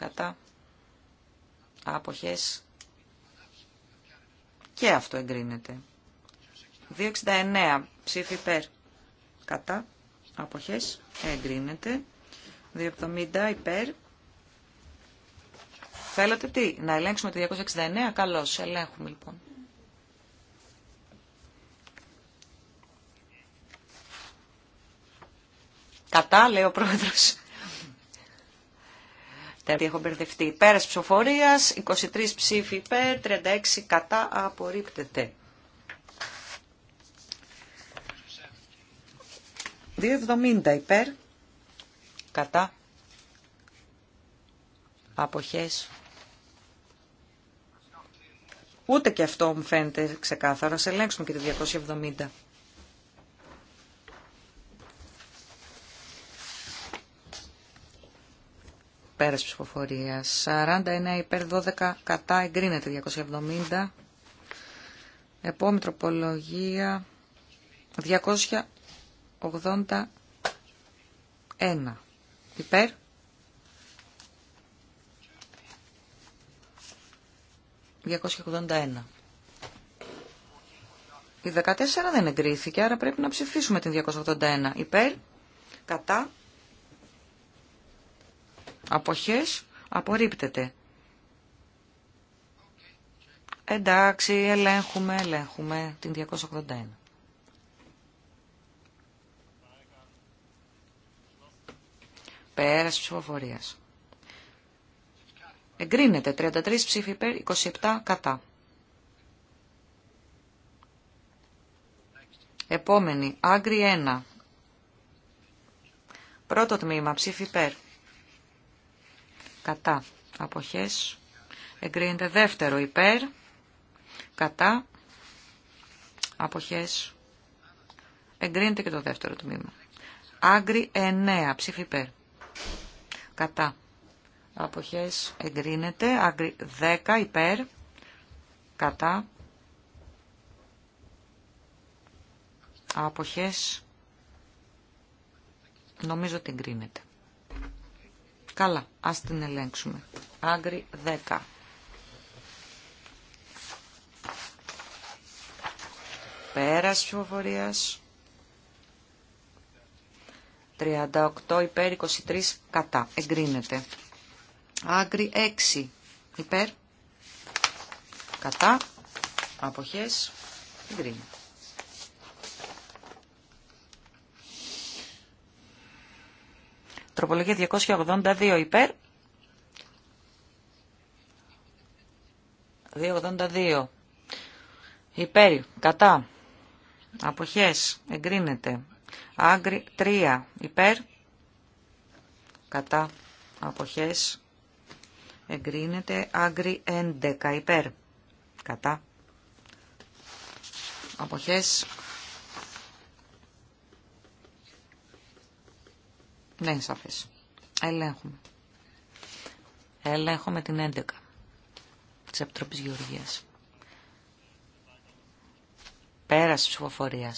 κατά άποχες και αυτό εγκρίνεται. 269 ψήφι υπέρ κατά άποχες εγκρίνεται. 270 υπέρ. Θέλετε τι, να ελέγξουμε το 269, καλώς, ελέγχουμε λοιπόν. Κατά, λέει ο πρόεδρος. Δεν έχω μπερδευτεί. Πέρας ψηφοφορίας, 23 ψήφοι υπέρ, 36 κατά απορρίπτεται. 2,70 υπέρ, κατά, αποχές. Ούτε και αυτό μου φαίνεται ξεκάθαρο. Ας ελέγξουμε και το 270. Πέρας ψηφοφορίας. 49 υπέρ 12 κατά εγκρίνεται 270. Επόμενη τροπολογία 281 υπέρ. ...281. Η 14 δεν εγκρίθηκε, άρα πρέπει να ψηφίσουμε την 281. Υπέρ, κατά, Αποχές απορρίπτεται. Εντάξει, ελέγχουμε, ελέγχουμε την 281. Πέρας ψηφοφορίας. Εγκρίνεται 33 ψήφοι υπέρ, 27 κατά. Επόμενη, άγκρι 1. Πρώτο τμήμα, ψήφι υπέρ κατά αποχές εγκρίνεται δεύτερο υπέρ κατά αποχές εγκρίνεται και το δεύτερο τμήμα. Άγκρι 9 ψήφι υπέρ κατά αποχές εγκρίνεται άγκρι 10 υπέρ κατά αποχές νομίζω ότι εγκρίνεται. Καλά, ας την ελέγξουμε. Άγκρι 10. Πέρας ψηφοφορίας. 38 υπέρ 23 κατά. Εγκρίνεται. Άγκρι 6 υπέρ. Κατά. Αποχές. Εγκρίνεται. Τροπολογία 282 υπέρ. 282 υπέρ. Κατά. Αποχές. Εγκρίνεται. Άγκρι 3 υπέρ. Κατά. Αποχές. Εγκρίνεται. Άγκρι 11 υπέρ. Κατά. Αποχές Ναι, σαφέ. σαφές. Ελέγχουμε. Ελέγχουμε την 11 τη Επιτροπής Γεωργίας. Πέραση ψηφοφορία.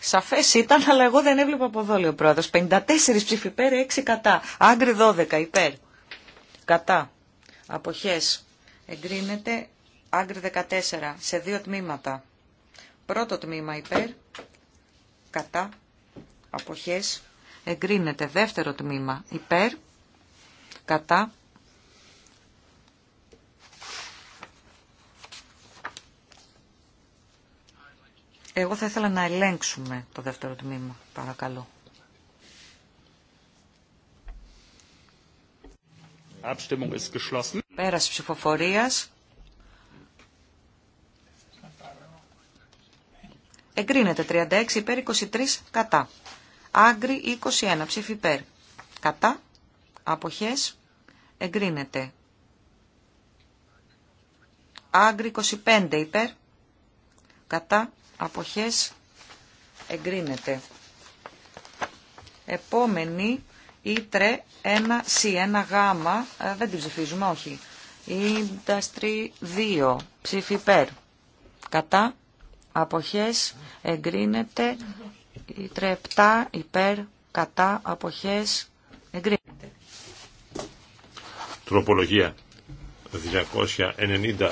Σαφέ ήταν, αλλά εγώ δεν έβλεπα από εδώ, λέει ο πρόεδρο. 54 ψήφοι υπέρ, 6 κατά. Άγκρι 12 υπέρ. Κατά. Αποχέ. Εγκρίνεται. Άγκρι 14 σε δύο τμήματα. Πρώτο τμήμα υπέρ, κατά, αποχές, εγκρίνεται. Δεύτερο τμήμα υπέρ, κατά, Εγώ θα ήθελα να ελέγξουμε το δεύτερο τμήμα, παρακαλώ. Πέραση ψηφοφορίας Εγκρίνεται 36 υπέρ 23 κατά. Άγκρι 21 ψήφι υπέρ. Κατά. Αποχές. Εγκρίνεται. Άγκρι 25 υπέρ. Κατά. Αποχές. Εγκρίνεται. Επόμενη σι 1C1 γάμα. Ε, δεν την ψηφίζουμε, όχι. Industry 2. Ψήφι υπέρ. Κατά αποχές εγκρίνεται. Η τρεπτά υπέρ κατά αποχές εγκρίνεται. Τροπολογία 294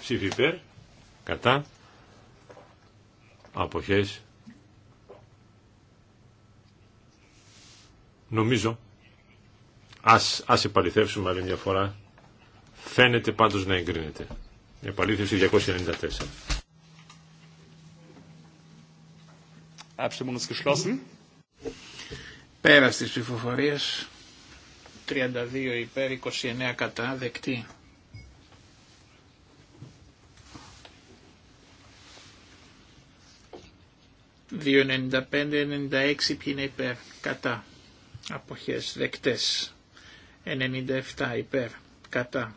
ψήφι υπέρ κατά αποχές νομίζω ας, ας επαληθεύσουμε άλλη μια φορά φαίνεται πάντως να εγκρίνεται επαλήθευση 294 Abstimmung ist geschlossen. Πέρας της ψηφοφορίας 32 υπέρ 29 κατά δεκτή. Δύο 95-96 ποιοι είναι υπέρ κατά αποχές δεκτές. 97 υπέρ κατά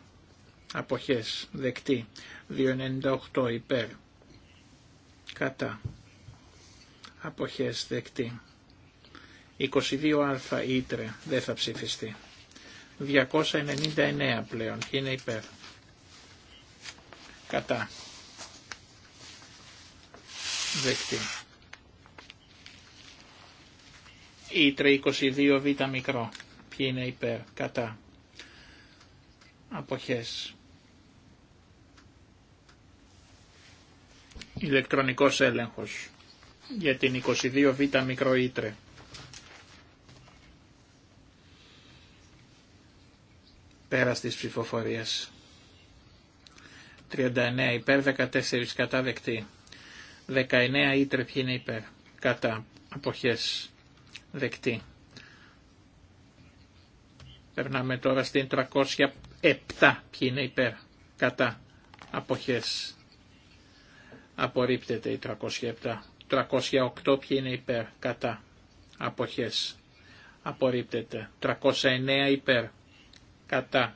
αποχές δεκτή. 298 υπέρ κατά αποχές δεκτή. 22α ήτρε δεν θα ψηφιστεί. 299 πλέον και είναι υπέρ. Κατά. Δεκτή. Ήτρε 22β μικρό. Ποιοι είναι υπέρ. Κατά. Αποχές. Ηλεκτρονικός έλεγχος για την 22β μικρό ήτρε. Πέρας της 39 υπέρ, 14 κατά δεκτή. 19 ήτρε ποιοι είναι υπέρ. Κατά. Αποχές. Δεκτή. Περνάμε τώρα στην 307 ποιοι είναι υπέρ. Κατά. Αποχές. Απορρίπτεται η 307. 308 ποιοι είναι υπέρ, κατά, αποχές, απορρίπτεται. 309 υπέρ, κατά,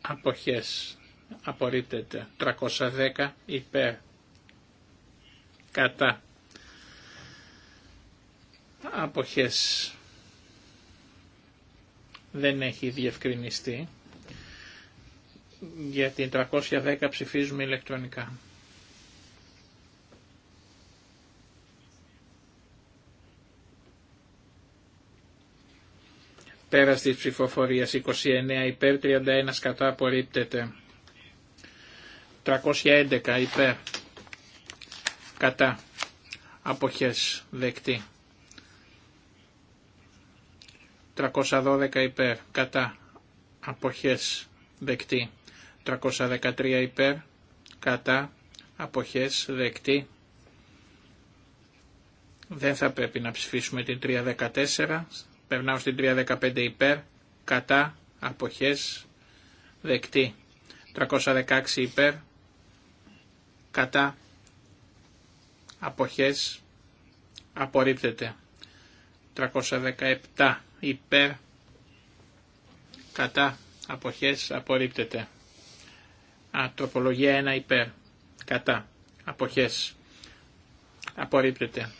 αποχές, απορρίπτεται. 310 υπέρ, κατά, αποχές, δεν έχει διευκρινιστεί. γιατί την 310 ψηφίζουμε ηλεκτρονικά. Πέρας της ψηφοφορίας 29 υπέρ 31 κατά απορρίπτεται. 311 υπέρ κατά αποχές δεκτή. 312 υπέρ κατά αποχές δεκτή. 313 υπέρ κατά αποχές δεκτή. Δεν θα πρέπει να ψηφίσουμε την 314 Περνάω στην 315 υπέρ, κατά, αποχές, δεκτή. 316 υπέρ, κατά, αποχές, απορρίπτεται. 317 υπέρ, κατά, αποχές, απορρίπτεται. Α, τροπολογία 1 υπέρ, κατά, αποχές, απορρίπτεται.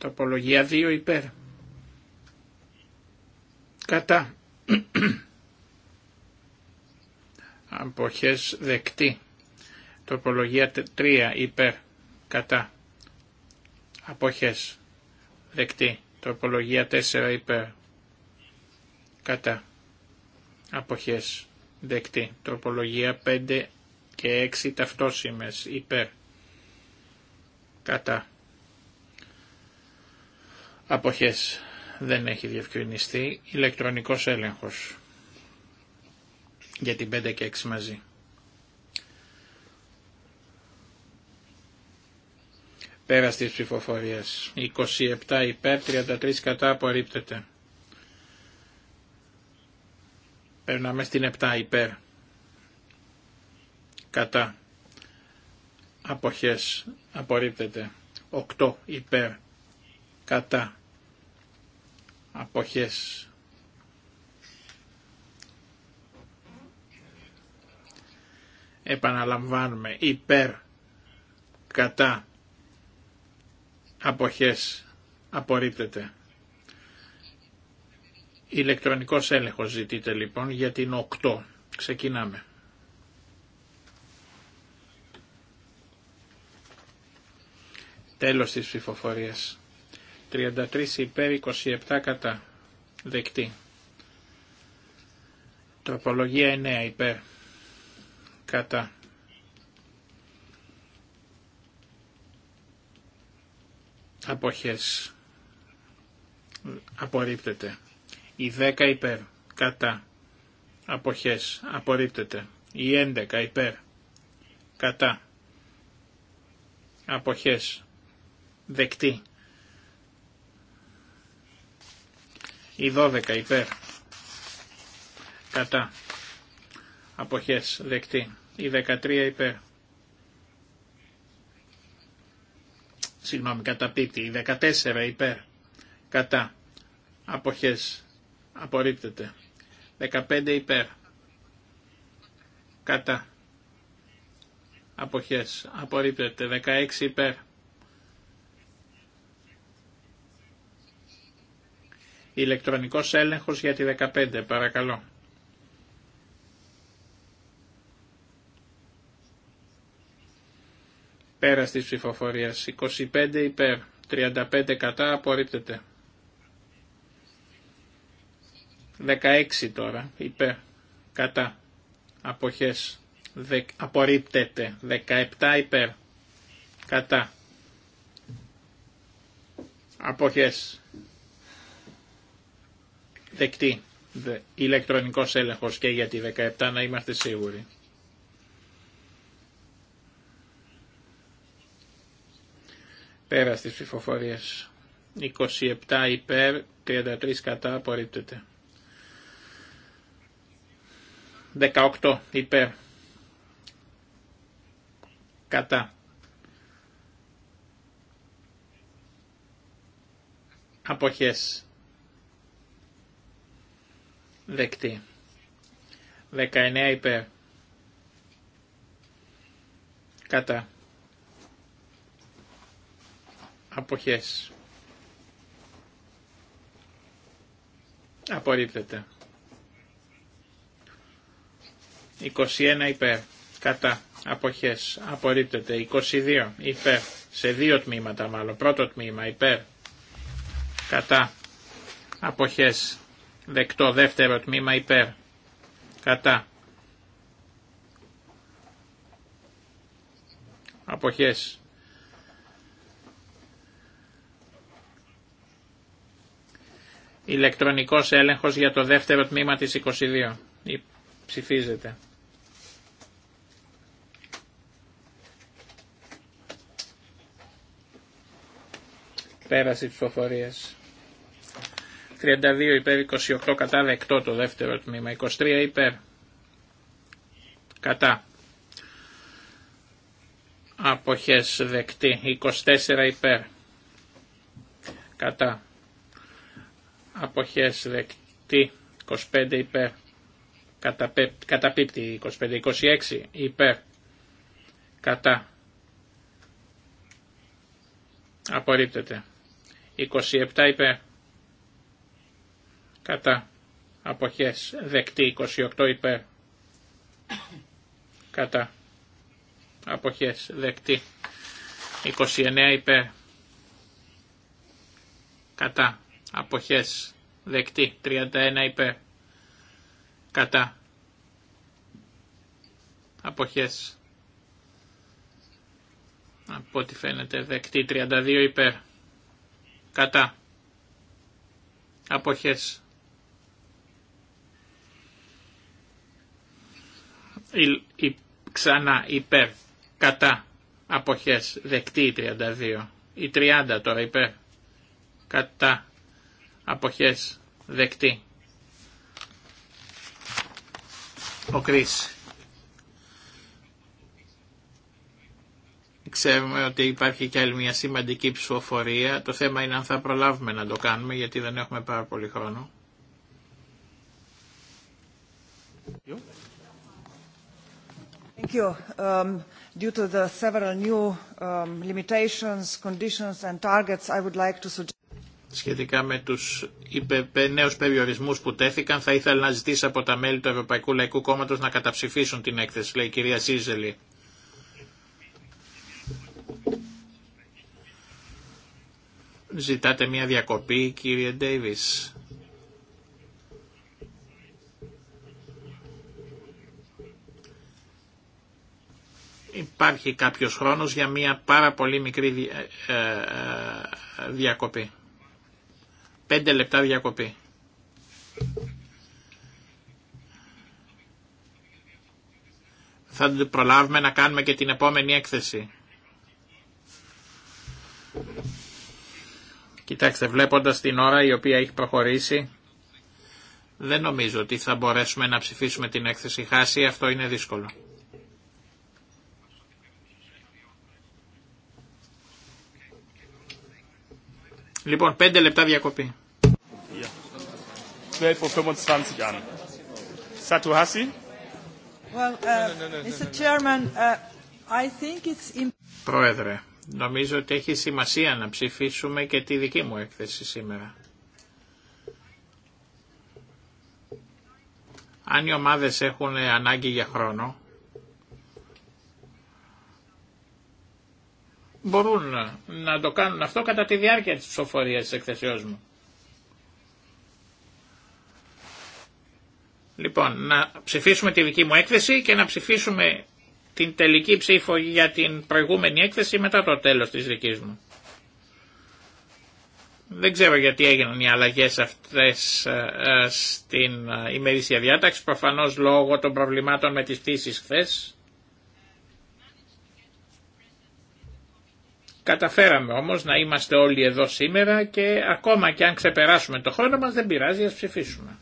Τοπολογία 2 υπέρ. Κατά. Αποχές δεκτή. Τοπολογία 3 υπέρ. Κατά. Αποχές δεκτή. Τοπολογία 4 υπέρ. Κατά. Αποχές δεκτή. Τοπολογία 5 και 6 ταυτόσημες υπέρ. Κατά Αποχές δεν έχει διευκρινιστεί. Ηλεκτρονικός έλεγχος για την 5 και 6 μαζί. Πέρα στις ψηφοφορίες. 27 υπέρ, 33 κατά απορρίπτεται. Περνάμε στην 7 υπέρ. Κατά. Αποχές απορρίπτεται. 8 υπέρ. Κατά αποχές. Επαναλαμβάνουμε υπέρ κατά αποχές απορρίπτεται. Ηλεκτρονικός έλεγχος ζητείτε λοιπόν για την 8. Ξεκινάμε. Τέλος της ψηφοφορίας. 33 υπέρ 27 κατά. Δεκτή. Τροπολογία 9 υπέρ. Κατά. Αποχές. Απορρίπτεται. Η 10 υπέρ. Κατά. Αποχές. Απορρίπτεται. Η 11 υπέρ. Κατά. Αποχές. Δεκτή. Η 12 υπέρ. Κατά. Αποχές δεκτή. Η 13 υπέρ. Συγγνώμη, καταπίτη. Η 14 υπέρ. Κατά. Αποχές. Απορρίπτεται. 15 υπέρ. Κατά. Αποχές. Απορρίπτεται. 16 υπέρ. Ηλεκτρονικός έλεγχος για τη 15, παρακαλώ. Πέρα της ψηφοφορίας. 25 υπέρ, 35 κατά, απορρίπτεται. 16 τώρα, υπέρ, κατά, αποχές, δε, απορρίπτεται. 17 υπέρ, κατά, αποχές δεκτή ηλεκτρονικός έλεγχος και για τη 17 να είμαστε σίγουροι. Πέρα στις ψηφοφορίες. 27 υπέρ, 33 κατά απορρίπτεται. 18 υπέρ. Κατά. Αποχές. Δεκτή. 19 υπέρ. Κατά. Αποχές. Απορρίπτεται. 21 υπέρ. Κατά. Αποχές. Απορρίπτεται. 22 υπέρ. Σε δύο τμήματα μάλλον. Πρώτο τμήμα υπέρ. Κατά. Αποχές. Δεκτό δεύτερο τμήμα υπέρ. Κατά. Αποχές. Ηλεκτρονικός έλεγχος για το δεύτερο τμήμα της 22. Ψηφίζεται. Πέραση ψηφοφορίας. 32 υπέρ 28 κατά δεκτό το δεύτερο τμήμα. 23 υπέρ κατά αποχές δεκτή. 24 υπέρ κατά αποχές δεκτή. 25 υπέρ καταπίπτει 25. 26 υπέρ κατά απορρίπτεται. 27 υπέρ κατά αποχές δεκτή 28 υπέρ κατά αποχές δεκτή 29 υπέρ κατά αποχές δεκτή 31 υπέρ κατά αποχές από ό,τι φαίνεται δεκτή 32 υπέρ κατά αποχές η ξανά υπέρ, κατά, αποχές, δεκτή 32, η 30 τώρα υπέρ, κατά, αποχές, δεκτή. Ο Κρίς. Ξέρουμε ότι υπάρχει και άλλη μια σημαντική ψηφοφορία. Το θέμα είναι αν θα προλάβουμε να το κάνουμε γιατί δεν έχουμε πάρα πολύ χρόνο. Thank um, Due to the several new um, limitations, conditions and targets, I would like to suggest... Σχετικά με τους νέου περιορισμούς που τέθηκαν, θα ήθελα να ζητήσω από τα μέλη του Ευρωπαϊκού Λαϊκού Κόμματος να καταψηφίσουν την έκθεση, λέει η κυρία Σίζελη. Ζητάτε μια διακοπή, κύριε Ντέιβις. υπάρχει κάποιος χρόνος για μια πάρα πολύ μικρή ε, ε, διακοπή. Πέντε λεπτά διακοπή. Θα προλάβουμε να κάνουμε και την επόμενη έκθεση. Κοιτάξτε, βλέποντας την ώρα η οποία έχει προχωρήσει, δεν νομίζω ότι θα μπορέσουμε να ψηφίσουμε την έκθεση χάση, αυτό είναι δύσκολο. Λοιπόν, πέντε λεπτά διακοπή. Πρόεδρε, νομίζω ότι έχει σημασία να ψηφίσουμε και τη δική μου έκθεση σήμερα. Αν οι ομάδες έχουν ανάγκη για χρόνο, μπορούν να το κάνουν αυτό κατά τη διάρκεια της ψηφοφορίας της εκθεσιός μου. Λοιπόν, να ψηφίσουμε τη δική μου έκθεση και να ψηφίσουμε την τελική ψήφο για την προηγούμενη έκθεση μετά το τέλος της δικής μου. Δεν ξέρω γιατί έγιναν οι αλλαγές αυτές ε, ε, στην ε, ημερήσια διάταξη, προφανώς λόγω των προβλημάτων με τις πτήσεις χθες. Καταφέραμε όμως να είμαστε όλοι εδώ σήμερα και ακόμα και αν ξεπεράσουμε το χρόνο μας δεν πειράζει, ας ψηφίσουμε.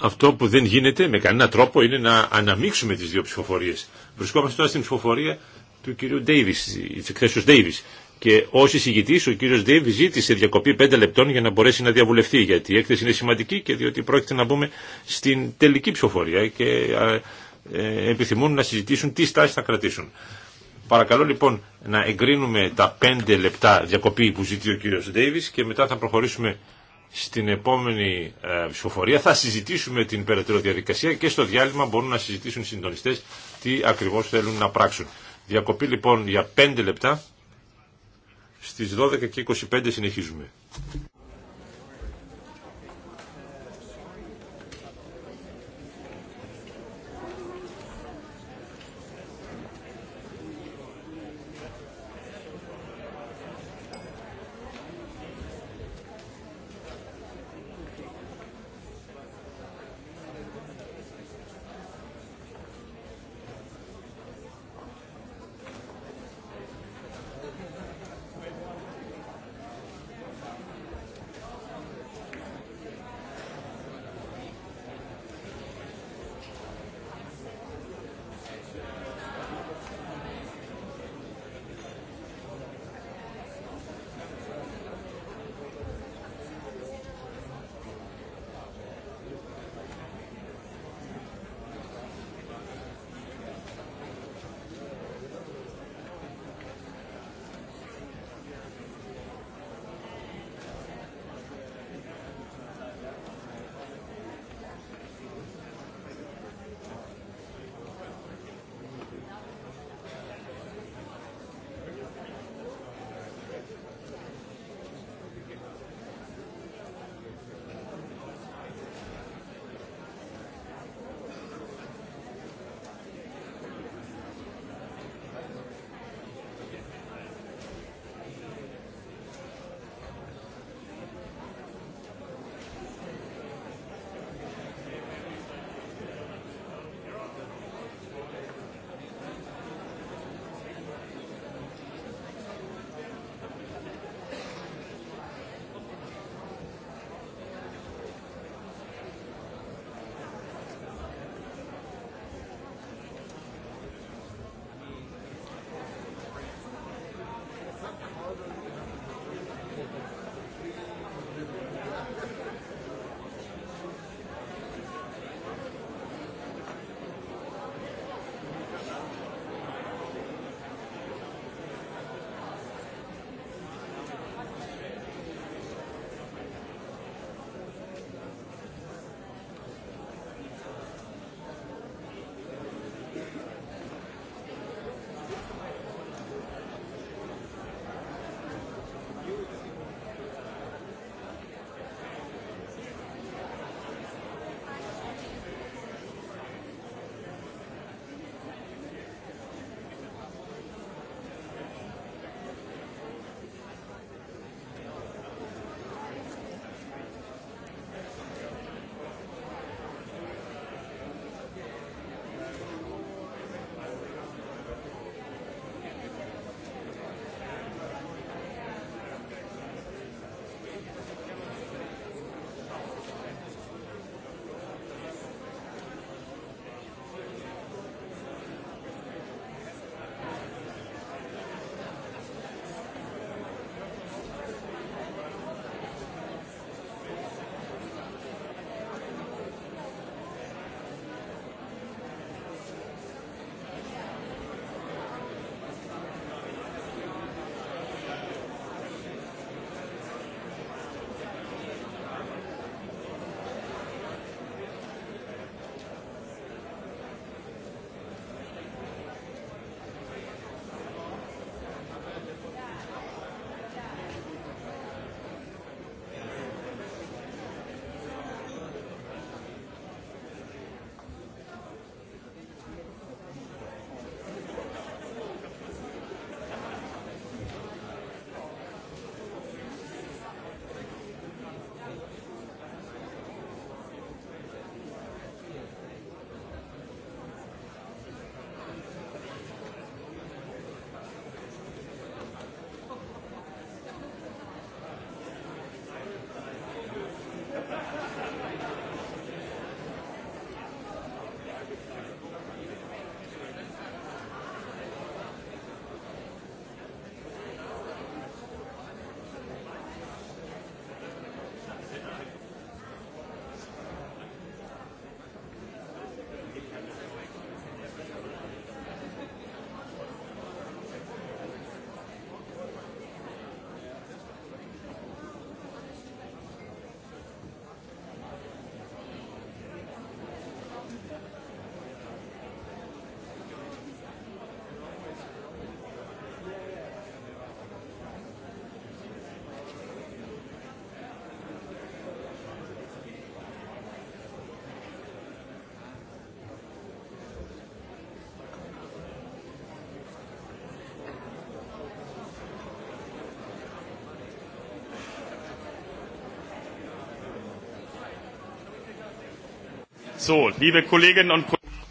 Αυτό που δεν γίνεται με κανένα τρόπο είναι να αναμίξουμε τις δύο ψηφοφορίες. Βρισκόμαστε τώρα στην ψηφοφορία του κυρίου Ντέιβις, της εκθέσεως Ντέιβις. Και ω εισηγητή, ο κύριο Ντέιβι ζήτησε διακοπή πέντε λεπτών για να μπορέσει να διαβουλευτεί. Γιατί η έκθεση είναι σημαντική και διότι πρόκειται να μπούμε στην τελική ψηφοφορία και ε, επιθυμούν να συζητήσουν τι στάση θα κρατήσουν. Παρακαλώ λοιπόν να εγκρίνουμε τα πέντε λεπτά διακοπή που ζητεί ο κύριος Ντέιβις και μετά θα προχωρήσουμε στην επόμενη ε, ψηφοφορία. Θα συζητήσουμε την περαιτέρω διαδικασία και στο διάλειμμα μπορούν να συζητήσουν οι συντονιστές τι ακριβώς θέλουν να πράξουν. Διακοπή λοιπόν για πέντε λεπτά. Στις 12 και 25 συνεχίζουμε.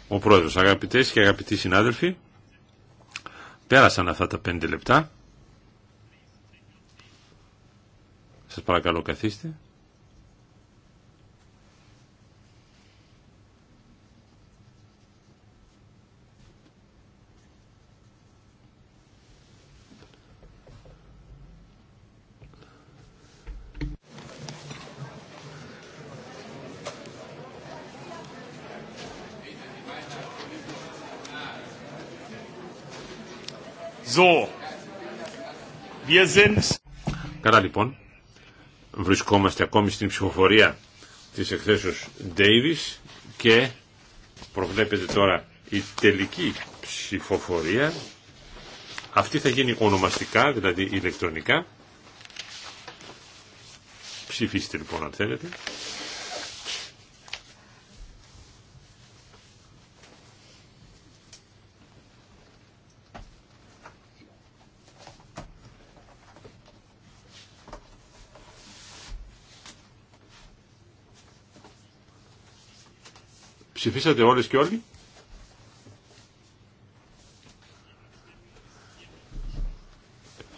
Ο πρόεδρος, αγαπητές και αγαπητοί συνάδελφοι, πέρασαν αυτά τα πέντε λεπτά. Σας παρακαλώ καθίστε. Καλά λοιπόν, βρισκόμαστε ακόμη στην ψηφοφορία της εκθέσεως Davis και προβλέπεται τώρα η τελική ψηφοφορία. Αυτή θα γίνει ονομαστικά, δηλαδή ηλεκτρονικά. Ψηφίστε λοιπόν αν θέλετε. Ψηφίσατε όλες και όλοι.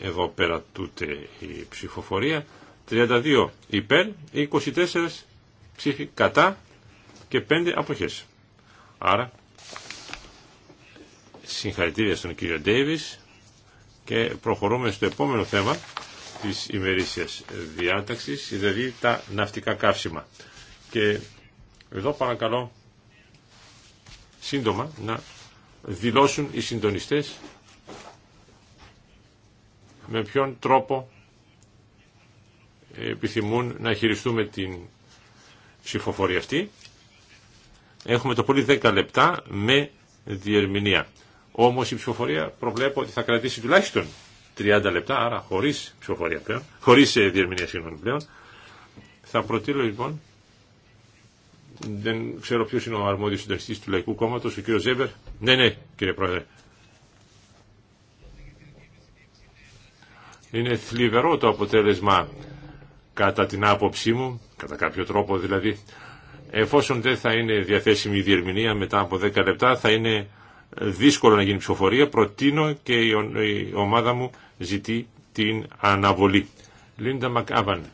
Εδώ πέρα τούτε η ψηφοφορία. 32 υπέρ, 24 ψηφι κατά και 5 αποχές. Άρα συγχαρητήρια στον κύριο Ντέιβις και προχωρούμε στο επόμενο θέμα της ημερήσιας διάταξης, δηλαδή τα ναυτικά καύσιμα. Και εδώ παρακαλώ σύντομα να δηλώσουν οι συντονιστές με ποιον τρόπο επιθυμούν να χειριστούμε την ψηφοφορία αυτή. Έχουμε το πολύ 10 λεπτά με διερμηνία. Όμως η ψηφοφορία προβλέπω ότι θα κρατήσει τουλάχιστον 30 λεπτά, άρα χωρίς ψηφοφορία πλέον, χωρίς ε, διερμηνία σύγχρονη πλέον. Θα προτείνω λοιπόν δεν ξέρω ποιο είναι ο αρμόδιο συντονιστή του Λαϊκού Κόμματο, ο κύριο Ζέμπερ. Ναι, ναι, κύριε Πρόεδρε. Είναι θλιβερό το αποτέλεσμα κατά την άποψή μου, κατά κάποιο τρόπο δηλαδή. Εφόσον δεν θα είναι διαθέσιμη η διερμηνία μετά από 10 λεπτά, θα είναι δύσκολο να γίνει ψηφοφορία. Προτείνω και η ομάδα μου ζητεί την αναβολή. Λίντα Μακάβανε.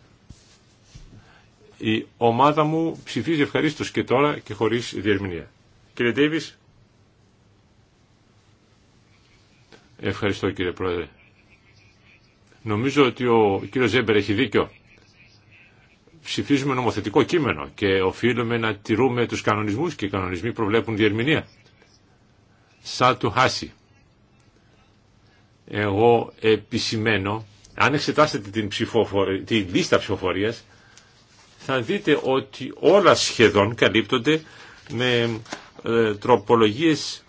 Η ομάδα μου ψηφίζει ευχαρίστως και τώρα και χωρίς διερμηνία. Κύριε Ντέιβις. Ευχαριστώ κύριε Πρόεδρε. Νομίζω ότι ο κύριος Ζέμπερ έχει δίκιο. Ψηφίζουμε νομοθετικό κείμενο και οφείλουμε να τηρούμε τους κανονισμούς και οι κανονισμοί προβλέπουν διερμηνία. Σα του χάσει. Εγώ επισημαίνω, αν εξετάσετε την, λίστα ψηφοφορίας, θα δείτε ότι όλα σχεδόν καλύπτονται με ε, τροπολογίες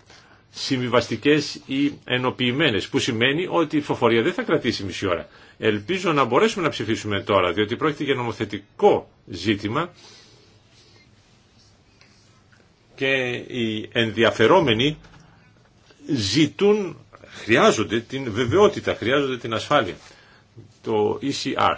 συμβιβαστικέ ή ενοποιημένε, που σημαίνει ότι η ενοποιημενε που σημαινει οτι η φοφορια δεν θα κρατήσει μισή ώρα. Ελπίζω να μπορέσουμε να ψηφίσουμε τώρα, διότι πρόκειται για νομοθετικό ζήτημα και οι ενδιαφερόμενοι ζητούν, χρειάζονται την βεβαιότητα, χρειάζονται την ασφάλεια. Το ECR.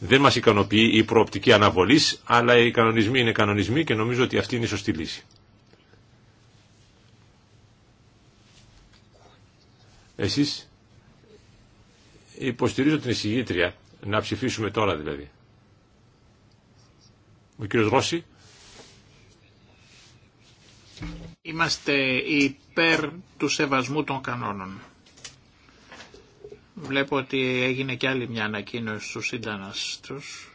Δεν μας ικανοποιεί η προοπτική αναβολής, αλλά οι κανονισμοί είναι κανονισμοί και νομίζω ότι αυτή είναι η σωστή λύση. Εσείς υποστηρίζω την εισηγήτρια να ψηφίσουμε τώρα δηλαδή. Ο κύριος Ρώση. Είμαστε υπέρ του σεβασμού των κανόνων. Βλέπω ότι έγινε και άλλη μια ανακοίνωση στους συντανάστρους.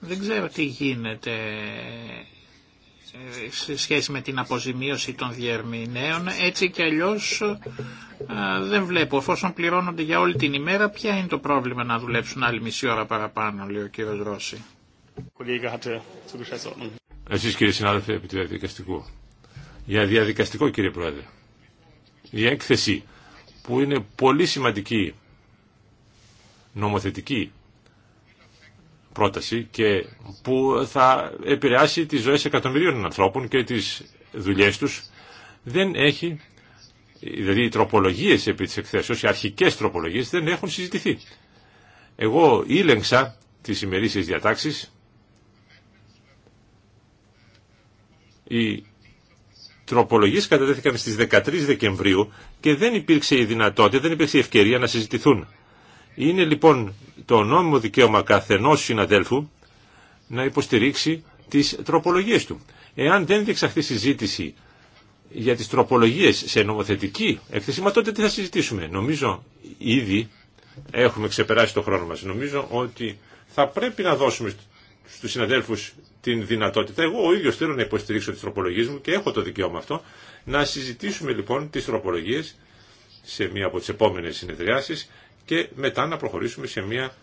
Δεν ξέρω τι γίνεται ε, σε σχέση με την αποζημίωση των διερμηνέων. Έτσι κι αλλιώς ε, δεν βλέπω. Εφόσον πληρώνονται για όλη την ημέρα, ποια είναι το πρόβλημα να δουλέψουν άλλη μισή ώρα παραπάνω, λέει ο κύριος Ρώση. Εσείς κύριε συνάδελφε, επί του διαδικαστικού. Για διαδικαστικό κύριε Πρόεδρε. Η έκθεση που είναι πολύ σημαντική νομοθετική πρόταση και που θα επηρεάσει τις ζωές εκατομμυρίων ανθρώπων και τις δουλειές τους δεν έχει, δηλαδή οι τροπολογίες επί της εκθέσεως, οι αρχικές τροπολογίες δεν έχουν συζητηθεί. Εγώ ήλεγξα τις ημερήσεις διατάξεις, οι Τροπολογίε κατατέθηκαν στις 13 Δεκεμβρίου και δεν υπήρξε η δυνατότητα, δεν υπήρξε η ευκαιρία να συζητηθούν. Είναι λοιπόν το νόμιμο δικαίωμα καθενός συναδέλφου να υποστηρίξει τις τροπολογίες του. Εάν δεν διεξαχθεί συζήτηση για τις τροπολογίες σε νομοθετική έκθεση, μα τότε τι θα συζητήσουμε. Νομίζω ήδη έχουμε ξεπεράσει το χρόνο μας. Νομίζω ότι θα πρέπει να δώσουμε στους συναδέλφους την δυνατότητα, εγώ ο ίδιος θέλω να υποστηρίξω τις τροπολογίες μου και έχω το δικαίωμα αυτό, να συζητήσουμε λοιπόν τις τροπολογίες σε μία από τις επόμενες συνεδριάσεις και μετά να προχωρήσουμε σε μία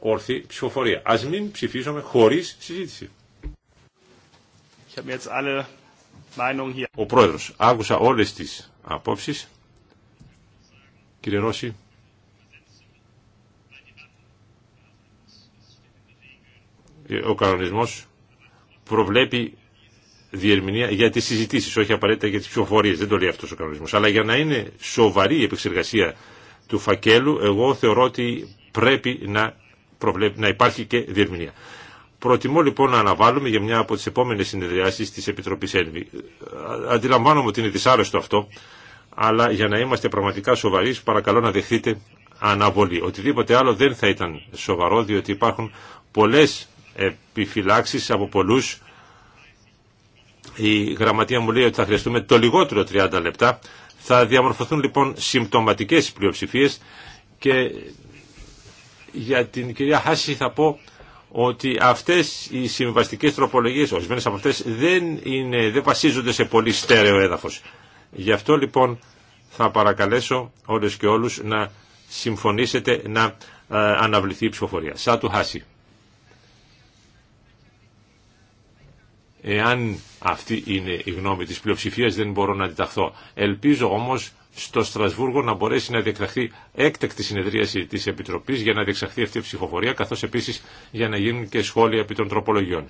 ορθή ψηφοφορία. Ας μην ψηφίζουμε χωρίς συζήτηση. Ο πρόεδρος, άκουσα όλες τις απόψεις. Κύριε Ρώση, Ε, ο κανονισμός προβλέπει διερμηνία για τις συζητήσεις, όχι απαραίτητα για τις ψηφοφορίες, δεν το λέει αυτός ο κανονισμός. Αλλά για να είναι σοβαρή η επεξεργασία του φακέλου, εγώ θεωρώ ότι πρέπει να, προβλέπει, να υπάρχει και διερμηνία. Προτιμώ λοιπόν να αναβάλουμε για μια από τις επόμενες συνεδριάσεις της Επιτροπής Ένβη. Αντιλαμβάνομαι ότι είναι δυσάρεστο αυτό, αλλά για να είμαστε πραγματικά σοβαροί, παρακαλώ να δεχτείτε αναβολή. Οτιδήποτε άλλο δεν θα ήταν σοβαρό, διότι υπάρχουν πολλέ επιφυλάξεις από πολλούς. Η γραμματεία μου λέει ότι θα χρειαστούμε το λιγότερο 30 λεπτά. Θα διαμορφωθούν λοιπόν συμπτωματικές πλειοψηφίες και για την κυρία Χάση θα πω ότι αυτές οι συμβαστικές τροπολογίες, ορισμένες από αυτές, δεν, δεν βασίζονται σε πολύ στέρεο έδαφος. Γι' αυτό λοιπόν θα παρακαλέσω όλες και όλους να συμφωνήσετε να ε, αναβληθεί η ψηφοφορία. του Χάση. Εάν αυτή είναι η γνώμη της πλειοψηφίας δεν μπορώ να αντιταχθώ. Ελπίζω όμως στο Στρασβούργο να μπορέσει να διεξαχθεί έκτακτη συνεδρίαση της Επιτροπής για να διεξαχθεί αυτή η ψηφοφορία καθώς επίσης για να γίνουν και σχόλια επί των τροπολογιών.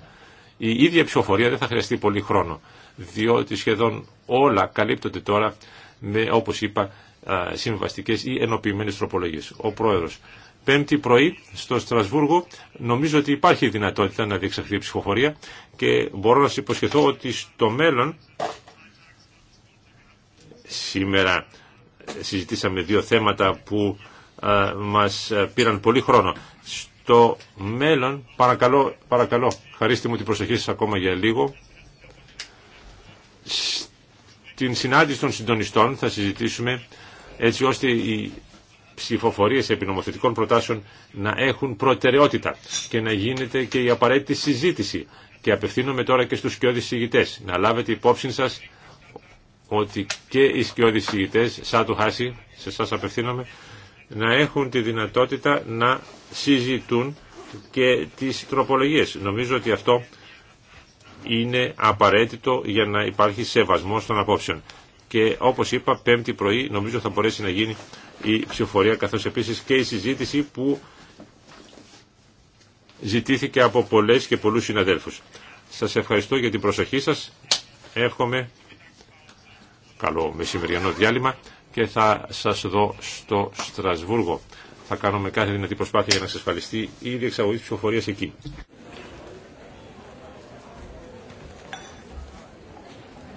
Η ίδια ψηφοφορία δεν θα χρειαστεί πολύ χρόνο διότι σχεδόν όλα καλύπτονται τώρα με όπως είπα συμβαστικές ή ενοποιημένες τροπολογίες. Ο Πρόεδρος Πέμπτη πρωί στο Στρασβούργο νομίζω ότι υπάρχει δυνατότητα να διεξαχθεί η ψηφοφορία και μπορώ να σας υποσχεθώ ότι στο μέλλον σήμερα συζητήσαμε δύο θέματα που μας πήραν πολύ χρόνο. Στο μέλλον, παρακαλώ, παρακαλώ, χαρίστε μου την προσοχή σας ακόμα για λίγο. Στην συνάντηση των συντονιστών θα συζητήσουμε έτσι ώστε η ψηφοφορίες επί νομοθετικών προτάσεων να έχουν προτεραιότητα και να γίνεται και η απαραίτητη συζήτηση. Και απευθύνομαι τώρα και στους σκιώδεις συγητές. Να λάβετε υπόψη σας ότι και οι σκιώδεις συγητές, σαν του Χάση, σε σας απευθύνομαι, να έχουν τη δυνατότητα να συζητούν και τις τροπολογίες. Νομίζω ότι αυτό είναι απαραίτητο για να υπάρχει σεβασμός των απόψεων. Και όπως είπα, πέμπτη πρωί νομίζω θα μπορέσει να γίνει η ψηφοφορία καθώς επίσης και η συζήτηση που ζητήθηκε από πολλές και πολλούς συναδέλφους. Σας ευχαριστώ για την προσοχή σας. Εύχομαι καλό μεσημεριανό διάλειμμα και θα σας δω στο Στρασβούργο. Θα κάνουμε κάθε δυνατή προσπάθεια για να ασφαλιστεί η διεξαγωγή της ψηφοφορίας εκεί.